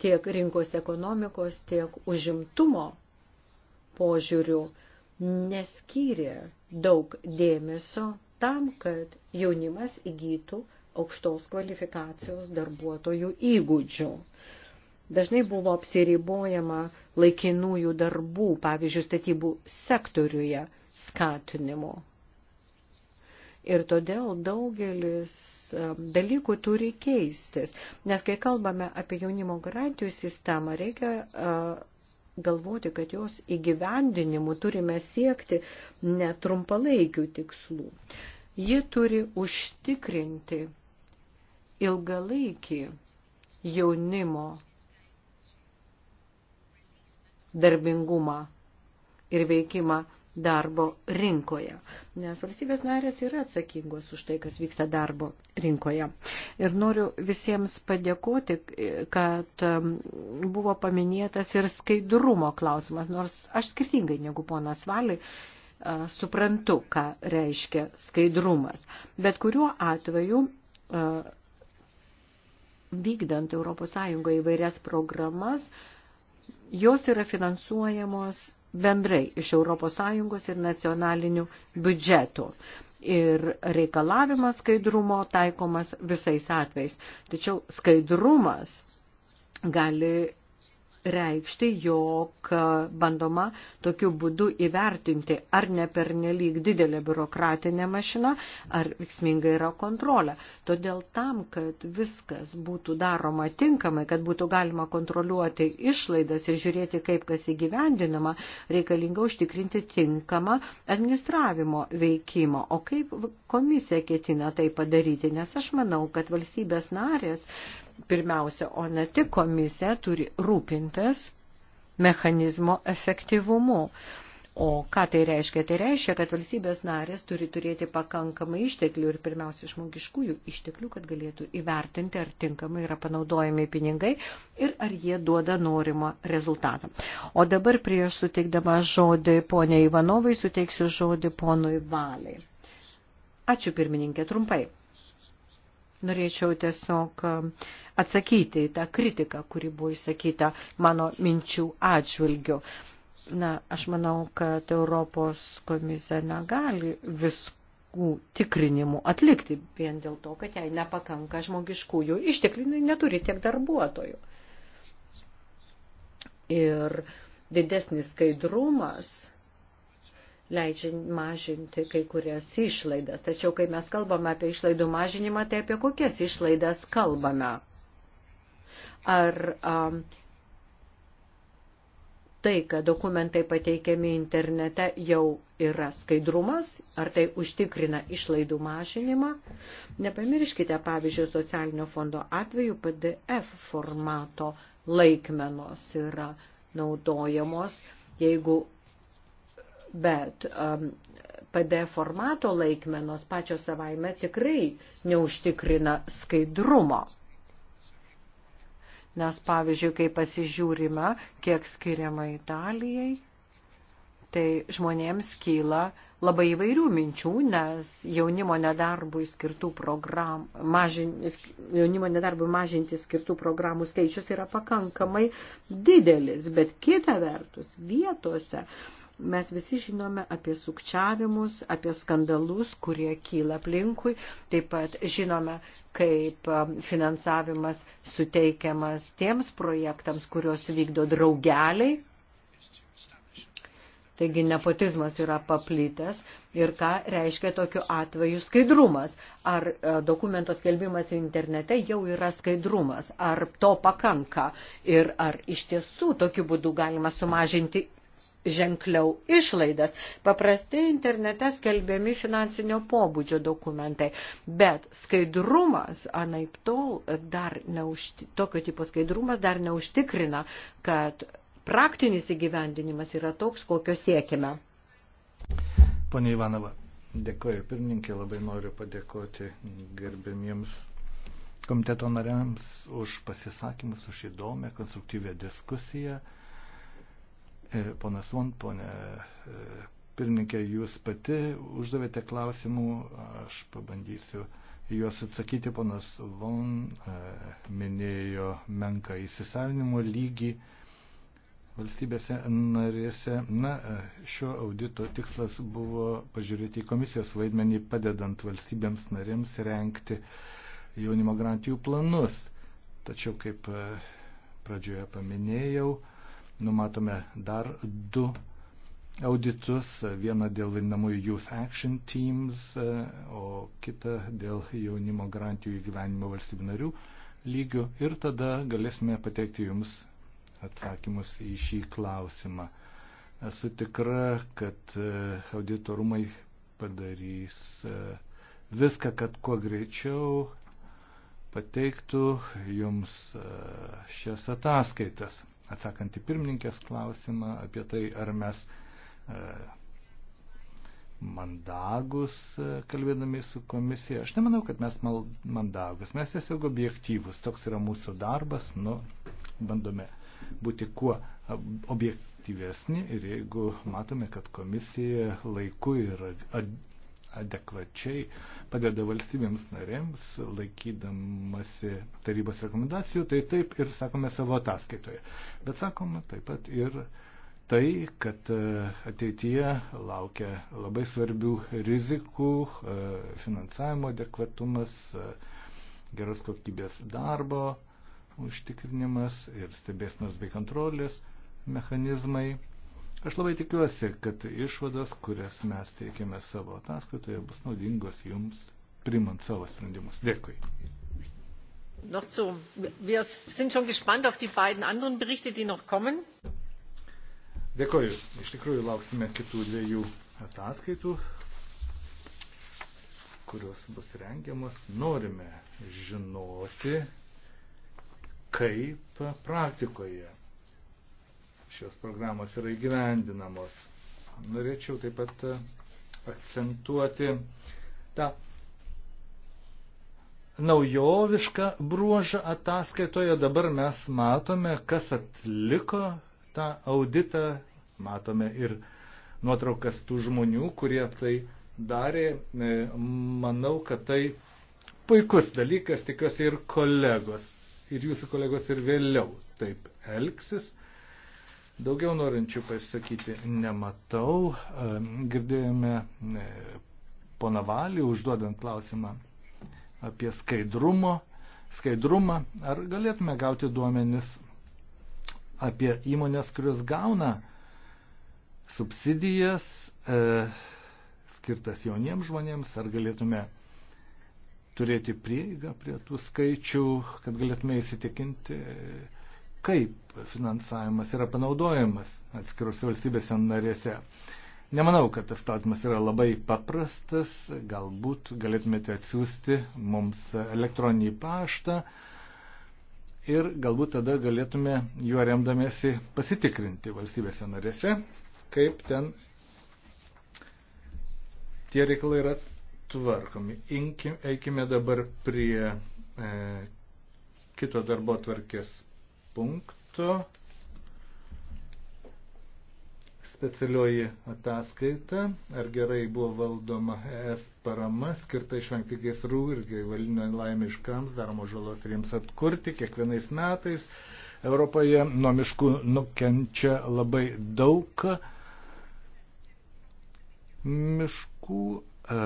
tiek rinkos ekonomikos, tiek užimtumo požiūrių neskyrė daug dėmesio tam, kad jaunimas įgytų aukštos kvalifikacijos darbuotojų įgūdžių dažnai buvo apsiribojama laikinųjų darbų, pavyzdžiui, statybų sektoriuje skatinimu. Ir todėl daugelis e, dalykų turi keistis, nes kai kalbame apie jaunimo garantijų sistemą, reikia e, galvoti, kad jos įgyvendinimu turime siekti netrumpalaikių tikslų. Ji turi užtikrinti ilgalaikį jaunimo darbingumą ir veikimą darbo rinkoje. Nes valstybės narės yra atsakingos už tai, kas vyksta darbo rinkoje. Ir noriu visiems padėkoti, kad um, buvo paminėtas ir skaidrumo klausimas, nors aš skirtingai negu ponas Valiai suprantu, ką reiškia skaidrumas. Bet kuriuo atveju vykdant ES įvairias programas, jos yra finansuojamos bendrai iš ES ir nacionalinių biudžetų. Ir reikalavimas skaidrumo taikomas visais atvejais. Tačiau skaidrumas gali reikšti, jog bandoma tokiu būdu įvertinti, ar ne per nelik didelė biurokratinė mašina, ar veiksminga yra kontrolė. Todėl tam, kad viskas būtų daroma tinkamai, kad būtų galima kontroliuoti išlaidas ir žiūrėti, kaip kas įgyvendinama, reikalinga užtikrinti tinkamą administravimo veikimą. O kaip komisija ketina tai padaryti? Nes aš manau, kad valstybės narės pirmiausia, o ne tik komisija turi rūpintis mechanizmo efektyvumu. O ką tai reiškia? Tai reiškia, kad valstybės narės turi turėti pakankamai išteklių ir pirmiausia žmogiškųjų išteklių, kad galėtų įvertinti, ar tinkamai yra panaudojami pinigai ir ar jie duoda norimą rezultatą. O dabar prieš suteikdama žodį ponia Ivanovai, suteiksiu žodį ponui Valiai. Ačiū pirmininkė trumpai. Norėčiau tiesiog um, atsakyti į tą kritiką, kuri buvo išsakyta mano minčių atžvilgiu. Na, aš manau, kad Europos komisija negali viskų tikrinimų atlikti vien dėl to, kad jai nepakanka žmogiškųjų išteklių, neturi tiek darbuotojų. Ir didesnis skaidrumas leidžia mažinti kai kurias išlaidas. Tačiau, kai mes kalbame apie išlaidų mažinimą, tai apie kokias išlaidas kalbame? Ar a, tai, kad dokumentai pateikiami internete jau yra skaidrumas, ar tai užtikrina išlaidų mažinimą. Nepamirškite, pavyzdžiui, socialinio fondo atveju PDF formato laikmenos yra naudojamos, jeigu bet um, PD formato laikmenos pačio savaime tikrai neužtikrina skaidrumo. Nes, pavyzdžiui, kai pasižiūrima, kiek skiriama Italijai, tai žmonėms kyla labai įvairių minčių, nes jaunimo nedarbui skirtų programų, mažin, jaunimo nedarbui mažinti skirtų programų skaičius yra pakankamai didelis, bet kita vertus vietose uh, Mes visi žinome apie sukčiavimus, apie skandalus, kurie kyla aplinkui. Taip pat žinome, kaip um, finansavimas suteikiamas tiems projektams, kurios vykdo draugeliai. Taigi nepotizmas yra paplitęs ir ką reiškia tokiu atveju skaidrumas. Ar e, dokumento skelbimas internete jau yra skaidrumas, ar to pakanka ir ar iš tiesų tokiu būdu galima sumažinti ženkliau išlaidas. Paprastai internete skelbiami finansinio pobūdžio dokumentai, bet skaidrumas, anaip tol, dar neužti, tokio tipo skaidrumas dar neužtikrina, kad praktinis įgyvendinimas yra toks, kokio siekime. Pone Ivanova, dėkoju pirmininkė, labai noriu padėkoti gerbėmiems komiteto nariams už pasisakymus, už įdomią konstruktyvę diskusiją. E, ponas Von, ponė e, pirmininkė, jūs pati uždavėte klausimų, aš pabandysiu juos atsakyti. Ponas Von e, minėjo menką įsisavinimo lygį valstybėse narėse. Na, šio audito tikslas buvo pažiūrėti į komisijos vaidmenį, padedant valstybėms narėms renkti jaunimo garantijų planus. Tačiau, kaip pradžioje paminėjau, numatome dar du auditus, vieną dėl vadinamųjų Youth Action Teams, e, o kitą dėl jaunimo garantijų įgyvenimo valstybių narių lygių ir tada galėsime pateikti Jums atsakymus į šį klausimą. Esu tikra, kad e, auditorumai padarys e, viską, kad kuo greičiau pateiktų Jums šias ataskaitas atsakant į pirmininkės klausimą apie tai, ar mes e, mandagus e, kalbėdami su komisija. Aš nemanau, kad mes mandagus, mes tiesiog objektyvus. Toks yra mūsų darbas, nu, bandome būti kuo objektyvesni ir jeigu matome, kad komisija laiku ir adekvačiai padeda valstybėms narėms, laikydamasi tarybos rekomendacijų, tai taip ir sakome savo ataskaitoje. Bet sakome taip pat ir tai, kad e, ateityje laukia labai svarbių rizikų, e, finansavimo adekvatumas, e, geros kokybės darbo užtikrinimas ir stebėsnos bei kontrolės mechanizmai. Aš labai tikiuosi, kad išvadas, kurias mes teikėme savo ataskaitoje, bus naudingos jums, primant savo sprendimus. Dėkui. Noch zu, wir sind schon gespannt auf die beiden anderen Berichte, die noch kommen. Dėkoju. Iš tikrųjų lauksime kitų dviejų ataskaitų, kurios bus rengiamas. Norime žinoti, kaip praktikoje šios programos yra įgyvendinamos. Norėčiau taip pat e, akcentuoti tą naujovišką bruožą ataskaitoje. Dabar mes matome, kas atliko tą auditą, matome ir nuotraukas tų žmonių, kurie tai darė. E, manau, kad tai puikus dalykas, tikiuosi ir kolegos, ir jūsų kolegos ir vėliau taip elgsis. Daugiau norinčių pasakyti nematau. E, girdėjome e, poną Valį užduodant klausimą apie skaidrumo, skaidrumą. Ar galėtume gauti duomenis apie įmonės, kurios gauna subsidijas e, skirtas jauniems žmonėms? Ar galėtume turėti prieigą prie tų skaičių, kad galėtume įsitikinti? E, kaip finansavimas yra panaudojamas atskirose valstybėse narėse. Nemanau, kad tas statymas yra labai paprastas, galbūt galėtumėte atsiųsti mums elektroninį paštą ir galbūt tada galėtume juo remdamėsi pasitikrinti valstybėse narėse, kaip ten tie reikalai yra tvarkomi. Inkim, eikime dabar prie e, kito darbo tvarkės punkto. Specialioji ataskaita, ar gerai buvo valdoma ES parama, skirta išvengti gaisrų ir gaivalinio laimiškams, daromos žalos ir jiems atkurti kiekvienais metais. Europoje nuo miškų nukenčia labai daug miškų E,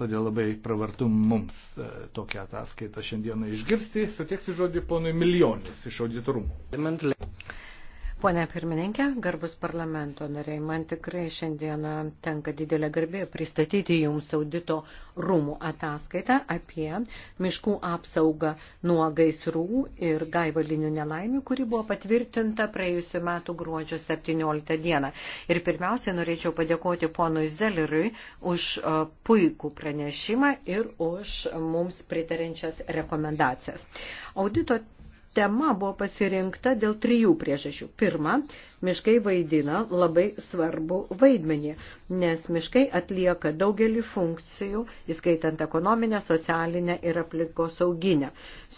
todėl labai pravartu mums e, tokią ataskaitą šiandieną išgirsti. Suteiksiu žodį ponui milijonis iš auditorumų. Pone pirmininkė, garbus parlamento nariai, man tikrai šiandieną tenka didelė garbė pristatyti Jums audito rūmų ataskaitą apie miškų apsaugą nuo gaisrų ir gaivalinių nelaimių, kuri buvo patvirtinta praėjusiu metu gruodžio 17 dieną. Ir pirmiausia, norėčiau padėkoti ponui Zellerui už e, puikų pranešimą ir už mums pritarinčias rekomendacijas. Audito tema buvo pasirinkta dėl trijų priežasčių. Pirma, miškai vaidina labai svarbu vaidmenį, nes miškai atlieka daugelį funkcijų, įskaitant ekonominę, socialinę ir aplinkosauginę.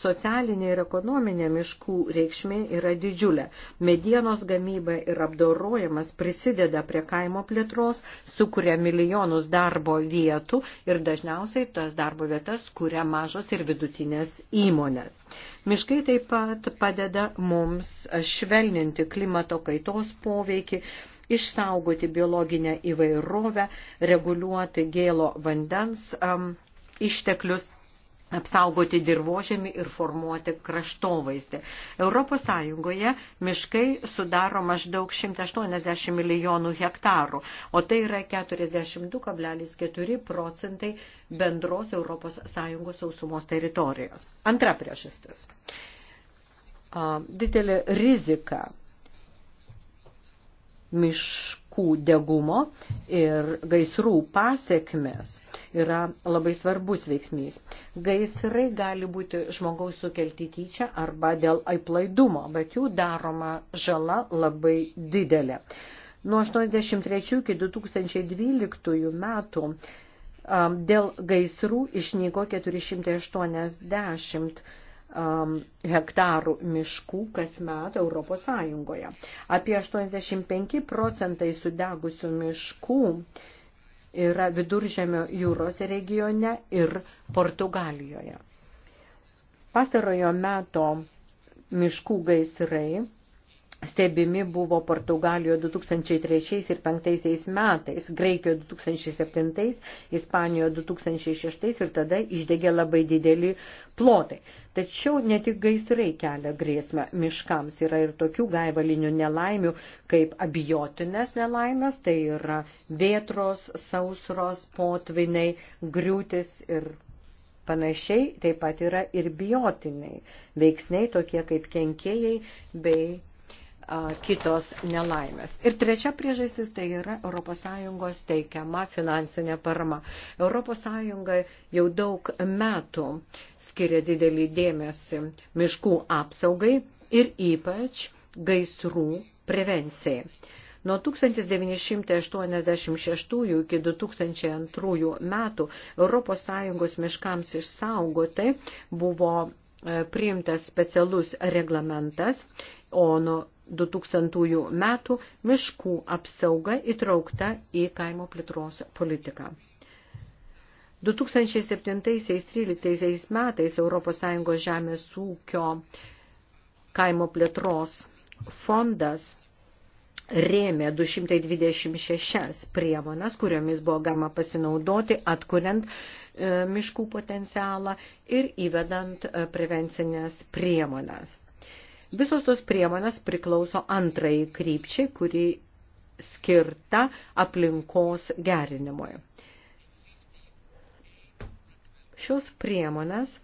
Socialinė ir ekonominė miškų reikšmė yra didžiulė. Medienos gamyba ir apdorojimas prisideda prie kaimo plėtros, sukuria milijonus darbo vietų ir dažniausiai tas darbo vietas kuria mažos ir vidutinės įmonės. Miškai taip pat padeda mums švelninti klimato kaitos poveikį, išsaugoti biologinę įvairovę, reguliuoti gėlo vandens um, išteklius apsaugoti dirbožėmį ir formuoti kraštovaizdį. Europos Sąjungoje miškai sudaro maždaug 180 milijonų hektarų, o tai yra 42,4 procentai bendros Europos Sąjungos sausumos teritorijos. Antra priežastis. Didelė rizika miškų miškų degumo ir gaisrų pasiekmes yra labai svarbus veiksmys. Gaisrai gali būti žmogaus sukelti tyčia arba dėl aplaidumo, bet jų daroma žala labai didelė. Nuo 1983 iki 2012 metų dėl gaisrų išnyko 480 um, hektarų miškų kasmet Europos Sąjungoje. Apie 85 procentai sudegusių miškų yra viduržėmio jūros regione ir Portugalijoje. Pastarojo meto miškų gaisrai stebimi buvo Portugalijoje 2003 ir 2005 metais, Graikijoje 2007, Ispanijoje 2006 ir tada išdegė labai dideli plotai. Tačiau ne tik gaisrai kelia grėsmę miškams, yra ir tokių gaivalinių nelaimių, kaip abijotinės nelaimės, tai yra vėtros, sausros, potviniai, griūtis ir panašiai, taip pat yra ir biotiniai veiksniai, tokie kaip kenkėjai bei kitos nelaimės. Ir trečia priežastis tai yra ES teikiama finansinė parama. ES jau daug metų skiria didelį dėmesį miškų apsaugai ir ypač gaisrų prevencijai. Nuo 1986 iki 2002 metų ES miškams išsaugotai buvo priimtas specialus reglamentas, o nuo 2000 metų miškų apsauga įtraukta į kaimo plėtros politiką. 2007-2013 metais ES žemės ūkio kaimo plėtros fondas rėmė 226 priemonas, kuriomis buvo galima pasinaudoti, atkuriant E, miškų potencialą ir įvedant e, prevencinės priemonės. Visos tos priemonės priklauso antrai krypčiai, kuri skirta aplinkos gerinimui. Šios priemonės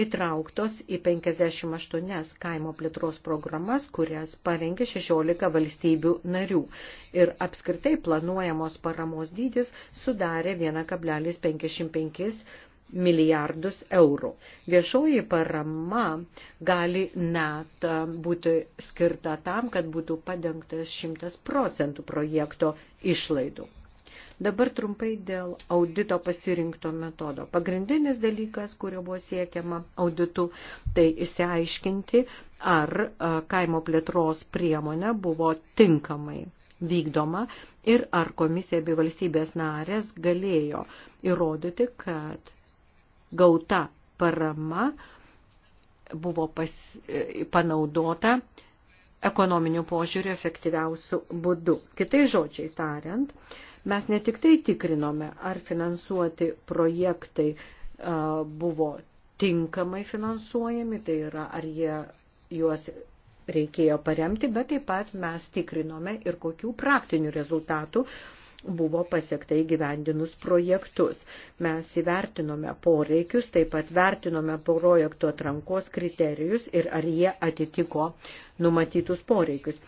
įtrauktos į 58 kaimo plėtros programas, kurias parengė 16 valstybių narių. Ir apskritai planuojamos paramos dydis sudarė 1,55 milijardus eurų. Viešoji parama gali net būti skirta tam, kad būtų padengtas 100 procentų projekto išlaidų. Dabar trumpai dėl audito pasirinkto metodo. Pagrindinis dalykas, kurio buvo siekiama auditu, tai išsiaiškinti, ar kaimo plėtros priemonė buvo tinkamai vykdoma ir ar komisija bei valstybės narės galėjo įrodyti, kad gauta parama buvo pas, e, panaudota ekonominių požiūrių efektyviausių būdų. Kitai žodžiai tariant, uh, Mes ne tik tai tikrinome, ar finansuoti projektai buvo tinkamai finansuojami, tai yra, ar jie juos reikėjo paremti, bet taip pat mes tikrinome ir kokių praktinių rezultatų buvo pasiekta įgyvendinus projektus. Mes įvertinome poreikius, taip pat vertinome projektų atrankos kriterijus ir ar jie atitiko numatytus poreikius.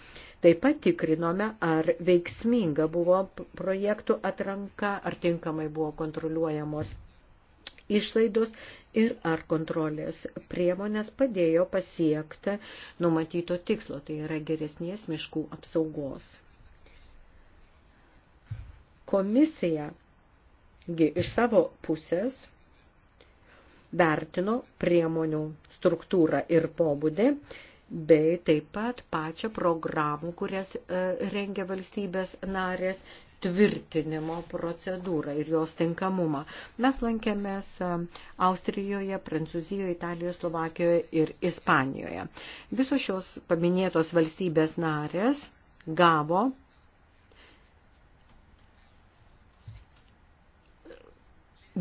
Taip pat tikrinome, ar veiksminga buvo projektų atranka, ar tinkamai buvo kontroliuojamos išlaidos ir ar kontrolės priemonės padėjo pasiekti numatyto tikslo, tai yra geresnės miškų apsaugos. Komisija iš savo pusės vertino priemonių struktūrą ir pobūdį bei taip pat pačią programų, kurias e, rengia valstybės narės tvirtinimo procedūrą ir jos tinkamumą. Mes lankėmės e, Austrijoje, Prancūzijoje, Italijoje, Slovakijoje ir Ispanijoje. Visos šios paminėtos valstybės narės gavo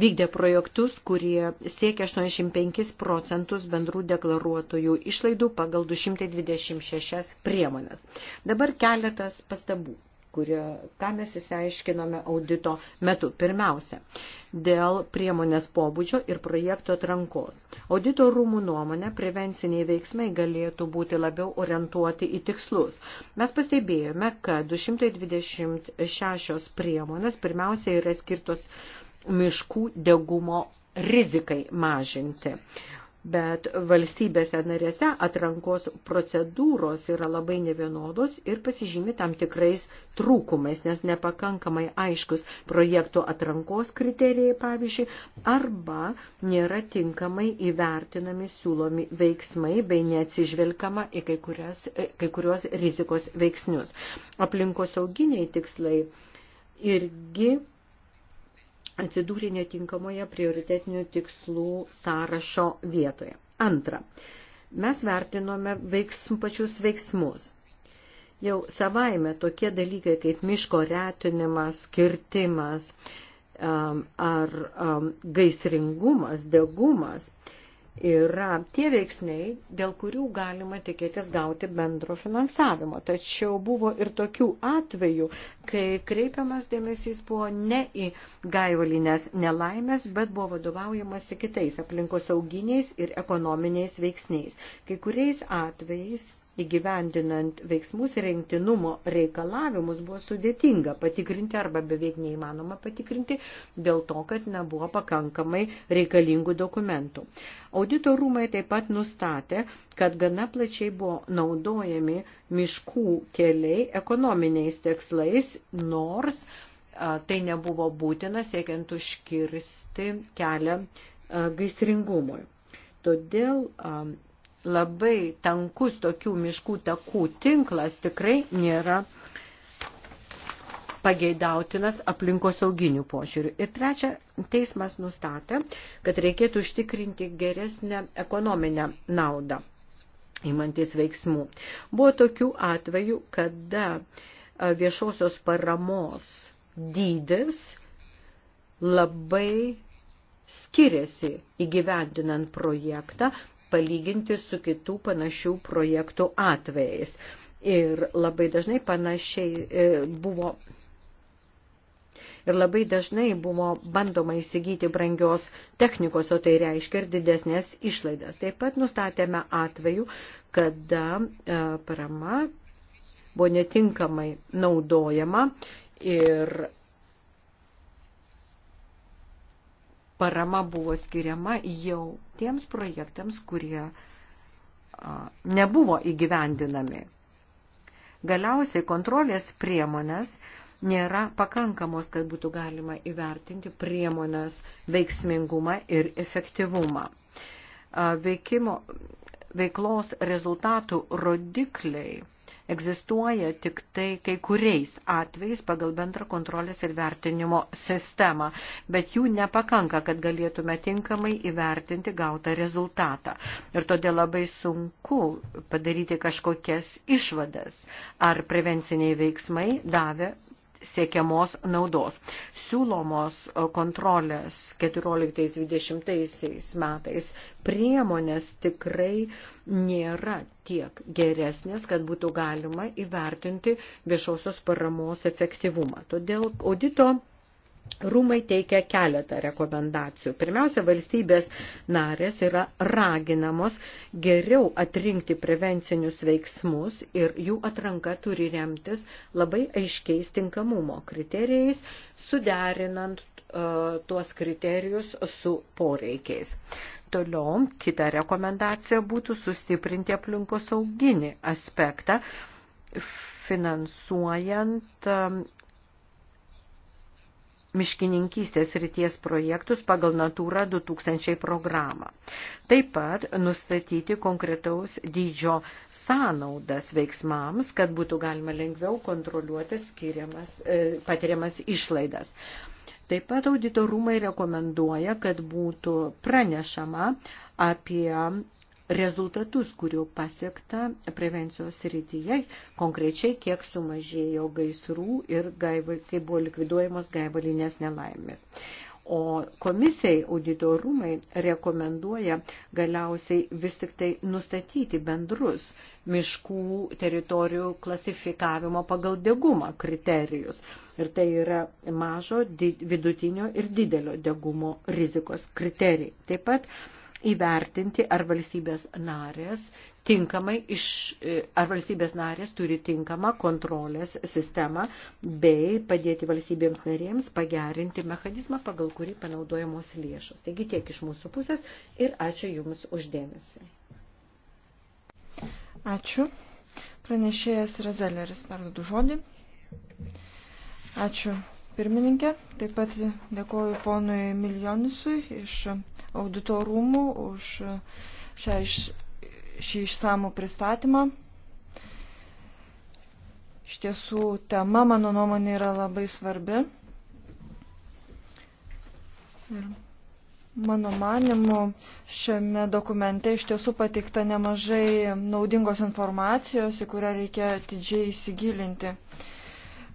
vykdė projektus, kurie siekia 85 procentus bendrų deklaruotojų išlaidų pagal 226 priemonės. Dabar keletas pastabų, kurie, ką mes įsiaiškinome audito metu. Pirmiausia, dėl priemonės pobūdžio ir projekto atrankos. Audito rūmų nuomonė, prevenciniai veiksmai galėtų būti labiau orientuoti į tikslus. Mes pastebėjome, kad 226 priemonės pirmiausia yra skirtos miškų degumo rizikai mažinti. Bet valstybėse narėse atrankos procedūros yra labai nevienodos ir pasižymi tam tikrais trūkumais, nes nepakankamai aiškus projektų atrankos kriterijai, pavyzdžiui, arba nėra tinkamai įvertinami siūlomi veiksmai bei neatsižvelgama į kai, kurias, kai kurios rizikos veiksnius. Aplinkosauginiai tikslai irgi atsidūrė netinkamoje prioritetinių tikslų sąrašo vietoje. Antra, mes vertinome veiksm, pačius veiksmus. Jau savaime tokie dalykai kaip miško retinimas, kirtimas ar gaisringumas, degumas yra tie veiksniai, dėl kurių galima tikėtis gauti bendro finansavimo. Tačiau buvo ir tokių atvejų, kai kreipiamas dėmesys buvo ne į gaivalinės nelaimės, bet buvo vadovaujamasi kitais aplinkosauginiais ir ekonominiais veiksniais. Kai kuriais atvejais įgyvendinant veiksmus ir rengtinumo reikalavimus buvo sudėtinga patikrinti arba beveik neįmanoma patikrinti dėl to, kad nebuvo pakankamai reikalingų dokumentų. Audito rūmai taip pat nustatė, kad gana plačiai buvo naudojami miškų keliai ekonominiais tikslais, nors a, tai nebuvo būtina siekiant užkirsti kelią gaisringumui. Todėl labai tankus tokių miškų takų tinklas tikrai nėra pageidautinas aplinkosauginių požiūrių. Ir trečia, teismas nustatė, kad reikėtų užtikrinti geresnę ekonominę naudą įmantis veiksmų. Buvo tokių atvejų, kada viešosios paramos dydis labai skiriasi įgyvendinant projektą palyginti su kitų panašių projektų atvejais. Ir labai dažnai panašiai e, buvo. Ir labai dažnai buvo bandoma įsigyti brangios technikos, o tai reiškia ir didesnės išlaidas. Taip pat nustatėme atveju, kada e, parama buvo netinkamai naudojama ir parama buvo skiriama jau tiems projektams, kurie nebuvo įgyvendinami. Galiausiai kontrolės priemonės nėra pakankamos, kad būtų galima įvertinti priemonės veiksmingumą ir efektyvumą. Veikimo, veiklos rezultatų rodikliai egzistuoja tik tai kai kuriais atvejais pagal bendrą kontrolės ir vertinimo sistemą, bet jų nepakanka, kad galėtume tinkamai įvertinti gautą rezultatą. Ir todėl labai sunku padaryti kažkokias išvadas, ar prevenciniai veiksmai davė siekiamos naudos. Siūlomos kontrolės 14-20 metais priemonės tikrai nėra tiek geresnės, kad būtų galima įvertinti viešosios paramos efektyvumą. Todėl audito Rūmai teikia keletą rekomendacijų. Pirmiausia, valstybės narės yra raginamos geriau atrinkti prevencinius veiksmus ir jų atranka turi remtis labai aiškiais tinkamumo kriterijais, suderinant uh, tuos kriterijus su poreikiais. Toliau, kita rekomendacija būtų sustiprinti aplinkosauginį aspektą, finansuojant miškininkystės ryties projektus pagal Natūra 2000 programą. Taip pat nustatyti konkretaus dydžio sąnaudas veiksmams, kad būtų galima lengviau kontroliuoti skiriamas, e, patiriamas išlaidas. Taip pat auditorumai rekomenduoja, kad būtų pranešama apie rezultatus, kurių pasiekta prevencijos srityje, konkrečiai kiek sumažėjo gaisrų ir gaivai, kaip buvo likviduojamos gaivalinės nelaimės. O komisijai auditorumai rekomenduoja galiausiai vis tik tai nustatyti bendrus miškų teritorijų klasifikavimo pagal degumą kriterijus. Ir tai yra mažo, vidutinio ir didelio degumo rizikos kriterijai. Taip pat įvertinti, ar valstybės narės tinkamai iš, e, ar valstybės narės turi tinkamą kontrolės sistemą bei padėti valstybėms narėms pagerinti mechanizmą, pagal kurį panaudojamos lėšos. Taigi tiek iš mūsų pusės ir ačiū Jums uždėmesi. Ačiū. Pranešėjas Rezeleris perdodu žodį. Ačiū pirmininkė. Taip pat dėkoju ponui Milionisui iš auditorumų už šią iš, šį išsamų pristatymą. Iš tiesų, tema, mano nuomonė, yra labai svarbi. Ir mano manimu, šiame dokumente iš tiesų pateikta nemažai naudingos informacijos, į kurią reikia atidžiai įsigilinti.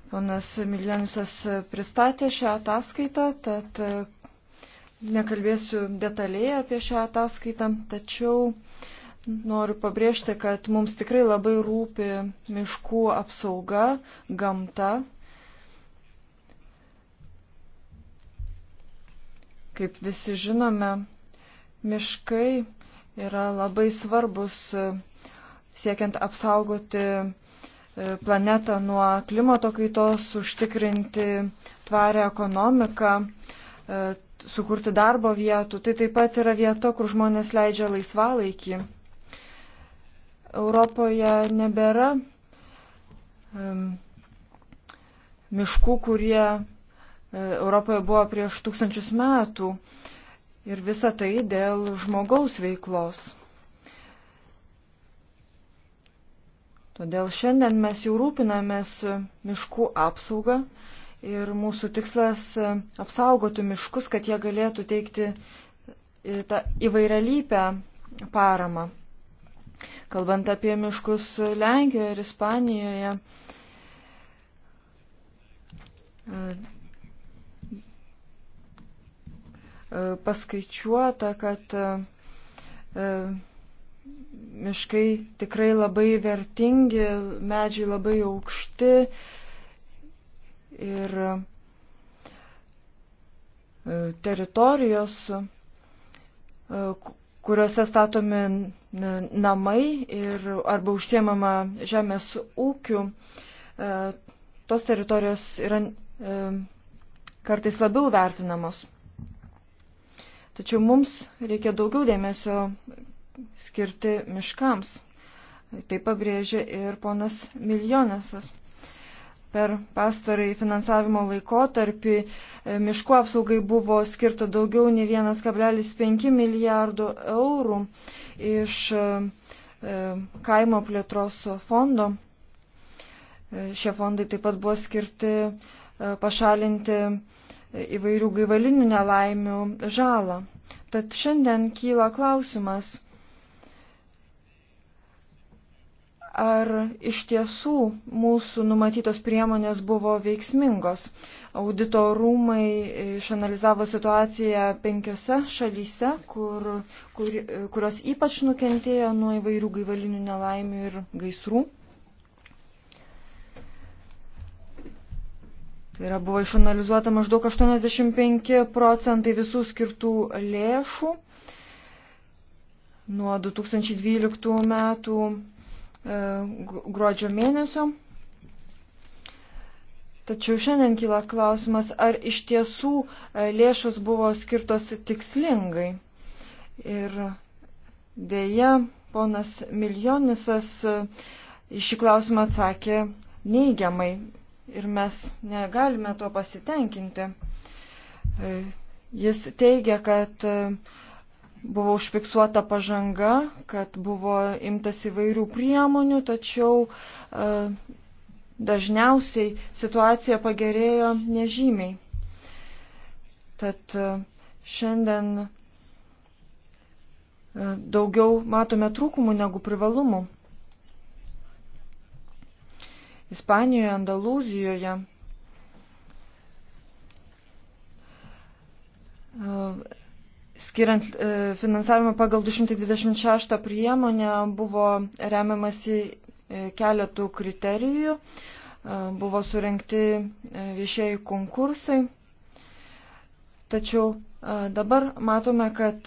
Ponas Milijonisas pristatė šią ataskaitą, tad Nekalbėsiu detaliai apie šią ataskaitą, tačiau noriu pabrėžti, kad mums tikrai labai rūpi miškų apsauga, gamta. Kaip visi žinome, miškai yra labai svarbus e, siekiant apsaugoti e, planetą nuo klimato kaitos, užtikrinti tvarę ekonomiką e, sukurti darbo vietų. Tai taip pat yra vieta, kur žmonės leidžia laisvalaikį. Europoje nebėra um, miškų, kurie uh, Europoje buvo prieš tūkstančius metų. Ir visa tai dėl žmogaus veiklos. Todėl šiandien mes jau rūpinamės miškų apsaugą, uh, Ir mūsų tikslas e, apsaugotų miškus, kad jie galėtų teikti e, tą įvairialypę paramą. Kalbant apie miškus Lenkijoje ir Ispanijoje, e, paskaičiuota, kad miškai tikrai labai vertingi, medžiai labai aukšti, ir e, teritorijos, e, kuriuose statomi namai ir arba užsiemama žemės ūkių, e, tos teritorijos yra kartais labiau vertinamos. Tačiau mums reikia daugiau dėmesio skirti miškams. Tai pabrėžia ir ponas Miljonėsas. Per pastarąjį finansavimo laikotarpį e, miškų apsaugai buvo skirta daugiau nei 1,5 milijardų eurų iš e, e, kaimo plėtros fondo. Šie fondai taip pat buvo skirti pašalinti įvairių gaivalinių nelaimių žalą. Tad šiandien kyla klausimas, ar iš tiesų mūsų numatytos priemonės buvo veiksmingos. Auditorumai išanalizavo situaciją penkiose šalyse, kur, kur, kurios ypač nukentėjo nuo įvairių gaivalinių nelaimių ir gaisrų. Tai yra buvo išanalizuota maždaug 85 procentai visų skirtų lėšų nuo 2012 metų E, gruodžio mėnesio. Tačiau šiandien kyla klausimas, ar iš tiesų e, lėšos buvo skirtos tikslingai. Ir dėja, ponas Miljonisas e, į šį klausimą atsakė neigiamai ir mes negalime tuo pasitenkinti. Jis teigia, kad buvo užfiksuota pažanga, kad buvo imtas įvairių priemonių, tačiau e, dažniausiai situacija pagerėjo nežymiai. Tad e, šiandien e, daugiau matome trūkumų negu privalumų. Ispanijoje, Andalūzijoje skiriant e, finansavimą pagal 226 priemonę buvo remiamasi e, keletų kriterijų, e, buvo surinkti viešieji konkursai. Tačiau dabar matome, kad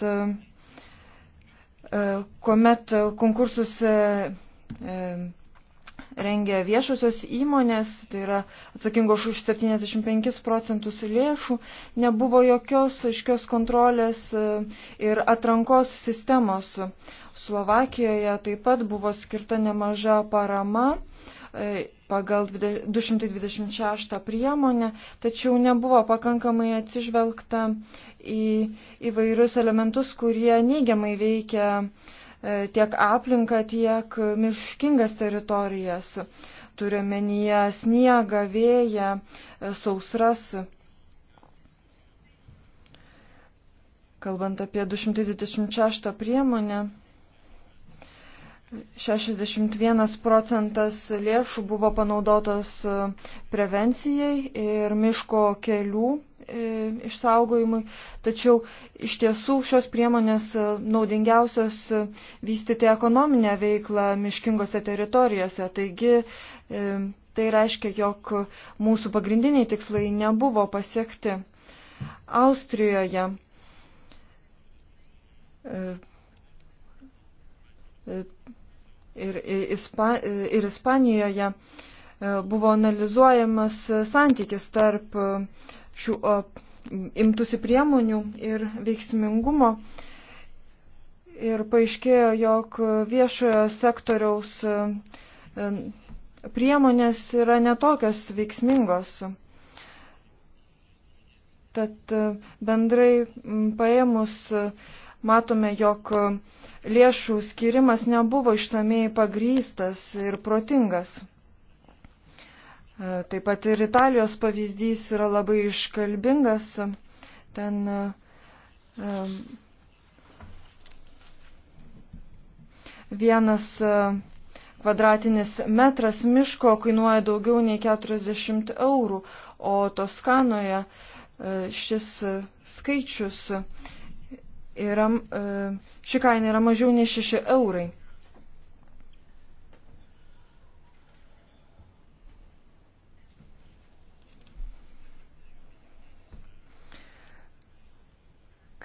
kuomet konkursus rengia viešosios įmonės, tai yra atsakingos už 75 procentus lėšų, nebuvo jokios aiškios kontrolės e, ir atrankos sistemos. Slovakijoje taip pat buvo skirta nemaža parama e, pagal 226 priemonę, tačiau nebuvo pakankamai atsižvelgta į įvairius elementus, kurie neigiamai veikia uh, E, tiek aplinką, tiek miškingas teritorijas. Turiuomenyje sniegą, vėją, e, sausras. Kalbant apie 226 priemonę, 61 procentas lėšų buvo panaudotos e, prevencijai ir miško kelių E, išsaugojimui, tačiau iš tiesų šios priemonės e, naudingiausios e, vystyti ekonominę veiklą miškingose teritorijose. Taigi tai reiškia, jog mūsų pagrindiniai tikslai nebuvo pasiekti. Austrijoje ir, Ispa, ir Ispanijoje buvo analizuojamas santykis tarp šių imtųsi priemonių ir veiksmingumo. Ir paaiškėjo, jog viešojo sektoriaus e, priemonės yra netokios veiksmingos. Tad e, bendrai paėmus e, matome, jog lėšų skirimas nebuvo išsamei pagrystas ir protingas. E, taip pat ir Italijos pavyzdys yra labai iškalbingas. Ten e, e, vienas kvadratinis metras miško kainuoja daugiau nei 40 eurų, o Toskanoje šis skaičius yra, ši kaina yra mažiau nei 6 eurai.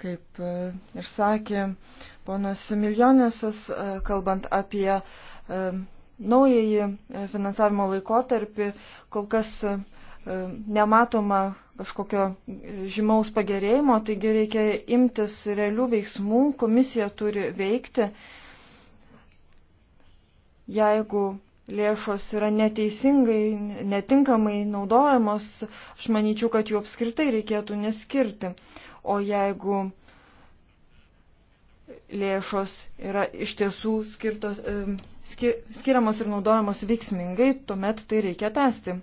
Kaip e, ir sakė ponas Miljonėsas, e, kalbant apie e, naująjį finansavimo laikotarpį, kol kas nematoma kažkokio žymaus pagerėjimo, taigi reikia imtis realių veiksmų, komisija turi veikti. Jeigu lėšos yra neteisingai, netinkamai naudojamos, aš manyčiau, kad jų apskritai reikėtų neskirti o jeigu lėšos yra iš tiesų skirtos, skir, skiriamos ir naudojamos veiksmingai, tuomet tai reikia tęsti.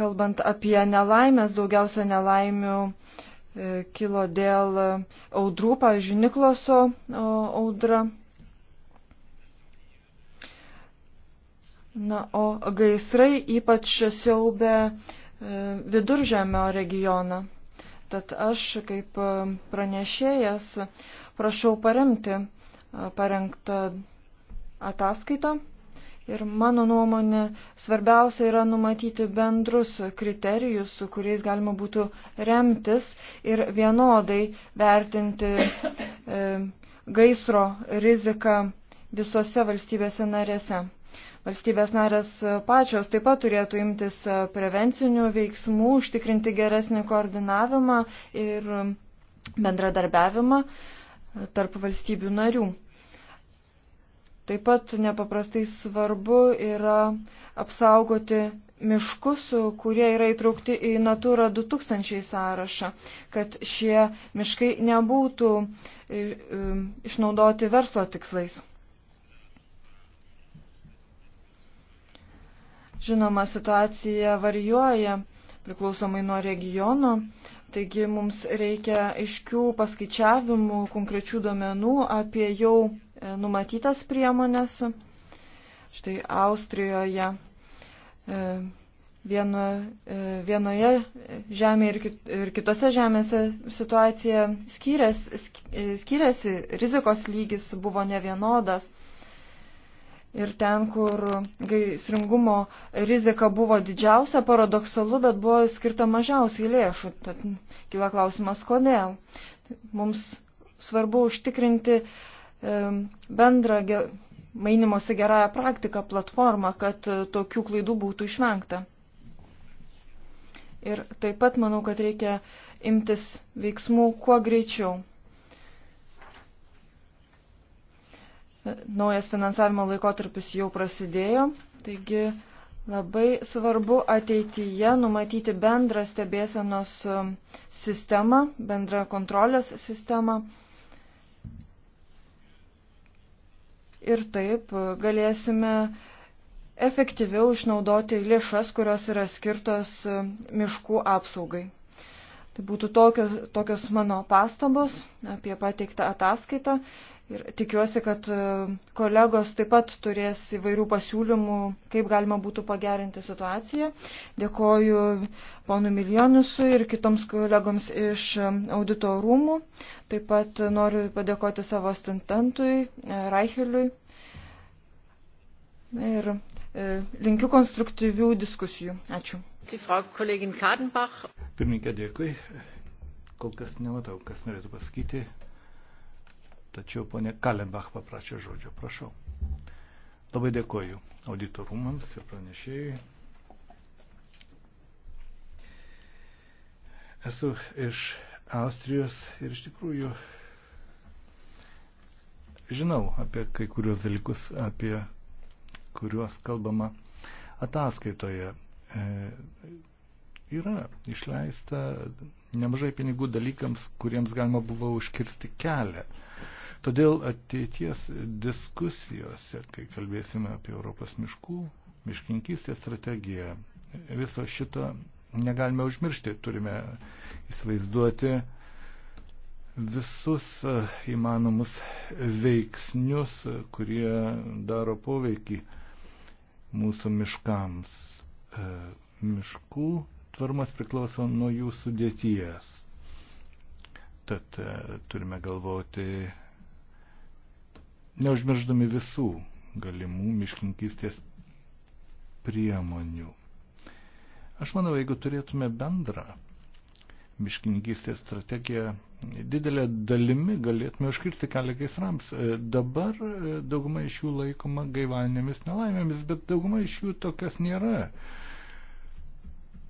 Kalbant apie nelaimės, daugiausia nelaimių e, kilo dėl e, audrų, pavyzdžiui, Nikloso audra. Na, o gaisrai ypač siaubė e, viduržėmio regioną. Tad aš kaip e, pranešėjas prašau paremti e, parengtą ataskaitą. Ir mano nuomonė, svarbiausia yra numatyti bendrus kriterijus, su kuriais galima būtų remtis ir vienodai vertinti e, gaisro riziką visose valstybėse narėse. Valstybės narės pačios taip pat turėtų imtis prevencinių veiksmų, užtikrinti geresnį koordinavimą ir bendradarbiavimą tarp valstybių narių. Taip pat nepaprastai svarbu yra apsaugoti miškus, kurie yra įtraukti į Natura 2000 sąrašą, kad šie miškai nebūtų e, e, išnaudoti verslo tikslais. Žinoma, situacija varijuoja priklausomai nuo regiono, taigi mums reikia aiškių paskaičiavimų, konkrečių duomenų apie jau e, numatytas priemonės. Štai Austrijoje e, vieno, e, vienoje žemėje ir, kit, ir kitose žemėse situacija skyrės, skyrėsi, rizikos lygis buvo nevienodas. Ir ten, kur gaisringumo rizika buvo didžiausia, paradoksalu, bet buvo skirta mažiausiai lėšų. Tad kyla klausimas, kodėl. Mums svarbu užtikrinti bendrą mainimosi gerąją praktiką platformą, kad e, tokių klaidų būtų išvengta. Ir taip pat manau, kad reikia imtis veiksmų kuo greičiau. Naujas finansavimo laikotarpis jau prasidėjo, taigi labai svarbu ateityje numatyti bendrą stebėsenos um, sistemą, bendrą kontrolės sistemą. Ir taip uh, galėsime efektyviau išnaudoti lėšas, kurios yra skirtos um, miškų apsaugai. Tai būtų tokios, tokios mano pastabos apie pateiktą ataskaitą Ir tikiuosi, kad e, kolegos taip pat turės įvairių pasiūlymų, kaip galima būtų pagerinti situaciją. Dėkoju ponu Milijonusui ir kitoms kolegoms iš e, audito rūmų. Taip pat noriu padėkoti savo stententui, e, Reicheliui. Ir linkiu konstruktyvių diskusijų. Ačiū. Pirmininkė, dėkui. Kol kas nematau, kas norėtų pasakyti. Tačiau ponė Kalenbach paprašė žodžio. Prašau. Labai dėkoju auditorumams ir pranešėjai. Esu iš Austrijos ir iš tikrųjų žinau apie kai kurios dalykus, apie kuriuos kalbama ataskaitoje. E, yra išleista nemažai pinigų dalykams, kuriems galima buvo užkirsti kelią. E, Todėl ateities diskusijose, kai kalbėsime apie Europos miškų, miškinkystės strategiją, viso šito negalime užmiršti, turime įsivaizduoti visus e, įmanomus veiksnius, kurie daro poveikį mūsų miškams. E, miškų tvarumas priklauso nuo jų sudėties. Tad e, turime galvoti neužmirždami visų galimų miškininkystės priemonių. Aš manau, jeigu turėtume bendrą miškininkystės strategiją, didelę dalimi galėtume užkirsti kelią gaisrams. E, dabar e, dauguma iš jų laikoma gaivalinėmis nelaimėmis, bet dauguma iš jų tokias nėra.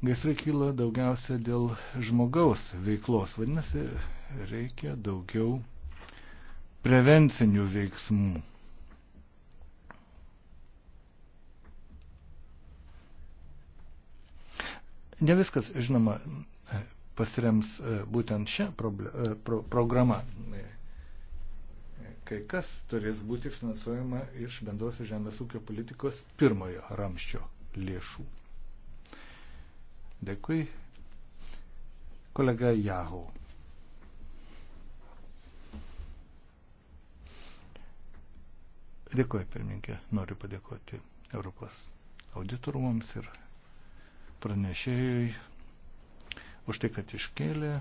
Gaisrai kyla daugiausia dėl žmogaus veiklos, vadinasi, reikia daugiau prevencinių veiksmų. Ne viskas, žinoma, pasirems e, būtent šią e, pro, programą. E, Kai kas turės būti finansuojama iš bendrosios žemės ūkio politikos pirmojo ramščio lėšų. Dėkui. Kolega Jahau. Dėkuoju, pirmininkė. Noriu padėkoti Europos auditorumams ir pranešėjui už tai, kad iškėlė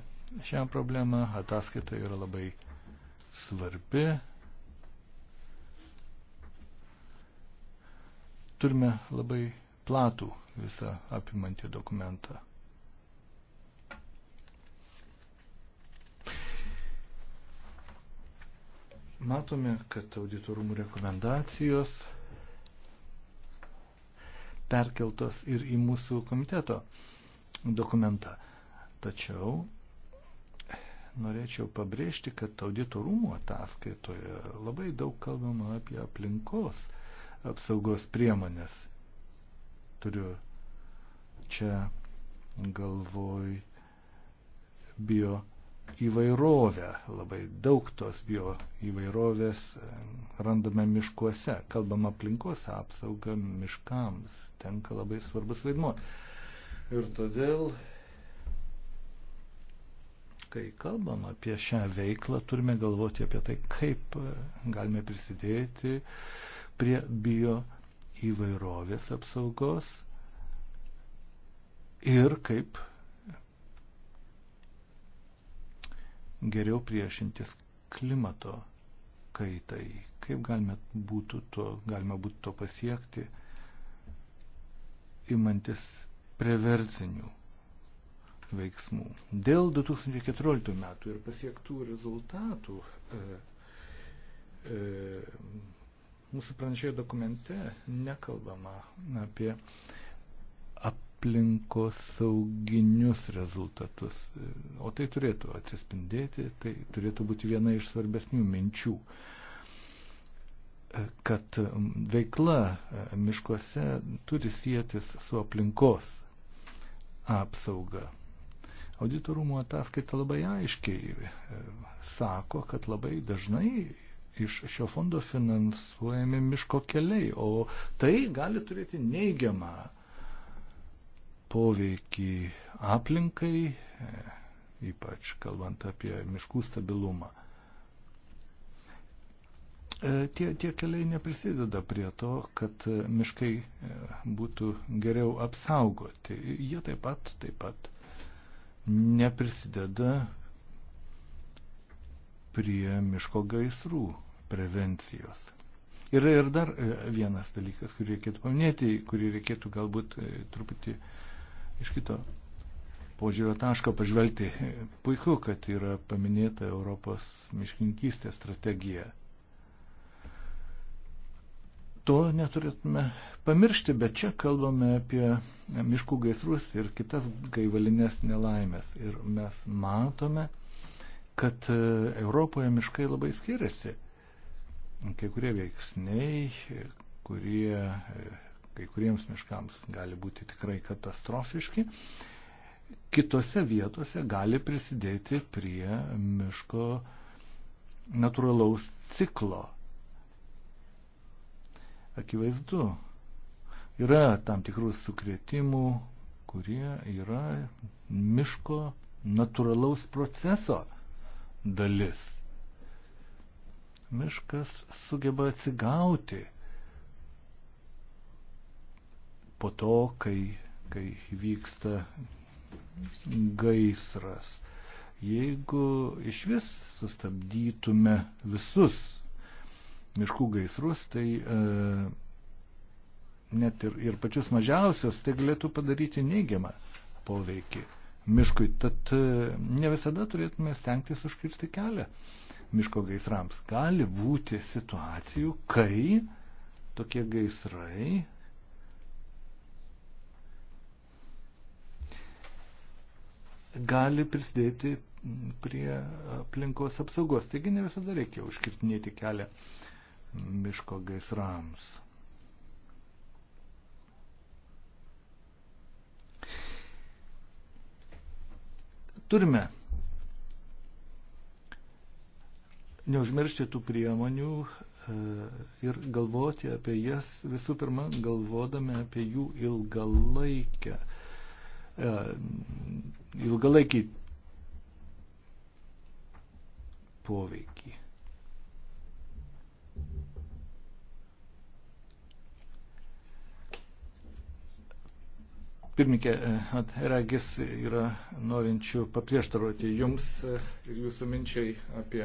šią problemą. Ataskaita yra labai svarbi. Turime labai platų visą apimantį dokumentą. matome, kad auditorumų rekomendacijos perkeltos ir į mūsų komiteto dokumentą. Tačiau norėčiau pabrėžti, kad auditorumų ataskaitoje labai daug kalbama apie aplinkos apsaugos priemonės. Turiu čia galvoj bio įvairovę. Labai daug tos bio įvairovės e, randame miškuose. Kalbam aplinkos apsaugą miškams. Tenka labai svarbus vaidmo. Ir todėl, kai kalbam apie šią veiklą, turime galvoti apie tai, kaip e, galime prisidėti prie bio įvairovės apsaugos ir kaip geriau priešintis klimato kaitai. Kaip galime būtų to, galima būtų to pasiekti, imantis prevercinių veiksmų. Dėl 2014 metų ir pasiektų rezultatų e, e, mūsų pranešėjo dokumente nekalbama apie e, aplinkos sauginius rezultatus. O tai turėtų atsispindėti, tai turėtų būti viena iš svarbesnių minčių, kad veikla miškuose turi sėtis su aplinkos apsauga. Auditorumo ataskaita labai aiškiai e, sako, kad labai dažnai iš šio fondo finansuojami miško keliai, o tai gali turėti neigiamą poveikį aplinkai, e, ypač kalbant apie miškų stabilumą. E, tie, tie keliai neprisideda prie to, kad miškai e, būtų geriau apsaugoti. Jie taip pat, taip pat neprisideda prie miško gaisrų prevencijos. Yra ir dar vienas dalykas, kurį reikėtų paminėti, kurį reikėtų galbūt truputį uh, iš kito požiūrio taško pažvelgti. Puiku, kad yra paminėta Europos miškininkystės strategija. To neturėtume pamiršti, bet čia kalbame apie miškų gaisrus ir kitas gaivalinės nelaimės. Ir mes matome, kad Europoje miškai labai skiriasi. Kai kurie veiksniai, kurie kai kuriems miškams gali būti tikrai katastrofiški, kitose vietose gali prisidėti prie miško natūralaus ciklo. Akivaizdu, yra tam tikrų sukretimų, kurie yra miško natūralaus proceso dalis. Miškas sugeba atsigauti po to, kai, kai vyksta gaisras. Jeigu iš vis sustabdytume visus miškų gaisrus, tai e, net ir, ir pačius mažiausios tai galėtų padaryti neigiamą poveikį miškui. Tad e, ne visada turėtume stengtis užkirsti kelią miško gaisrams. Gali būti situacijų, kai tokie gaisrai gali prisidėti mm, prie e, aplinkos apsaugos. Taigi ne visada reikia užkirtinėti kelią miško gaisrams. Turime neužmiršti tų priemonių e, ir galvoti apie jas visų pirma galvodami apie jų ilgalaikę E, ilgalaikį poveikį. Pirmininkė, e, regis yra norinčių paprieštaroti jums e, ir jūsų minčiai apie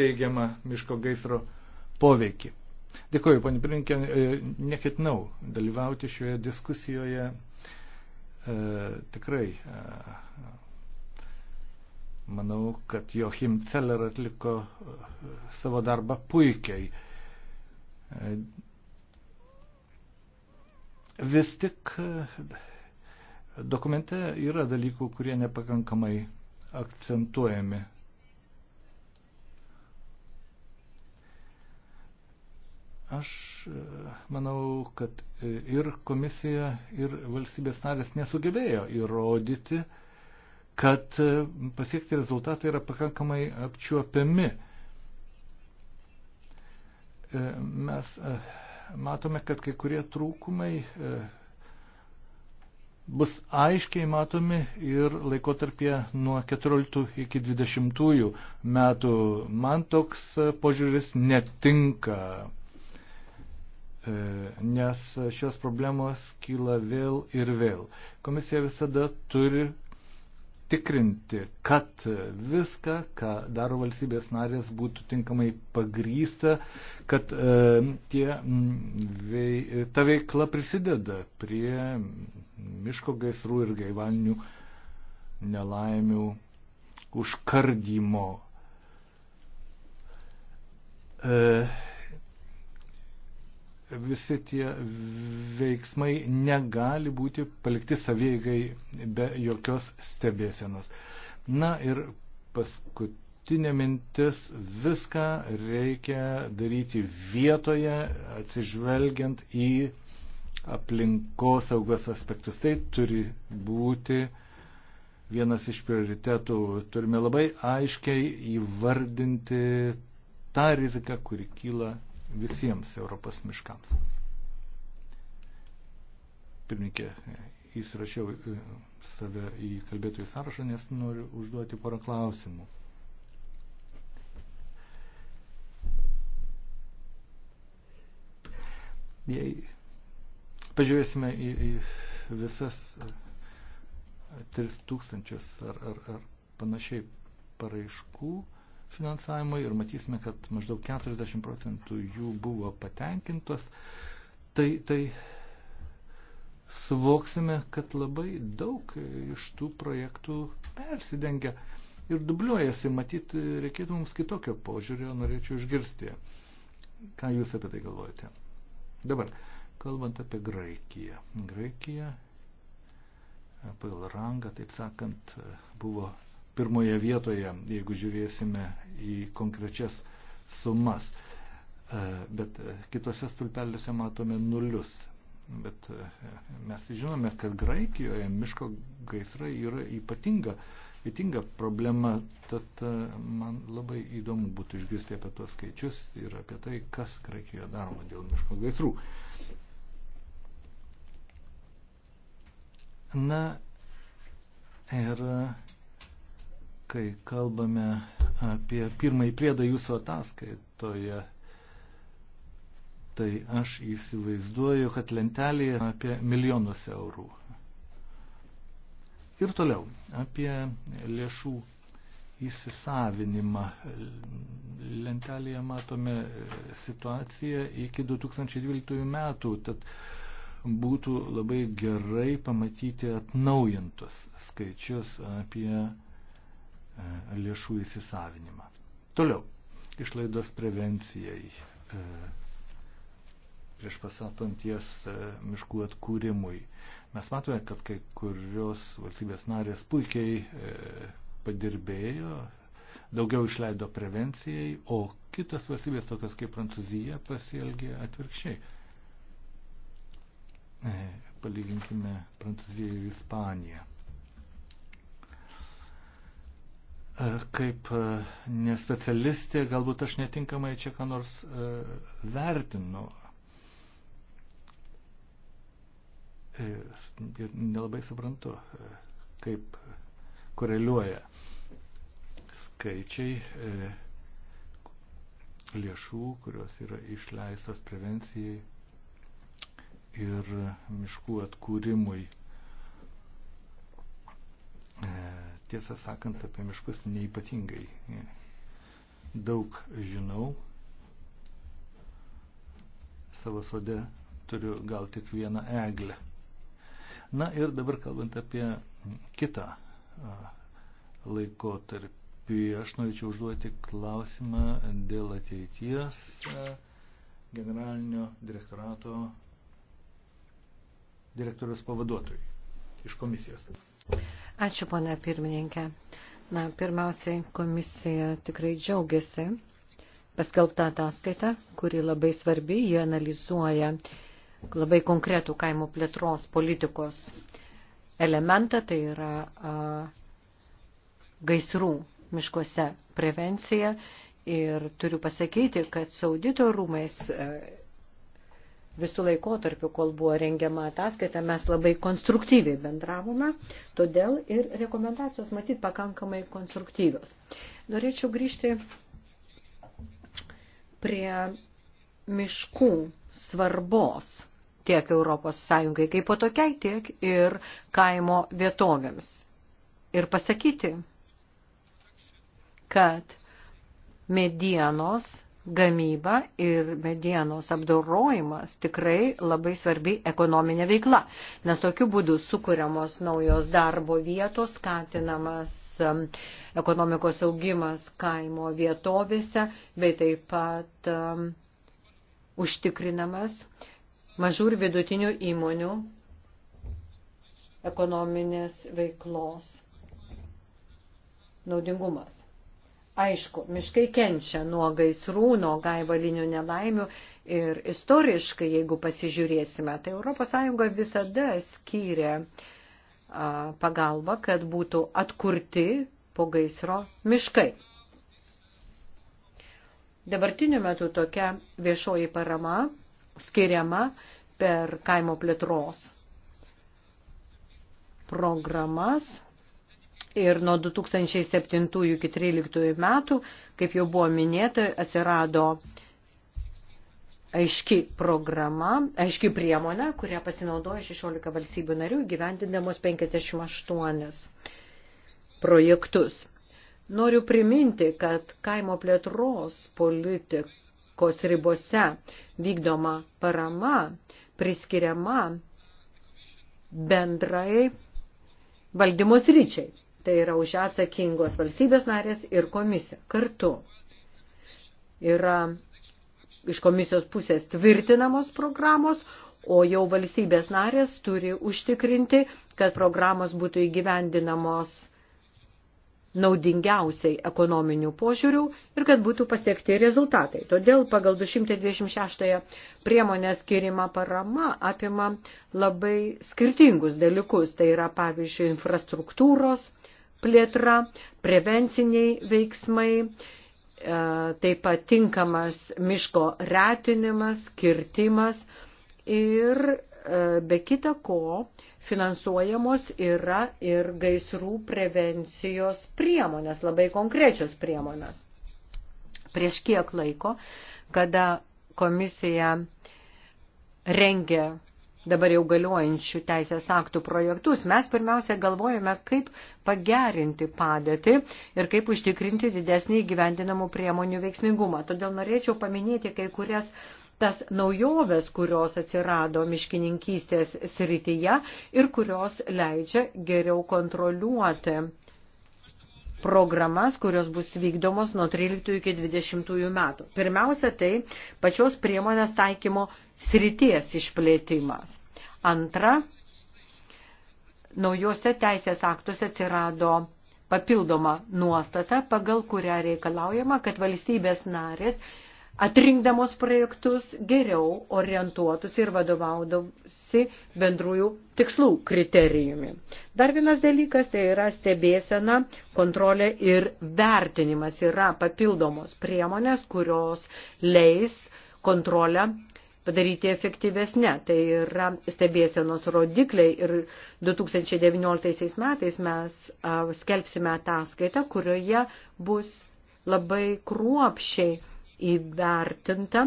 teigiamą miško gaisro poveikį. Dėkuoju, panė pirmininkė, neketinau dalyvauti šioje diskusijoje, E, tikrai e, manau, kad Joachim Celler atliko e, savo darbą puikiai. Vis tik dokumente yra dalykų, kurie nepakankamai akcentuojami Aš e, manau, kad e, ir komisija, ir valstybės narės nesugebėjo įrodyti, kad e, pasiekti rezultatai yra pakankamai apčiuopiami. Mes matome, kad kai kurie trūkumai bus aiškiai matomi ir laikotarpėje nuo 14 iki 20 metų. Man toks požiūris netinka. E, nes šios problemos kyla vėl ir vėl. Komisija visada turi tikrinti, kad viską, ką daro valstybės narės, būtų tinkamai pagrysta, kad e, tie, vei, ta veikla prisideda prie miško gaisrų ir gaivalinių nelaimių užkardymo. E, visi tie veiksmai negali būti palikti savieigai be jokios stebėsenos. Na ir paskutinė mintis, viską reikia daryti vietoje, atsižvelgiant į aplinkosaugos aspektus. Tai turi būti vienas iš prioritetų. Turime labai aiškiai įvardinti tą riziką, kuri kyla visiems Europos miškams. Pirmininkė, įsirašiau e, save į kalbėtojų sąrašą, nes noriu užduoti porą klausimų. Jei pažiūrėsime į, į visas 3000 e, ar, ar, ar panašiai paraiškų, finansavimui ir matysime, kad maždaug 40 procentų jų buvo patenkintos, tai, tai suvoksime, kad labai daug iš tų projektų persidengia ir dubliuojasi. Matyt, reikėtų mums kitokio požiūrio, norėčiau išgirsti. Ką Jūs apie tai galvojate? Dabar, kalbant apie Graikiją. Graikija pagal rangą, taip sakant, buvo pirmoje vietoje, jeigu žiūrėsime į konkrečias sumas. E, bet e, kitose stulpeliuose matome nulius. Bet e, mes žinome, kad Graikijoje miško gaisrai yra ypatinga, ypatinga problema. Tad man labai įdomu būtų išgirsti apie tuos skaičius ir apie tai, kas Graikijoje daroma dėl miško gaisrų. Na ir kai kalbame apie pirmąjį priedą jūsų ataskaitoje, tai aš įsivaizduoju, kad lentelėje apie milijonus eurų. Ir toliau apie lėšų įsisavinimą. Lentelėje matome situaciją iki 2012 metų, tad būtų labai gerai pamatyti atnaujintus skaičius apie E, lėšų įsisavinimą. Toliau, išlaidos prevencijai e, prieš pasatant jas e, miškų atkūrimui. Mes matome, kad kai kurios valstybės narės puikiai padirbėjo, daugiau išleido prevencijai, o kitas valstybės, tokios kaip Prancūzija, pasielgė atvirkščiai. Palyginkime Prancūziją ir Ispaniją. kaip nespecialistė, galbūt aš netinkamai čia ką nors vertinu. E, ir nelabai suprantu, e, kaip koreliuoja skaičiai e, lėšų, kurios yra išleistos prevencijai ir miškų atkūrimui. E, tiesą sakant, apie miškus neipatingai daug žinau. Savo sode turiu gal tik vieną eglę. Na ir dabar kalbant apie kitą laikotarpį, aš norėčiau užduoti klausimą dėl ateities generalinio direktorato direktorius pavaduotojui iš komisijos. Ačiū, pana pirmininkė. Na, pirmiausiai, komisija tikrai džiaugiasi paskelbtą ataskaitą, kuri labai svarbi, jie analizuoja labai konkretų kaimo plėtros politikos elementą, tai yra a, gaisrų miškuose prevencija. Ir turiu pasakyti, kad su audito rūmais visų laikotarpių, kol buvo rengiama ataskaita, mes labai konstruktyviai bendravome, todėl ir rekomendacijos matyt pakankamai konstruktyvios. Norėčiau grįžti prie miškų svarbos tiek Europos Sąjungai kaip po tokiai, tiek ir kaimo vietovėms. Ir pasakyti, kad medienos gamyba ir medienos apdorojimas tikrai labai svarbi ekonominė veikla, nes tokiu būdu sukūriamos naujos darbo vietos, skatinamas um, ekonomikos augimas kaimo vietovėse, bei taip pat um, užtikrinamas mažų ir vidutinių įmonių ekonominės veiklos naudingumas. Aišku, miškai kenčia nuo gaisrų, nuo gaivalinių nelaimių ir istoriškai, jeigu pasižiūrėsime, tai ES visada skyrė pagalbą, kad būtų atkurti po gaisro miškai. Dabartiniu metu tokia viešoji parama skiriama per kaimo plėtros programas Ir nuo 2007 iki 2013 metų, kaip jau buvo minėta, atsirado aiški programa, aiški priemonė, kurią pasinaudoja 16 valstybių narių, gyvendindamos 58 projektus. Noriu priminti, kad kaimo plėtros politikos ribose vykdoma parama priskiriama bendrai valdymos ryčiai. Tai yra už ją atsakingos valstybės narės ir komisija. Kartu yra iš komisijos pusės tvirtinamos programos, o jau valstybės narės turi užtikrinti, kad programos būtų įgyvendinamos naudingiausiai ekonominių požiūrių ir kad būtų pasiekti rezultatai. Todėl pagal 226 priemonę skirima parama apima labai skirtingus dalykus. Tai yra, pavyzdžiui, infrastruktūros plėtra, prevenciniai veiksmai, e, taip pat tinkamas miško retinimas, kirtimas ir e, be kita ko finansuojamos yra ir gaisrų prevencijos priemonės, labai konkrečios priemonės. Prieš kiek laiko, kada komisija rengė dabar jau galiojančių teisės aktų projektus, mes pirmiausia galvojame, kaip pagerinti padėtį ir kaip užtikrinti didesnį įgyvendinamų priemonių veiksmingumą. Todėl norėčiau paminėti kai kurias tas naujoves, kurios atsirado miškininkystės srityje ir kurios leidžia geriau kontroliuoti programas, kurios bus vykdomos nuo 13 iki 20 metų. Pirmiausia, tai pačios priemonės taikymo srities išplėtimas. Antra, naujose teisės aktuose atsirado papildoma nuostata, pagal kurią reikalaujama, kad valstybės narės atrinkdamos projektus geriau orientuotųsi ir vadovaudavosi bendrųjų tikslų kriterijumi. Dar vienas dalykas tai yra stebėsena, kontrolė ir vertinimas yra papildomos priemonės, kurios leis kontrolę padaryti efektyvesnę. Tai yra stebėsenos rodikliai ir 2019 metais mes skelbsime ataskaitą, kurioje bus labai kruopšiai įvertinta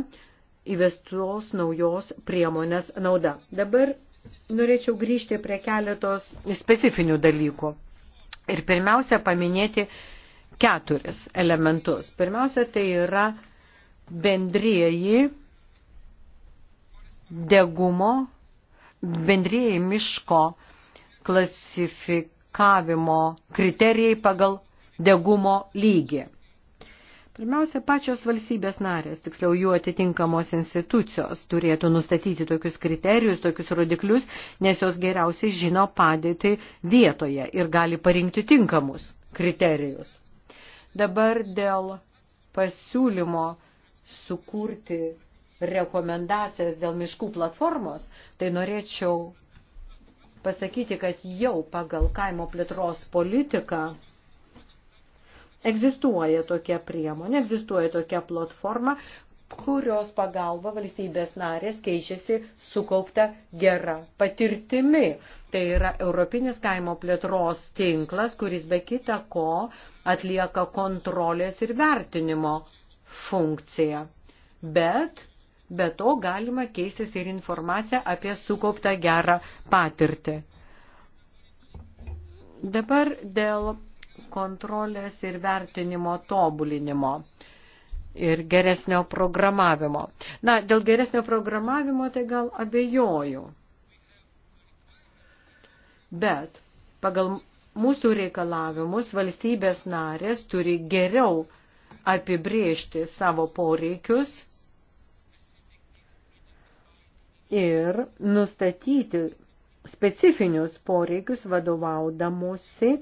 įvestos naujos priemonės nauda. Dabar norėčiau grįžti prie keletos specifinių dalykų ir pirmiausia paminėti keturis elementus. Pirmiausia, tai yra bendrieji degumo bendrėjai miško klasifikavimo kriterijai pagal degumo lygį. Pirmiausia, pačios valstybės narės, tiksliau jų atitinkamos institucijos turėtų nustatyti tokius kriterijus, tokius rodiklius, nes jos geriausiai žino padėti vietoje ir gali parinkti tinkamus kriterijus. Dabar dėl pasiūlymo sukurti rekomendacijas dėl miškų platformos, tai norėčiau pasakyti, kad jau pagal kaimo plėtros politiką egzistuoja tokia priemonė, egzistuoja tokia platforma, kurios pagalba valstybės narės keičiasi sukaupta gera patirtimi. Tai yra Europinis kaimo plėtros tinklas, kuris be kita ko atlieka kontrolės ir vertinimo funkciją. Bet Be to galima keistis ir informaciją apie sukauptą gerą patirtį. Dabar dėl kontrolės ir vertinimo tobulinimo ir geresnio programavimo. Na, dėl geresnio programavimo tai gal abejoju. Bet pagal mūsų reikalavimus valstybės narės turi geriau apibriežti savo poreikius ir nustatyti specifinius poreikius vadovaudamosi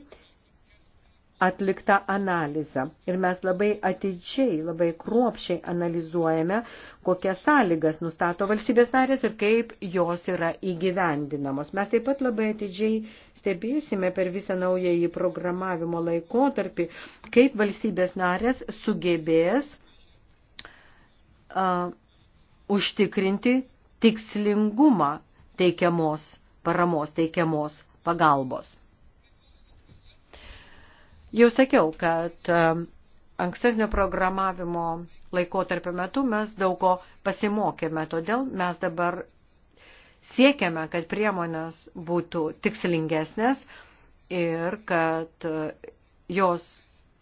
atliktą analizą. Ir mes labai atidžiai, labai kruopšiai analizuojame, kokias sąlygas nustato valstybės narės ir kaip jos yra įgyvendinamos. Mes taip pat labai atidžiai stebėsime per visą naująjį programavimo laikotarpį, kaip valstybės narės sugebės uh, užtikrinti tikslingumą teikiamos paramos, teikiamos pagalbos. Jau sakiau, kad um, ankstesnio programavimo laikotarpio metu mes daug ko pasimokėme, todėl mes dabar siekiame, kad priemonės būtų tikslingesnės ir kad uh, jos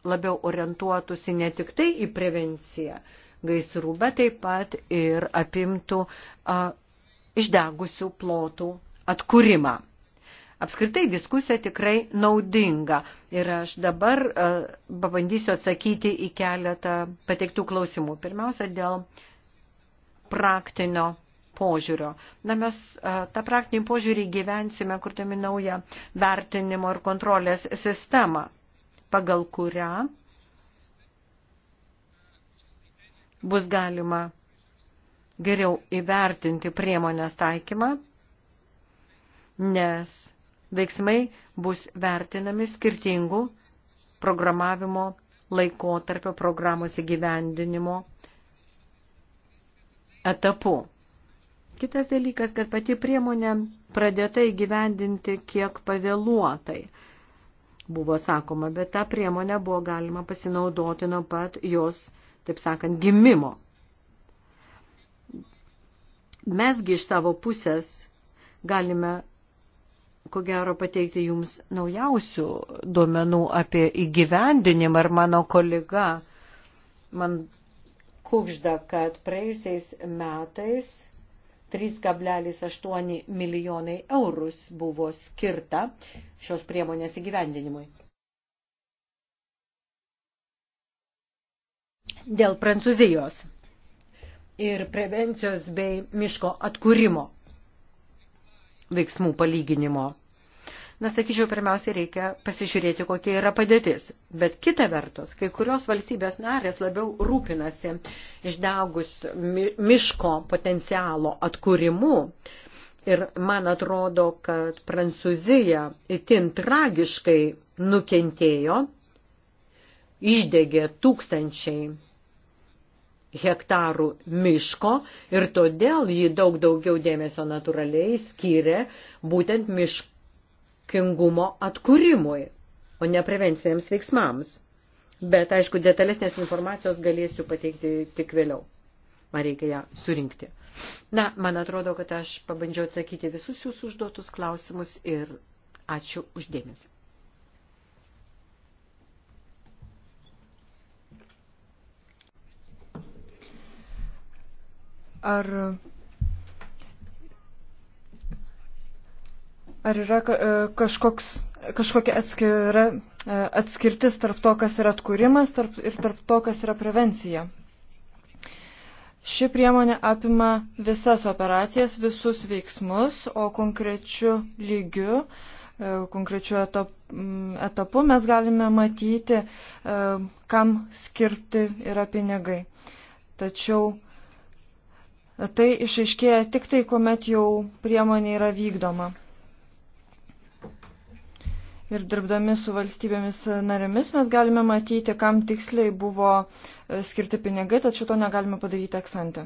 labiau orientuotųsi ne tik tai į prevenciją, gaisrų, bet taip pat ir apimtų a, išdegusių plotų atkūrimą. Apskritai diskusija tikrai naudinga ir aš dabar a, pabandysiu atsakyti į keletą pateiktų klausimų. Pirmiausia, dėl praktinio požiūrio. Na, mes a, tą praktinį požiūrį gyvensime, kurdami naują vertinimo ir kontrolės sistemą, pagal kurią bus galima geriau įvertinti priemonės taikymą, nes veiksmai bus vertinami skirtingų programavimo laikotarpio programos įgyvendinimo etapu. Kitas dalykas, kad pati priemonė pradėta įgyvendinti kiek pavėluotai buvo sakoma, bet tą priemonę buvo galima pasinaudoti nuo pat jos taip sakant, gimimo. Mesgi iš savo pusės galime, ko gero, pateikti jums naujausių duomenų apie įgyvendinimą ir mano kolega man kukžda, kad praėjusiais metais 3,8 milijonai eurus buvo skirta šios priemonės įgyvendinimui. dėl Prancūzijos ir prevencijos bei miško atkūrimo veiksmų palyginimo. Na, sakyčiau, pirmiausia, reikia pasižiūrėti, kokia yra padėtis. Bet kita vertus, kai kurios valstybės narės labiau rūpinasi išdaugus miško potencialo atkūrimu. Ir man atrodo, kad Prancūzija itin tragiškai nukentėjo, išdegė tūkstančiai hektarų miško ir todėl jį daug daugiau dėmesio natūraliai skyrė būtent miškingumo atkūrimui, o ne prevenciniams veiksmams. Bet, aišku, detalesnės informacijos galėsiu pateikti tik vėliau. Man reikia ją surinkti. Na, man atrodo, kad aš pabandžiau atsakyti visus jūsų užduotus klausimus ir ačiū uždėmesi. Ar, ar yra e, kažkoks, kažkokia atskira, e, atskirtis tarp to, kas yra atkūrimas tarp, ir tarp to, kas yra prevencija? Ši priemonė apima visas operacijas, visus veiksmus, o konkrečiu lygiu, e, konkrečiu etapu, etapu mes galime matyti, kam skirti yra pinigai. Tačiau Tai išaiškėja tik tai, kuomet jau priemonė yra vykdoma. Ir dirbdami su valstybėmis narėmis mes galime matyti, kam tiksliai buvo e, skirti pinigai, tačiau to negalime padaryti eksantę.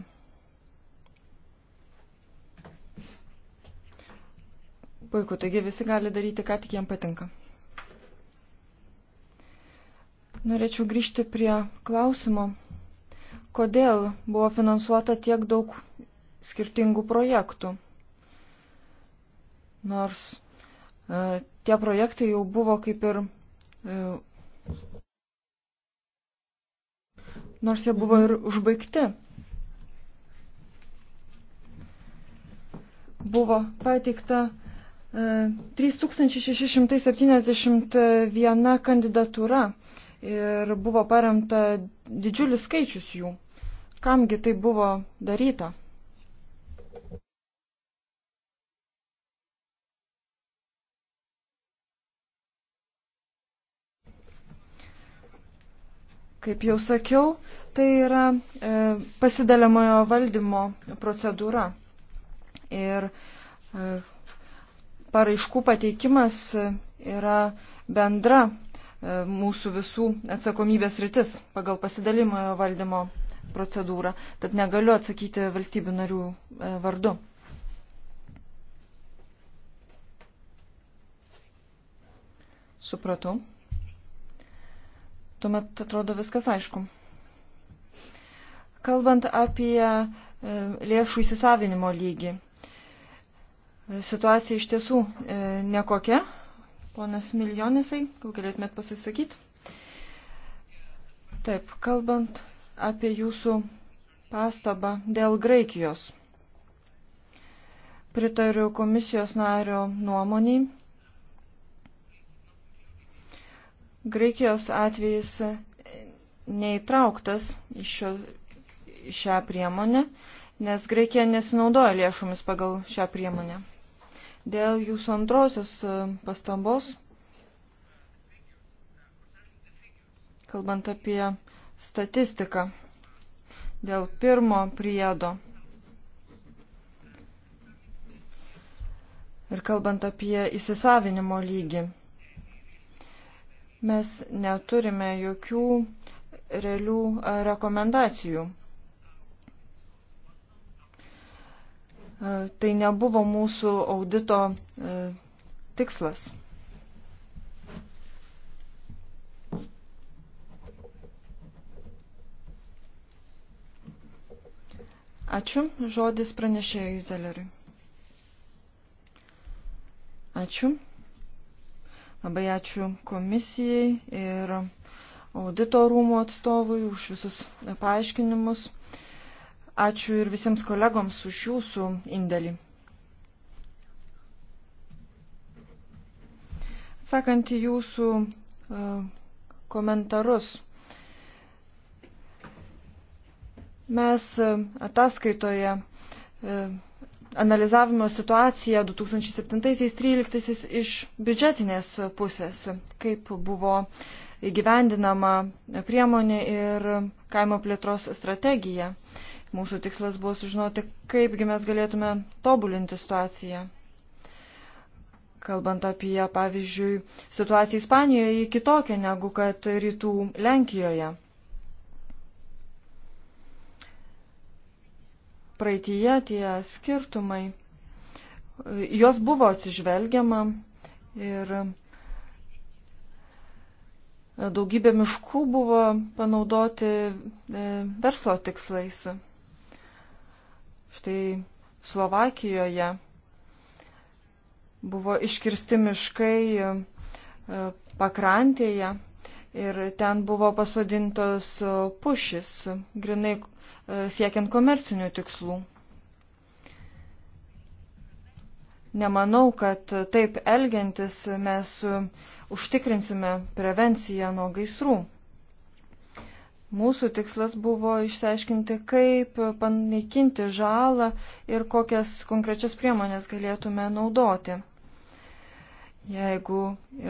Puiku, taigi visi gali daryti, ką tik jiem patinka. Norėčiau grįžti prie klausimo kodėl buvo finansuota tiek daug skirtingų projektų. Nors e, tie projektai jau buvo kaip ir. E, nors jie buvo ir užbaigti. Buvo pateikta e, 3671 kandidatūra ir buvo paremta didžiulis skaičius jų. Kamgi tai buvo daryta? Kaip jau sakiau, tai yra e, pasidaliamojo valdymo procedūra. Ir e, paraiškų pateikimas yra bendra e, mūsų visų atsakomybės rytis pagal pasidalimojo valdymo procedūrą, tad negaliu atsakyti valstybių narių e, vardu. Supratau. Tuomet atrodo viskas aišku. Kalbant apie e, lėšų įsisavinimo lygį, e, situacija iš tiesų nekokia. Ponas Miljonisai, gal galėtumėt pasisakyti? Taip, kalbant apie jūsų pastabą dėl Graikijos. Pritariu komisijos nario nuomonį. Graikijos atvejis neįtrauktas į, šio, į šią priemonę, nes Graikija nesinaudoja lėšomis pagal šią priemonę. Dėl jūsų antrosios pastambos, kalbant apie statistiką dėl pirmo priedo. Ir kalbant apie įsisavinimo lygį, mes neturime jokių realių rekomendacijų. Tai nebuvo mūsų audito tikslas. Ačiū. Žodis pranešėjui Zeleriui. Ačiū. Labai ačiū komisijai ir audito rūmų atstovui už visus paaiškinimus. Ačiū ir visiems kolegoms už jūsų indėlį. Sakant į jūsų e, komentarus, Mes e, ataskaitoje e, analizavimo situaciją 2007-2013 iš biudžetinės pusės, kaip buvo įgyvendinama priemonė ir kaimo plėtros strategija. Mūsų tikslas buvo sužinoti, kaipgi mes galėtume tobulinti situaciją. Kalbant apie, pavyzdžiui, situaciją Ispanijoje, ji kitokia negu kad rytų Lenkijoje. praeitie tie skirtumai, jos buvo atsižvelgiama ir daugybė miškų buvo panaudoti e, verslo tikslais. Štai Slovakijoje buvo iškirsti miškai e, pakrantėje ir ten buvo pasodintos pušis, grinai E, siekiant komercinių tikslų. Nemanau, kad taip elgiantis mes užtikrinsime prevenciją nuo gaisrų. Mūsų tikslas buvo išsiaiškinti, kaip panaikinti žalą ir kokias konkrečias priemonės galėtume naudoti. Jeigu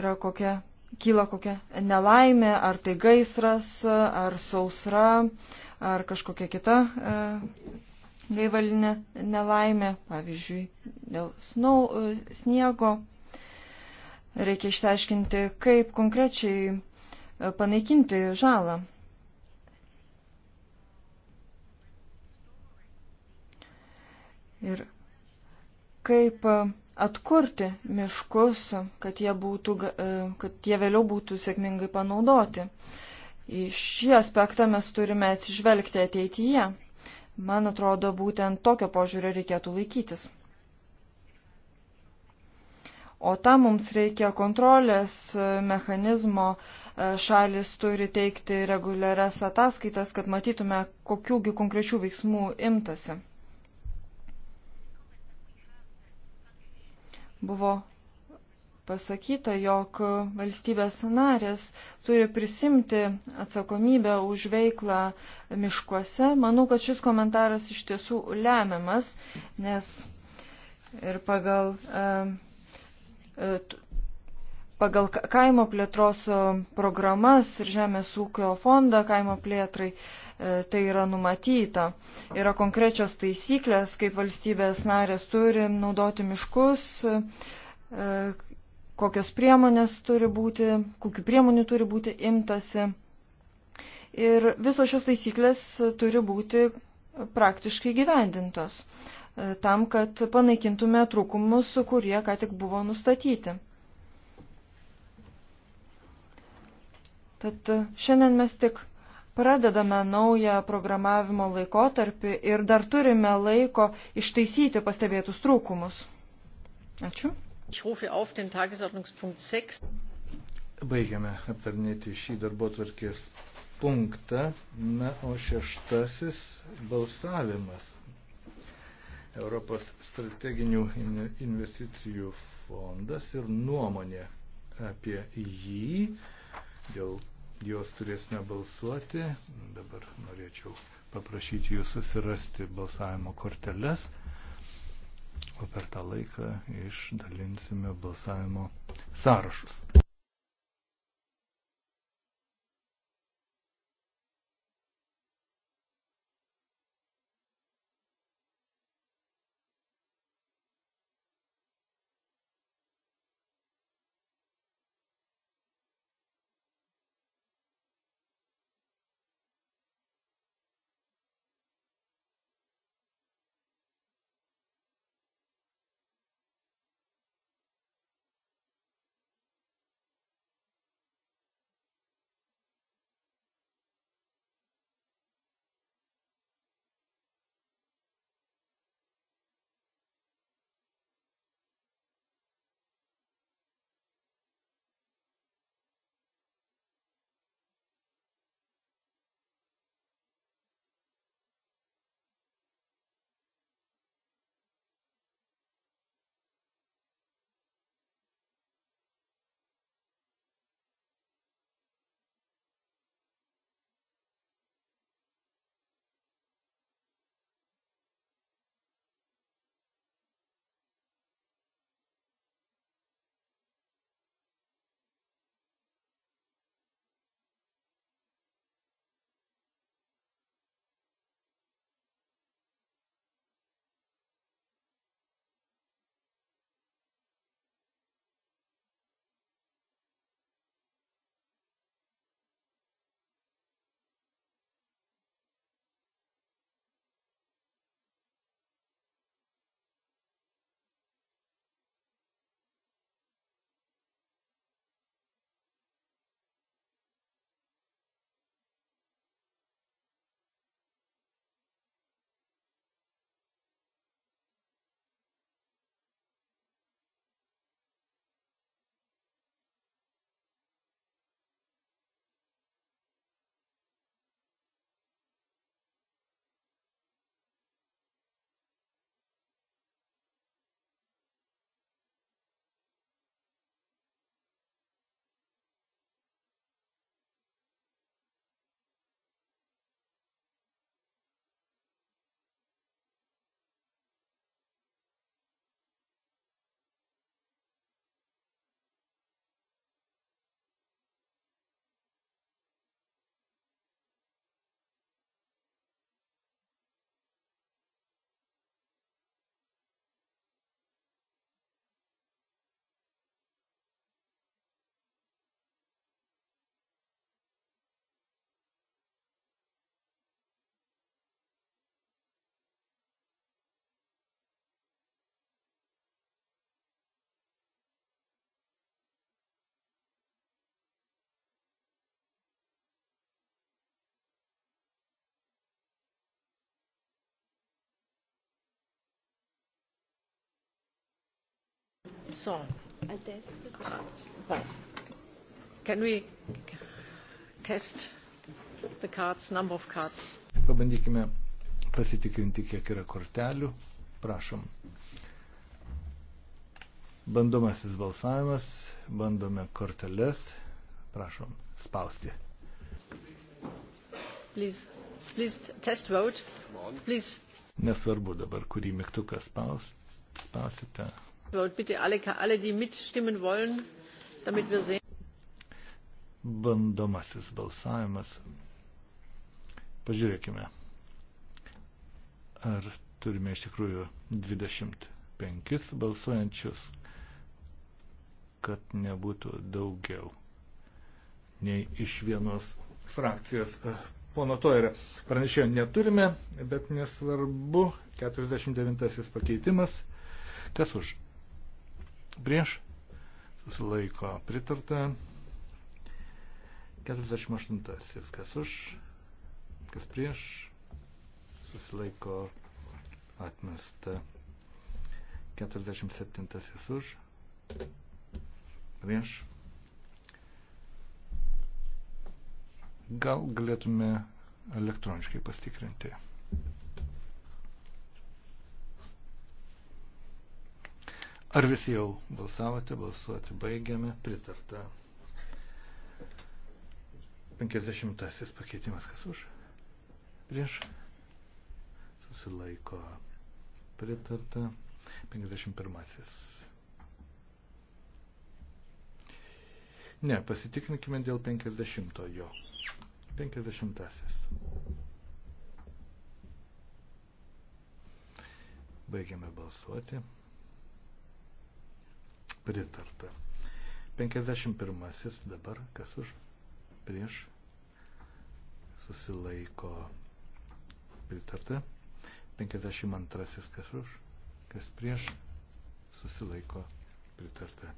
yra kokia, kyla kokia nelaimė, ar tai gaisras, ar sausra, ar kažkokia kita e, gaivalinė nelaimė, pavyzdžiui, dėl snau, e, sniego. Reikia išsiaiškinti, kaip konkrečiai e, panaikinti žalą. Ir kaip e, atkurti miškus, kad jie, būtų, e, kad jie vėliau būtų sėkmingai panaudoti į šį aspektą mes turime atsižvelgti ateityje. Man atrodo, būtent tokio požiūrio reikėtų laikytis. O tam mums reikia kontrolės mechanizmo, e, šalis turi teikti reguliarias ataskaitas, kad matytume, kokiųgi konkrečių veiksmų imtasi. Buvo pasakyta, jog valstybės narės turi prisimti atsakomybę už veiklą miškuose. Manau, kad šis komentaras iš tiesų lemiamas, nes ir pagal, e, e, pagal kaimo plėtros e, programas ir Žemės ūkio fondą kaimo plėtrai tai yra numatyta. Yra konkrečios taisyklės, kaip valstybės narės turi naudoti miškus kokios priemonės turi būti, kokiu priemonių turi būti imtasi. Ir visos šios taisyklės turi būti praktiškai gyvendintos e, tam, kad panaikintume trūkumus, kurie ką tik buvo nustatyti. Tad e, šiandien mes tik pradedame naują programavimo laikotarpį ir dar turime laiko ištaisyti pastebėtus trūkumus. Ačiū. Baigiame aptarnėti šį darbo tvarkės punktą. Na, o šeštasis balsavimas. Europos strateginių investicijų fondas ir nuomonė apie jį. Dėl jos turėsime balsuoti. Dabar norėčiau paprašyti jūs susirasti balsavimo korteles o per tą laiką išdalinsime balsavimo sąrašus. So. A test. Right. Can we test the cards, number of cards? Pabandykime pasitikrinti, kiek yra kortelių. Prašom. Bandomasis balsavimas, bandome korteles. Prašom spausti. Please, please test vote. Please. Nesvarbu dabar, kurį mygtuką spaus, spausite. Bandomasis balsavimas. Pažiūrėkime, ar turime iš tikrųjų 25 balsuojančius, kad nebūtų daugiau nei iš vienos frakcijos. Pono Toirė, pranešėjo neturime, bet nesvarbu, 49 pakeitimas. Kas už? prieš, susilaiko pritarta. 48. Kas už, kas prieš, susilaiko atmesta. 47. už, prieš. Gal galėtume elektroniškai pastikrinti. Ar visi jau balsavote, balsuoti baigiame, pritarta. 50 pakeitimas, kas už? Prieš. Susilaiko. Pritarta. 51. Ne, pasitikrinkime dėl 50. -ojo. 50. Baigiame balsuoti pritarta. 51 dabar, kas už, prieš, susilaiko pritarta. 52 kas už, kas prieš, susilaiko pritarta.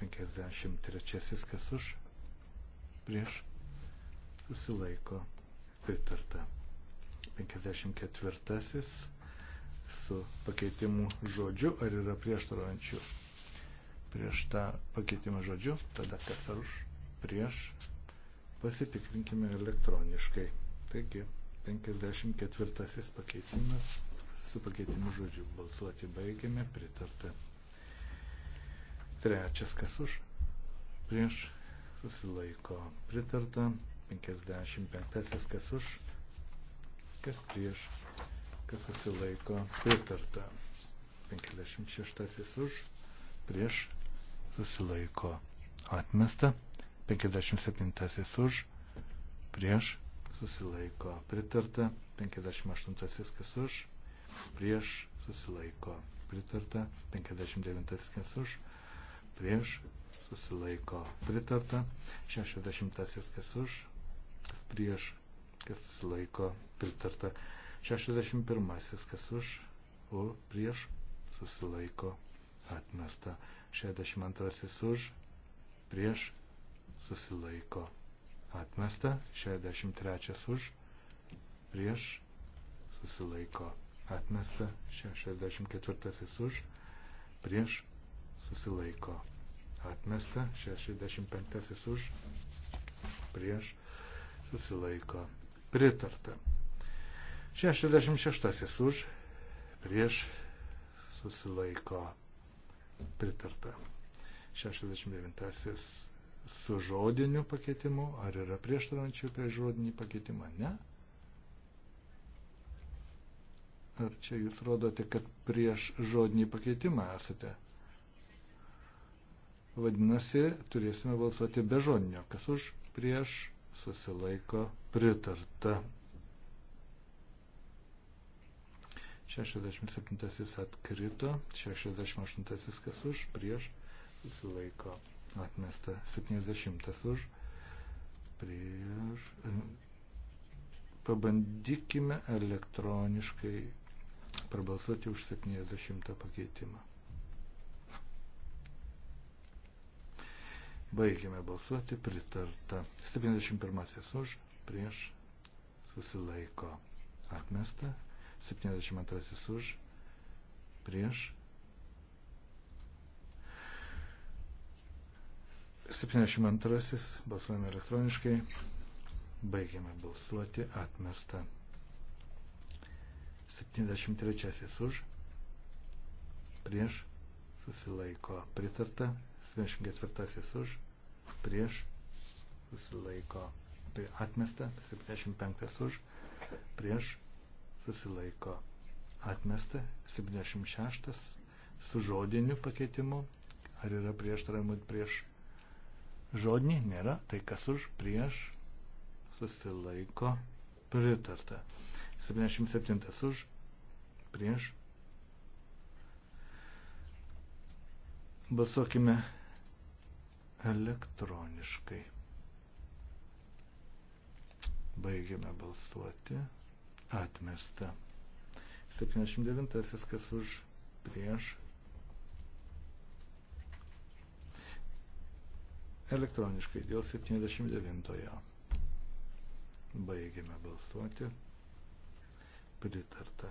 53 kas už, prieš, susilaiko pritarta. 54 su pakeitimu žodžiu, ar yra prieštaraujančių prieš tą pakeitimą žodžiu, tada kas ar už, prieš, pasitikrinkime elektroniškai. Taigi, 54 pakeitimas, su pakeitimu žodžiu balsuoti baigiame, pritarta. Trečias kas už, prieš, susilaiko, pritarta. 55 kas už, kas prieš, kas susilaiko, pritarta. 56 už, prieš, susilaiko atmesta, 57 už, prieš susilaiko pritarta, 58 kas už, prieš susilaiko pritarta, 59 kas už, prieš susilaiko pritarta, 60 kas už, kas prieš, kas susilaiko pritarta, 61 kas už, o prieš susilaiko atmesta, 62 už, prieš, susilaiko. Atmesta, 63 už, prieš, susilaiko. Atmesta, 64 už, prieš, susilaiko. Atmesta, 65 už, prieš, susilaiko. Pritarta. 66 už, prieš, susilaiko pritarta. 69 su žodiniu pakeitimu, ar yra prieštarančių prie žodinį pakeitimą? Ne. Ar čia jūs rodote, kad prieš žodinį pakeitimą esate? Vadinasi, turėsime balsuoti be žodinio. Kas už prieš susilaiko pritarta. 67 atkrito, 68 kas už, prieš susilaiko atmesta, 70 už, prieš. Pabandykime elektroniškai prabalsuoti už 70 pakeitimą. Baigėme balsuoti, pritarta. 71 už, prieš susilaiko atmesta, 72 už, prieš. 72 balsuojame elektroniškai, baigiame balsuoti, atmesta. 73 už, prieš, susilaiko pritarta, 74 už, prieš, susilaiko atmesta, 75 už, prieš, susilaiko atmesta, 76 su žodiniu pakeitimu, ar yra prieštaravimų prieš žodinį, nėra, tai kas už prieš susilaiko pritarta. 77 už prieš. Balsuokime elektroniškai. Baigiame balsuoti atmesta. 79. Kas už prieš. Elektroniškai dėl 79. Baigėme balsuoti. Pritarta.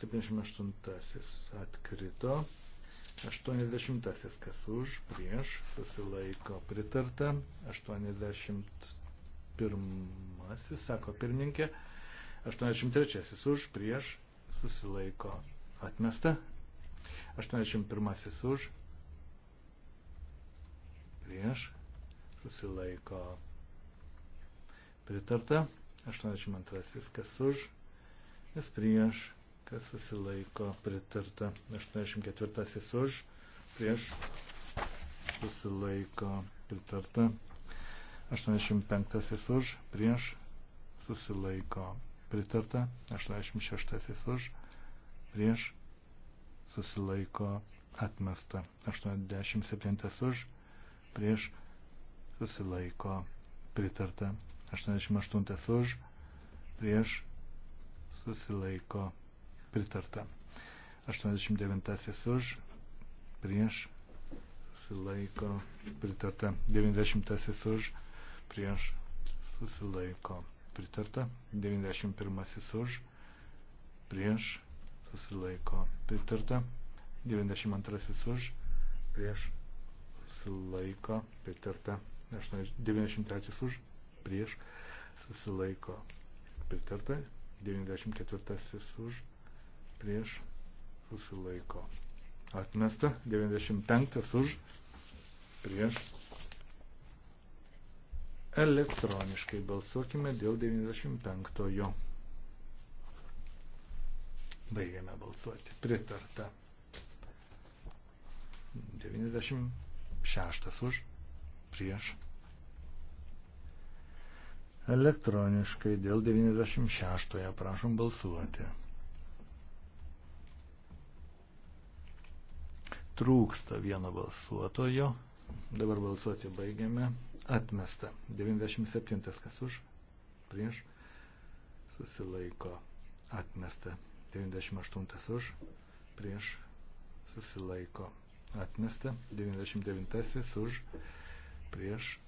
78. Atkrito. 80. Kas už, prieš, susilaiko pritarta. 81. Sako pirmininkė. 83 už, prieš, susilaiko, atmesta. 81 už, prieš, susilaiko, pritarta. 82 kas už, kas prieš, kas susilaiko, pritarta. 84 už, prieš, susilaiko, pritarta. 85 už, prieš, susilaiko, pritarta, 86 už, prieš, susilaiko atmesta, 87 už, prieš, susilaiko pritarta, 88 už, prieš, susilaiko pritarta, 89 už, prieš, susilaiko pritarta, 90 už, prieš, susilaiko pritarta pritarta, 91 už, prieš, susilaiko, pritarta, 92 už, prieš, susilaiko, pritarta, 93 už, prieš, susilaiko, pritarta, 94 už, prieš, susilaiko, atmesta, 95 už, prieš, Elektroniškai balsuokime dėl 95-ojo. Baigiame balsuoti. Pritarta. 96 už. Prieš. Elektroniškai dėl 96-ojo prašom balsuoti. Trūksta vieno balsuotojo. Dabar balsuoti baigiame atmesta. 97 kas už, prieš, susilaiko, atmesta. 98 už, prieš, susilaiko, atmesta. 99 už, prieš,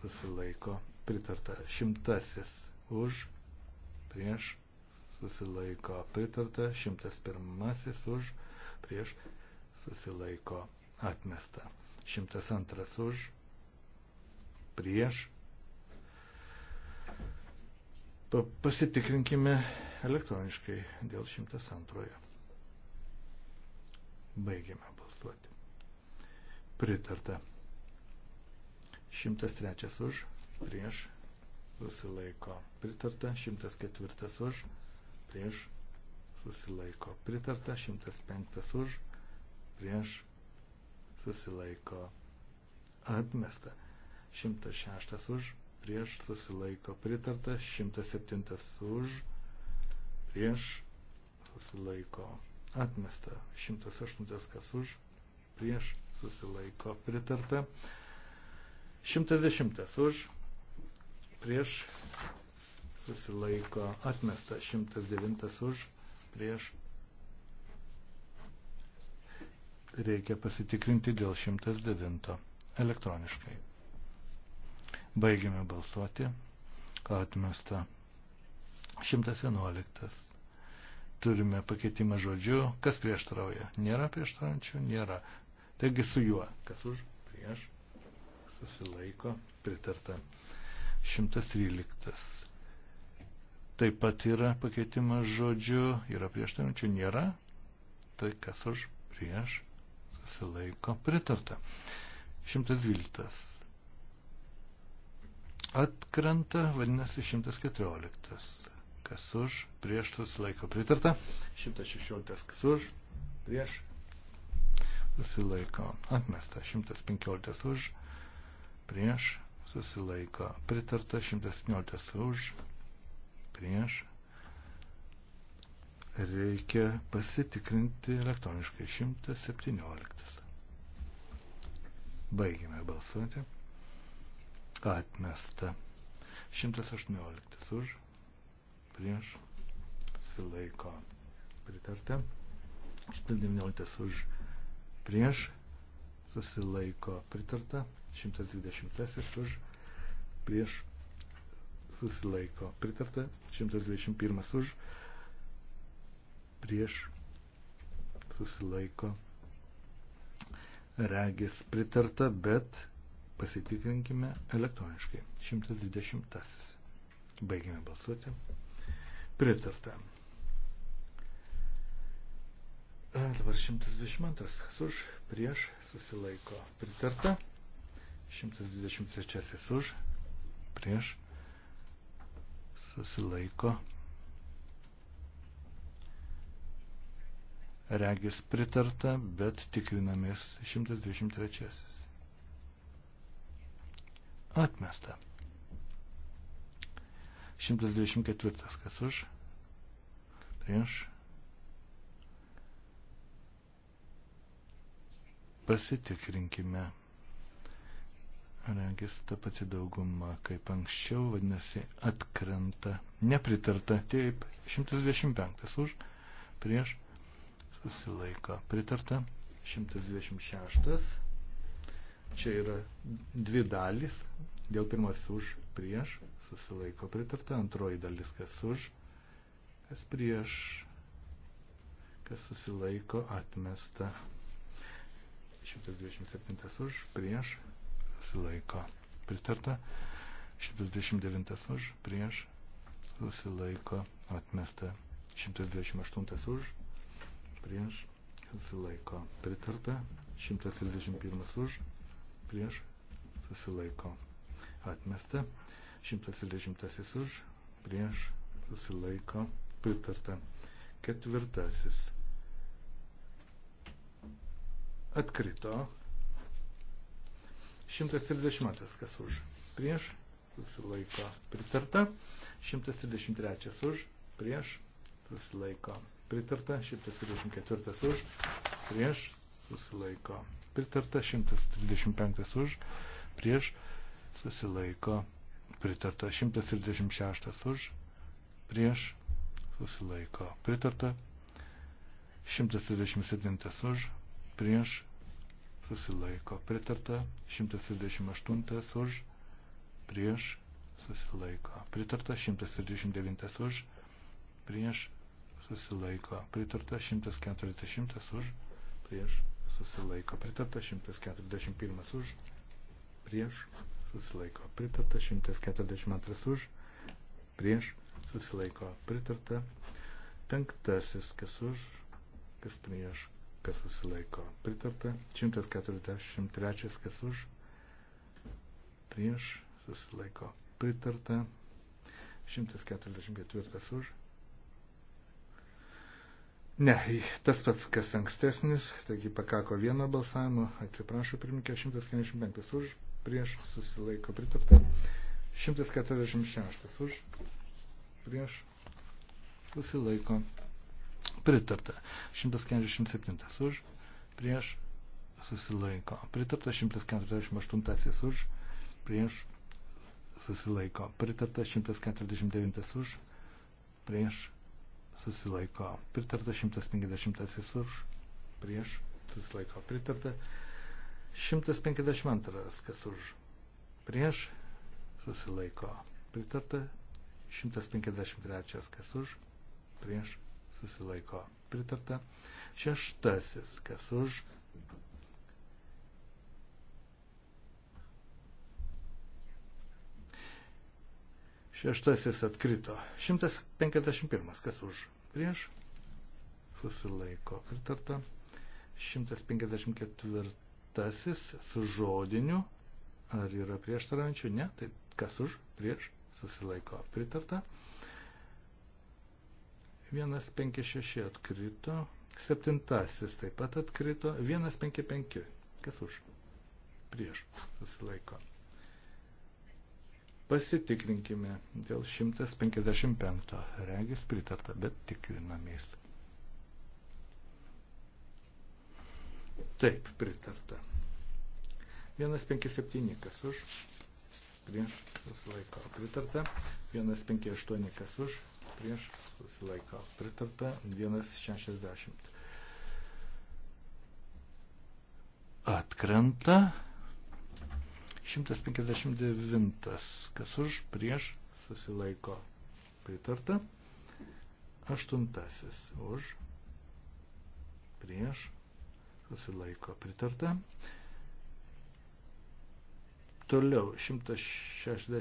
susilaiko, pritarta. 100 už, prieš, susilaiko, pritarta. 101 už, prieš, susilaiko, atmesta. 102 už, prieš. Pasitikrinkime elektroniškai dėl 102. Baigiame balsuoti. Pritarta. 103 už, prieš, susilaiko. Pritarta. 104 už, prieš, susilaiko. Pritarta. 105 už, prieš, susilaiko. Atmesta. 106 už, prieš susilaiko pritarta, 107 už, prieš susilaiko atmesta, 108 kas už, prieš susilaiko pritarta, 110 už, prieš susilaiko atmesta, 109 už, prieš reikia pasitikrinti dėl 109 elektroniškai. Baigėme balsuoti. Atmesta. 111. Turime pakeitimą žodžiu. Kas prieštarauja? Nėra prieštaraujančių? Nėra. Taigi su juo. Kas už? Prieš. Susilaiko. Pritarta. 113. Taip pat yra pakeitimas žodžiu. Yra prieštaraujančių? Nėra. Tai kas už? Prieš. Susilaiko. Pritarta. 112 atkrenta, vadinasi 114. Kas už, prieš susilaiko pritarta. 116. Kas už, prieš susilaiko atmesta. 115 už, prieš susilaiko pritarta. 117 už, prieš. Reikia pasitikrinti elektroniškai 117. Baigime balsuoti atmesta. 118 už, prieš, susilaiko pritarta. 119 už, prieš, susilaiko pritarta. 120 už, prieš, susilaiko pritarta. 121 už, prieš, susilaiko pritarta regis pritarta, bet Pasitikrinkime elektroniškai. 120. Baigime balsuoti. Pritarta. Dabar 122. Už, prieš, susilaiko. Pritarta. 123 už, prieš, susilaiko. Regis pritarta, bet tikrinamės 123. Atmesta. 124. Kas už? Prieš. Pasitikrinkime. Regis ta pati dauguma, kaip anksčiau, vadinasi, atkrenta. Nepritarta. Taip. 125. Už. Prieš. Susilaiko. Pritarta. 126 Čia yra dvi dalys. Dėl pirmas už, prieš, susilaiko pritarta. Antroji dalis, kas už, kas prieš, kas susilaiko atmesta. 127 už, prieš, susilaiko pritarta. 129 už, prieš, susilaiko atmesta. 128 už, prieš, susilaiko pritarta. 131 už, prieš, susilaiko atmesta, 110 už, prieš, susilaiko pritarta, ketvirtasis atkrito, 130 kas už, prieš, susilaiko pritarta, 133 už, prieš, susilaiko pritarta, 134 už, prieš, susilaiko pritarta, 135 už, prieš susilaiko pritarta, 136 už, prieš susilaiko pritarta, 137 už, prieš susilaiko pritarta, 138 už, prieš susilaiko pritarta, 139 už, prieš susilaiko pritarta, 140 už, prieš susilaiko pritarta, 141 už, prieš susilaiko pritarta, 142 už, prieš susilaiko pritarta, penktasis kas už, kas prieš, kas susilaiko pritarta, 143 kas už, prieš susilaiko pritarta, 144 už, Ne, tas pats, kas ankstesnis, taigi pakako vieno balsavimo, atsiprašau, pirmininkė, 145 už, prieš, susilaiko pritarta, 146 už, prieš, susilaiko pritarta, 147 už, prieš, susilaiko pritarta, 148 už, prieš, susilaiko pritarta, 149 už, prieš, susilaiko. Pritarta 150 už, prieš, susilaiko. Pritarta 152, kas už, prieš, susilaiko. Pritarta 153, kas už, prieš, susilaiko. Pritarta šeštasis, kas už, Šeštasis atkrito. 151. Kas už? Prieš? Susilaiko. Pritarta. 154. Su žodiniu. Ar yra prieštaraujančių? Ne. Tai kas už? Prieš? Susilaiko. Pritarta. 156 atkrito. Septintasis taip pat atkrito. 155. Kas už? Prieš. Susilaiko. Pasitikrinkime dėl 155. Regis pritarta, bet tikrinamės. Taip, pritarta. 157 kas už, prieš susilaiko pritarta. 158 kas už, prieš susilaiko pritarta. 160. Atkrenta. 159. Kas už, prieš, susilaiko. Pritarta. Aštuntasis. Už, prieš, susilaiko. Pritarta. Toliau, 161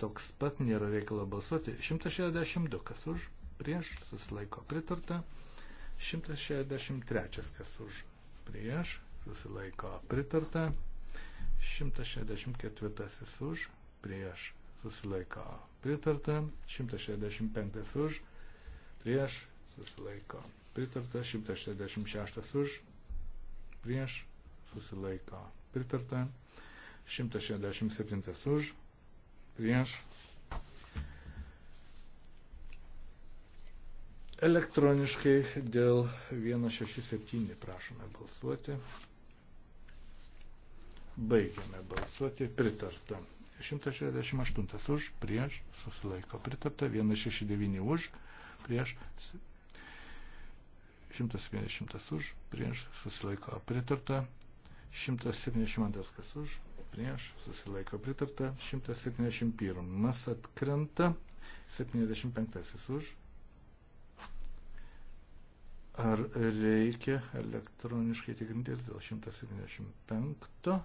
toks pat, nėra reikalo balsuoti. 162, kas už, prieš, susilaiko. Pritarta. 163, kas už, prieš, susilaiko. Pritarta. 164 už, prieš susilaiko pritarta, 165 už, prieš susilaiko pritarta, 166 už, prieš susilaiko pritarta, 167 už, prieš elektroniškai dėl 167 prašome balsuoti. Baigiame balsuoti. Pritarta. 168 už, prieš, susilaiko. Pritarta. 169 už, prieš, 170 už, prieš, susilaiko. Pritarta. 172 kas už, prieš, susilaiko. Pritarta. 171 atkrenta. 75 už, Ar reikia elektroniškai tikrintis dėl 175?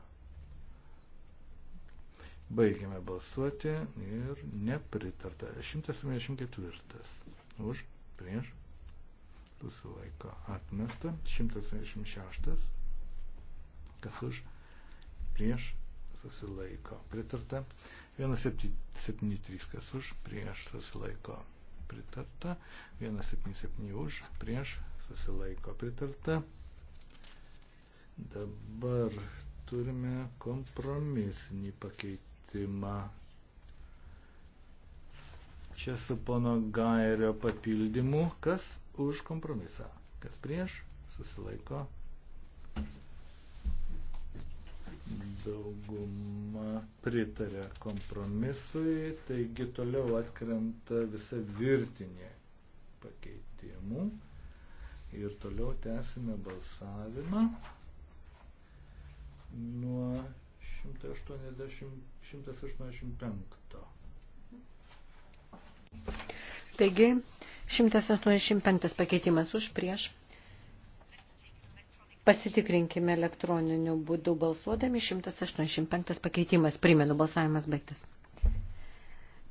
Baigiame balsuoti ir nepritarta. 174. Už, prieš, susilaiko atmesta. 176. Kas už, prieš, susilaiko pritarta. 173. Kas už, prieš, susilaiko pritarta. 177 už, prieš, susilaiko pritarta. Dabar turime kompromisinį pakeitimą mąstymą. Čia su pono Gairio papildymu, kas už kompromisą, kas prieš, susilaiko. Dauguma pritarė kompromisui, taigi toliau atkrenta visa virtinė pakeitimų. Ir toliau tęsime balsavimą nuo 185. Taigi, 185 pakeitimas už prieš. Pasitikrinkime elektroniniu būdu balsuodami. 185 pakeitimas. Primenu, balsavimas baigtas.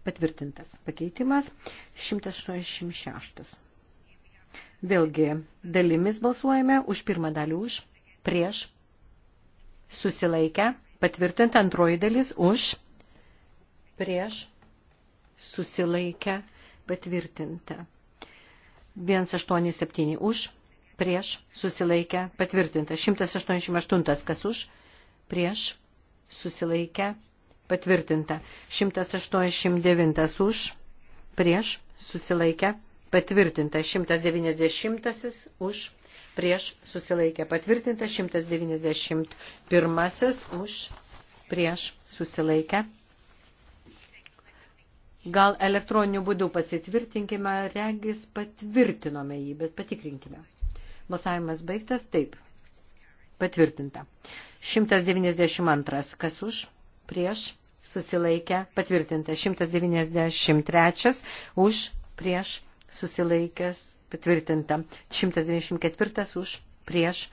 Patvirtintas pakeitimas. 186. Vėlgi, dalimis balsuojame už pirmą dalį už, prieš, susilaikę, Patvirtinta antroji dalis už, prieš, susilaikę, patvirtinta. 187 už, prieš, susilaikę, patvirtinta. 188 kas už, prieš, susilaikę, patvirtinta. 189 už, prieš, susilaikę, patvirtinta. 190 už, prieš susilaikė patvirtinta, 191 už prieš susilaikę. Gal elektroniniu būdu pasitvirtinkime, regis patvirtinome jį, bet patikrinkime. Balsavimas baigtas, taip, patvirtinta. 192, kas už, prieš, susilaikę, patvirtinta. 193, už, prieš, susilaikęs, patvirtinta. 194 už prieš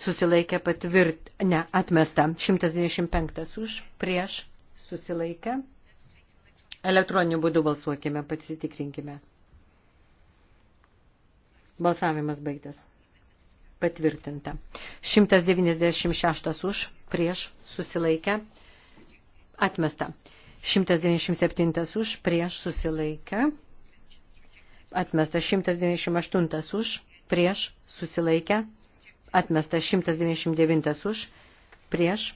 susilaikė patvirt, ne, atmesta. 195 už prieš susilaikė. Elektroniniu būdu balsuokime, pasitikrinkime. Balsavimas baigtas. Patvirtinta. 196 už prieš susilaikė. Atmesta. 197 už prieš susilaikę atmestas 198 už, prieš, susilaikę, atmestas 199 už, prieš,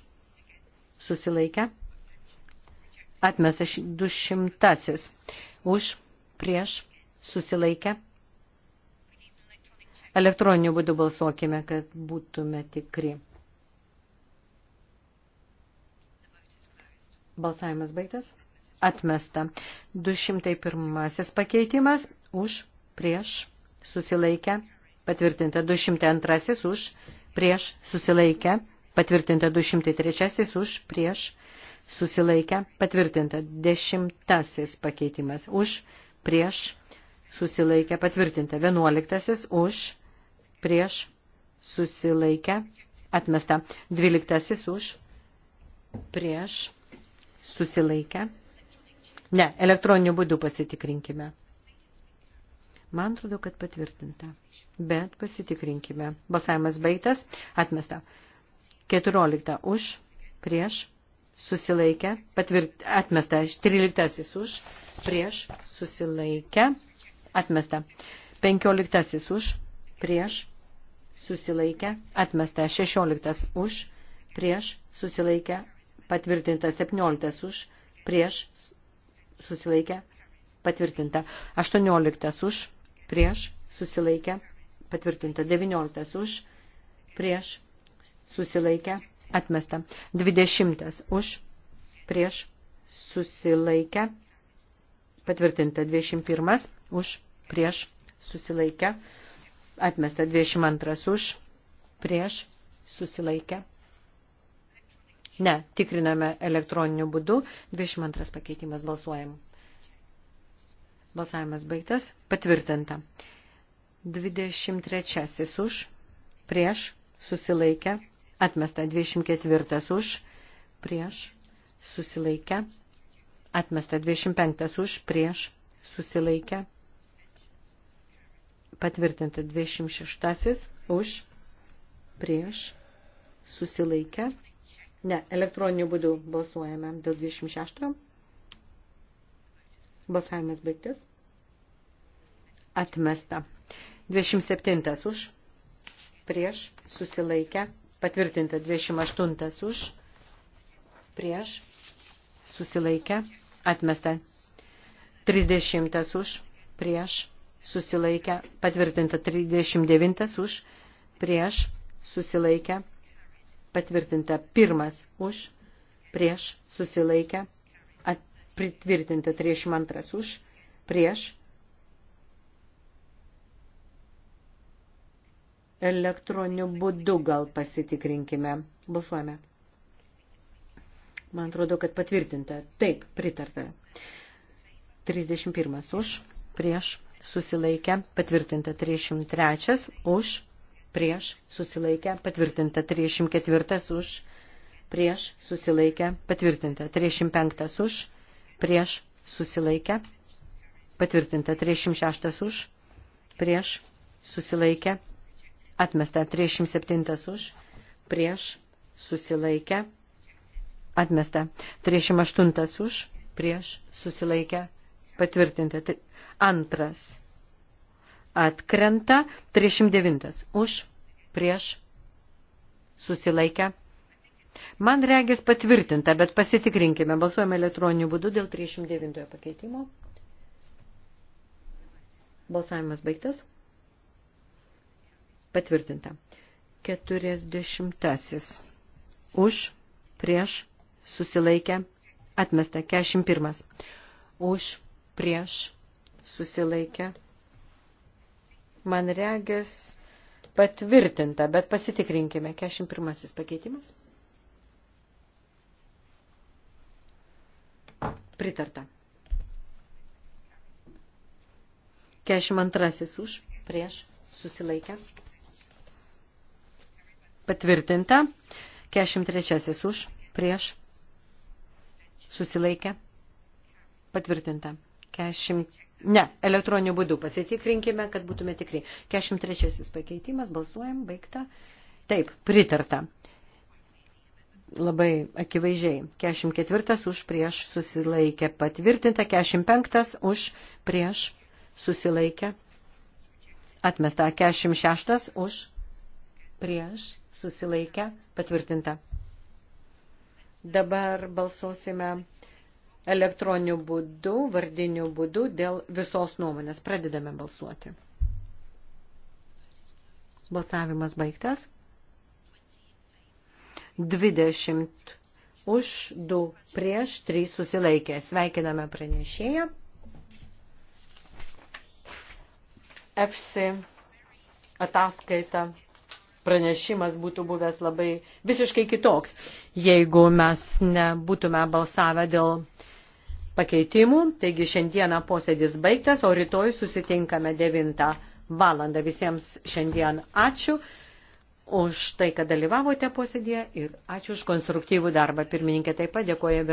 susilaikę, atmestas 200 už, prieš, susilaikę. Elektroniniu būdu balsuokime, kad būtume tikri. Balsavimas baigtas. Atmesta. 201 pakeitimas už, prieš, susilaikę, patvirtinta 202 už, prieš, susilaikę, patvirtinta 203 už, prieš, susilaikę, patvirtinta 10 pakeitimas už, prieš, susilaikę, patvirtinta 11 už, prieš, susilaikę, atmesta 12 už, prieš, susilaikę. Ne, elektroniniu būdu pasitikrinkime. Man atrodo, kad patvirtinta. Bet pasitikrinkime. Balsavimas baigtas, atmesta. 14 už, prieš, susilaikę, patvirt, atmesta. 13 už, prieš, susilaikę, atmesta. 15 už, prieš, susilaikę, atmesta. 16 už, prieš, susilaikę, patvirtinta. 17 už, prieš, susilaikę, patvirtinta. 18 už, prieš, susilaikę, patvirtinta. 19 už, prieš, susilaikę, atmesta. 20 už, prieš, susilaikę, patvirtinta. 21 už, prieš, susilaikę, atmesta. 22 už, prieš, susilaikę. Ne, tikriname elektroniniu būdu. 22 pakeitimas balsuojam. Balsavimas baigtas. Patvirtinta. 23 už, prieš, susilaikę, atmesta. 24 už, prieš, susilaikę, atmesta. 25 už, prieš, susilaikę, patvirtinta. 26 už, prieš, susilaikę. Ne, elektroniniu būdu balsuojame dėl 26. Balsavimas baigtas. Atmesta. 27 už, prieš, susilaikę, patvirtinta 28 už, prieš, susilaikę, atmesta 30 už, prieš, susilaikę, patvirtinta 39 už, prieš, susilaikę, patvirtinta pirmas už, prieš, susilaikę, pritvirtinta 32 už, prieš. Elektroniniu būdu gal pasitikrinkime. Balsuojame. Man atrodo, kad patvirtinta. Taip, pritarta. 31 už, prieš, susilaikę, patvirtinta 303 už, prieš, susilaikę, patvirtinta 304 už, prieš, susilaikę, patvirtinta 305 už, prieš susilaikę, patvirtinta 36 už, prieš susilaikę, atmesta 37 už, prieš susilaikę, atmesta 38 už, prieš susilaikę, patvirtinta antras atkrenta 39 už, prieš susilaikę, Man regis patvirtinta, bet pasitikrinkime. Balsuojame elektroniniu būdu dėl 309 pakeitimo. Balsavimas baigtas. Patvirtinta. 40. Už, prieš, susilaikę, atmesta. 41. Už, prieš, susilaikę. Man regis patvirtinta, bet pasitikrinkime. 41 pakeitimas. Pritarta. 42 už, prieš, susilaikę. Patvirtinta. 43 už, prieš, susilaikę. Patvirtinta. 40... Ne, elektroniniu būdu pasitikrinkime, kad būtume tikri. 43 pakeitimas, balsuojam, baigta. Taip, pritarta labai akivaizdžiai. 44 už prieš susilaikė patvirtinta, 45 už prieš susilaikė atmesta, 46 už prieš susilaikė patvirtinta. Dabar balsuosime elektroniniu būdu, vardiniu būdu dėl visos nuomonės. Pradedame balsuoti. Balsavimas baigtas. 20 už 2 prieš 3 susilaikė. Sveikiname pranešėją. EFSI ataskaita pranešimas būtų buvęs labai visiškai kitoks, jeigu mes nebūtume balsavę dėl pakeitimų. Taigi šiandieną posėdis baigtas, o rytoj susitinkame 9 valandą. Visiems šiandien ačiū už tai, kad dalyvavote posėdėje ir ačiū už konstruktyvų darbą. Pirmininkė taip pat dėkoja.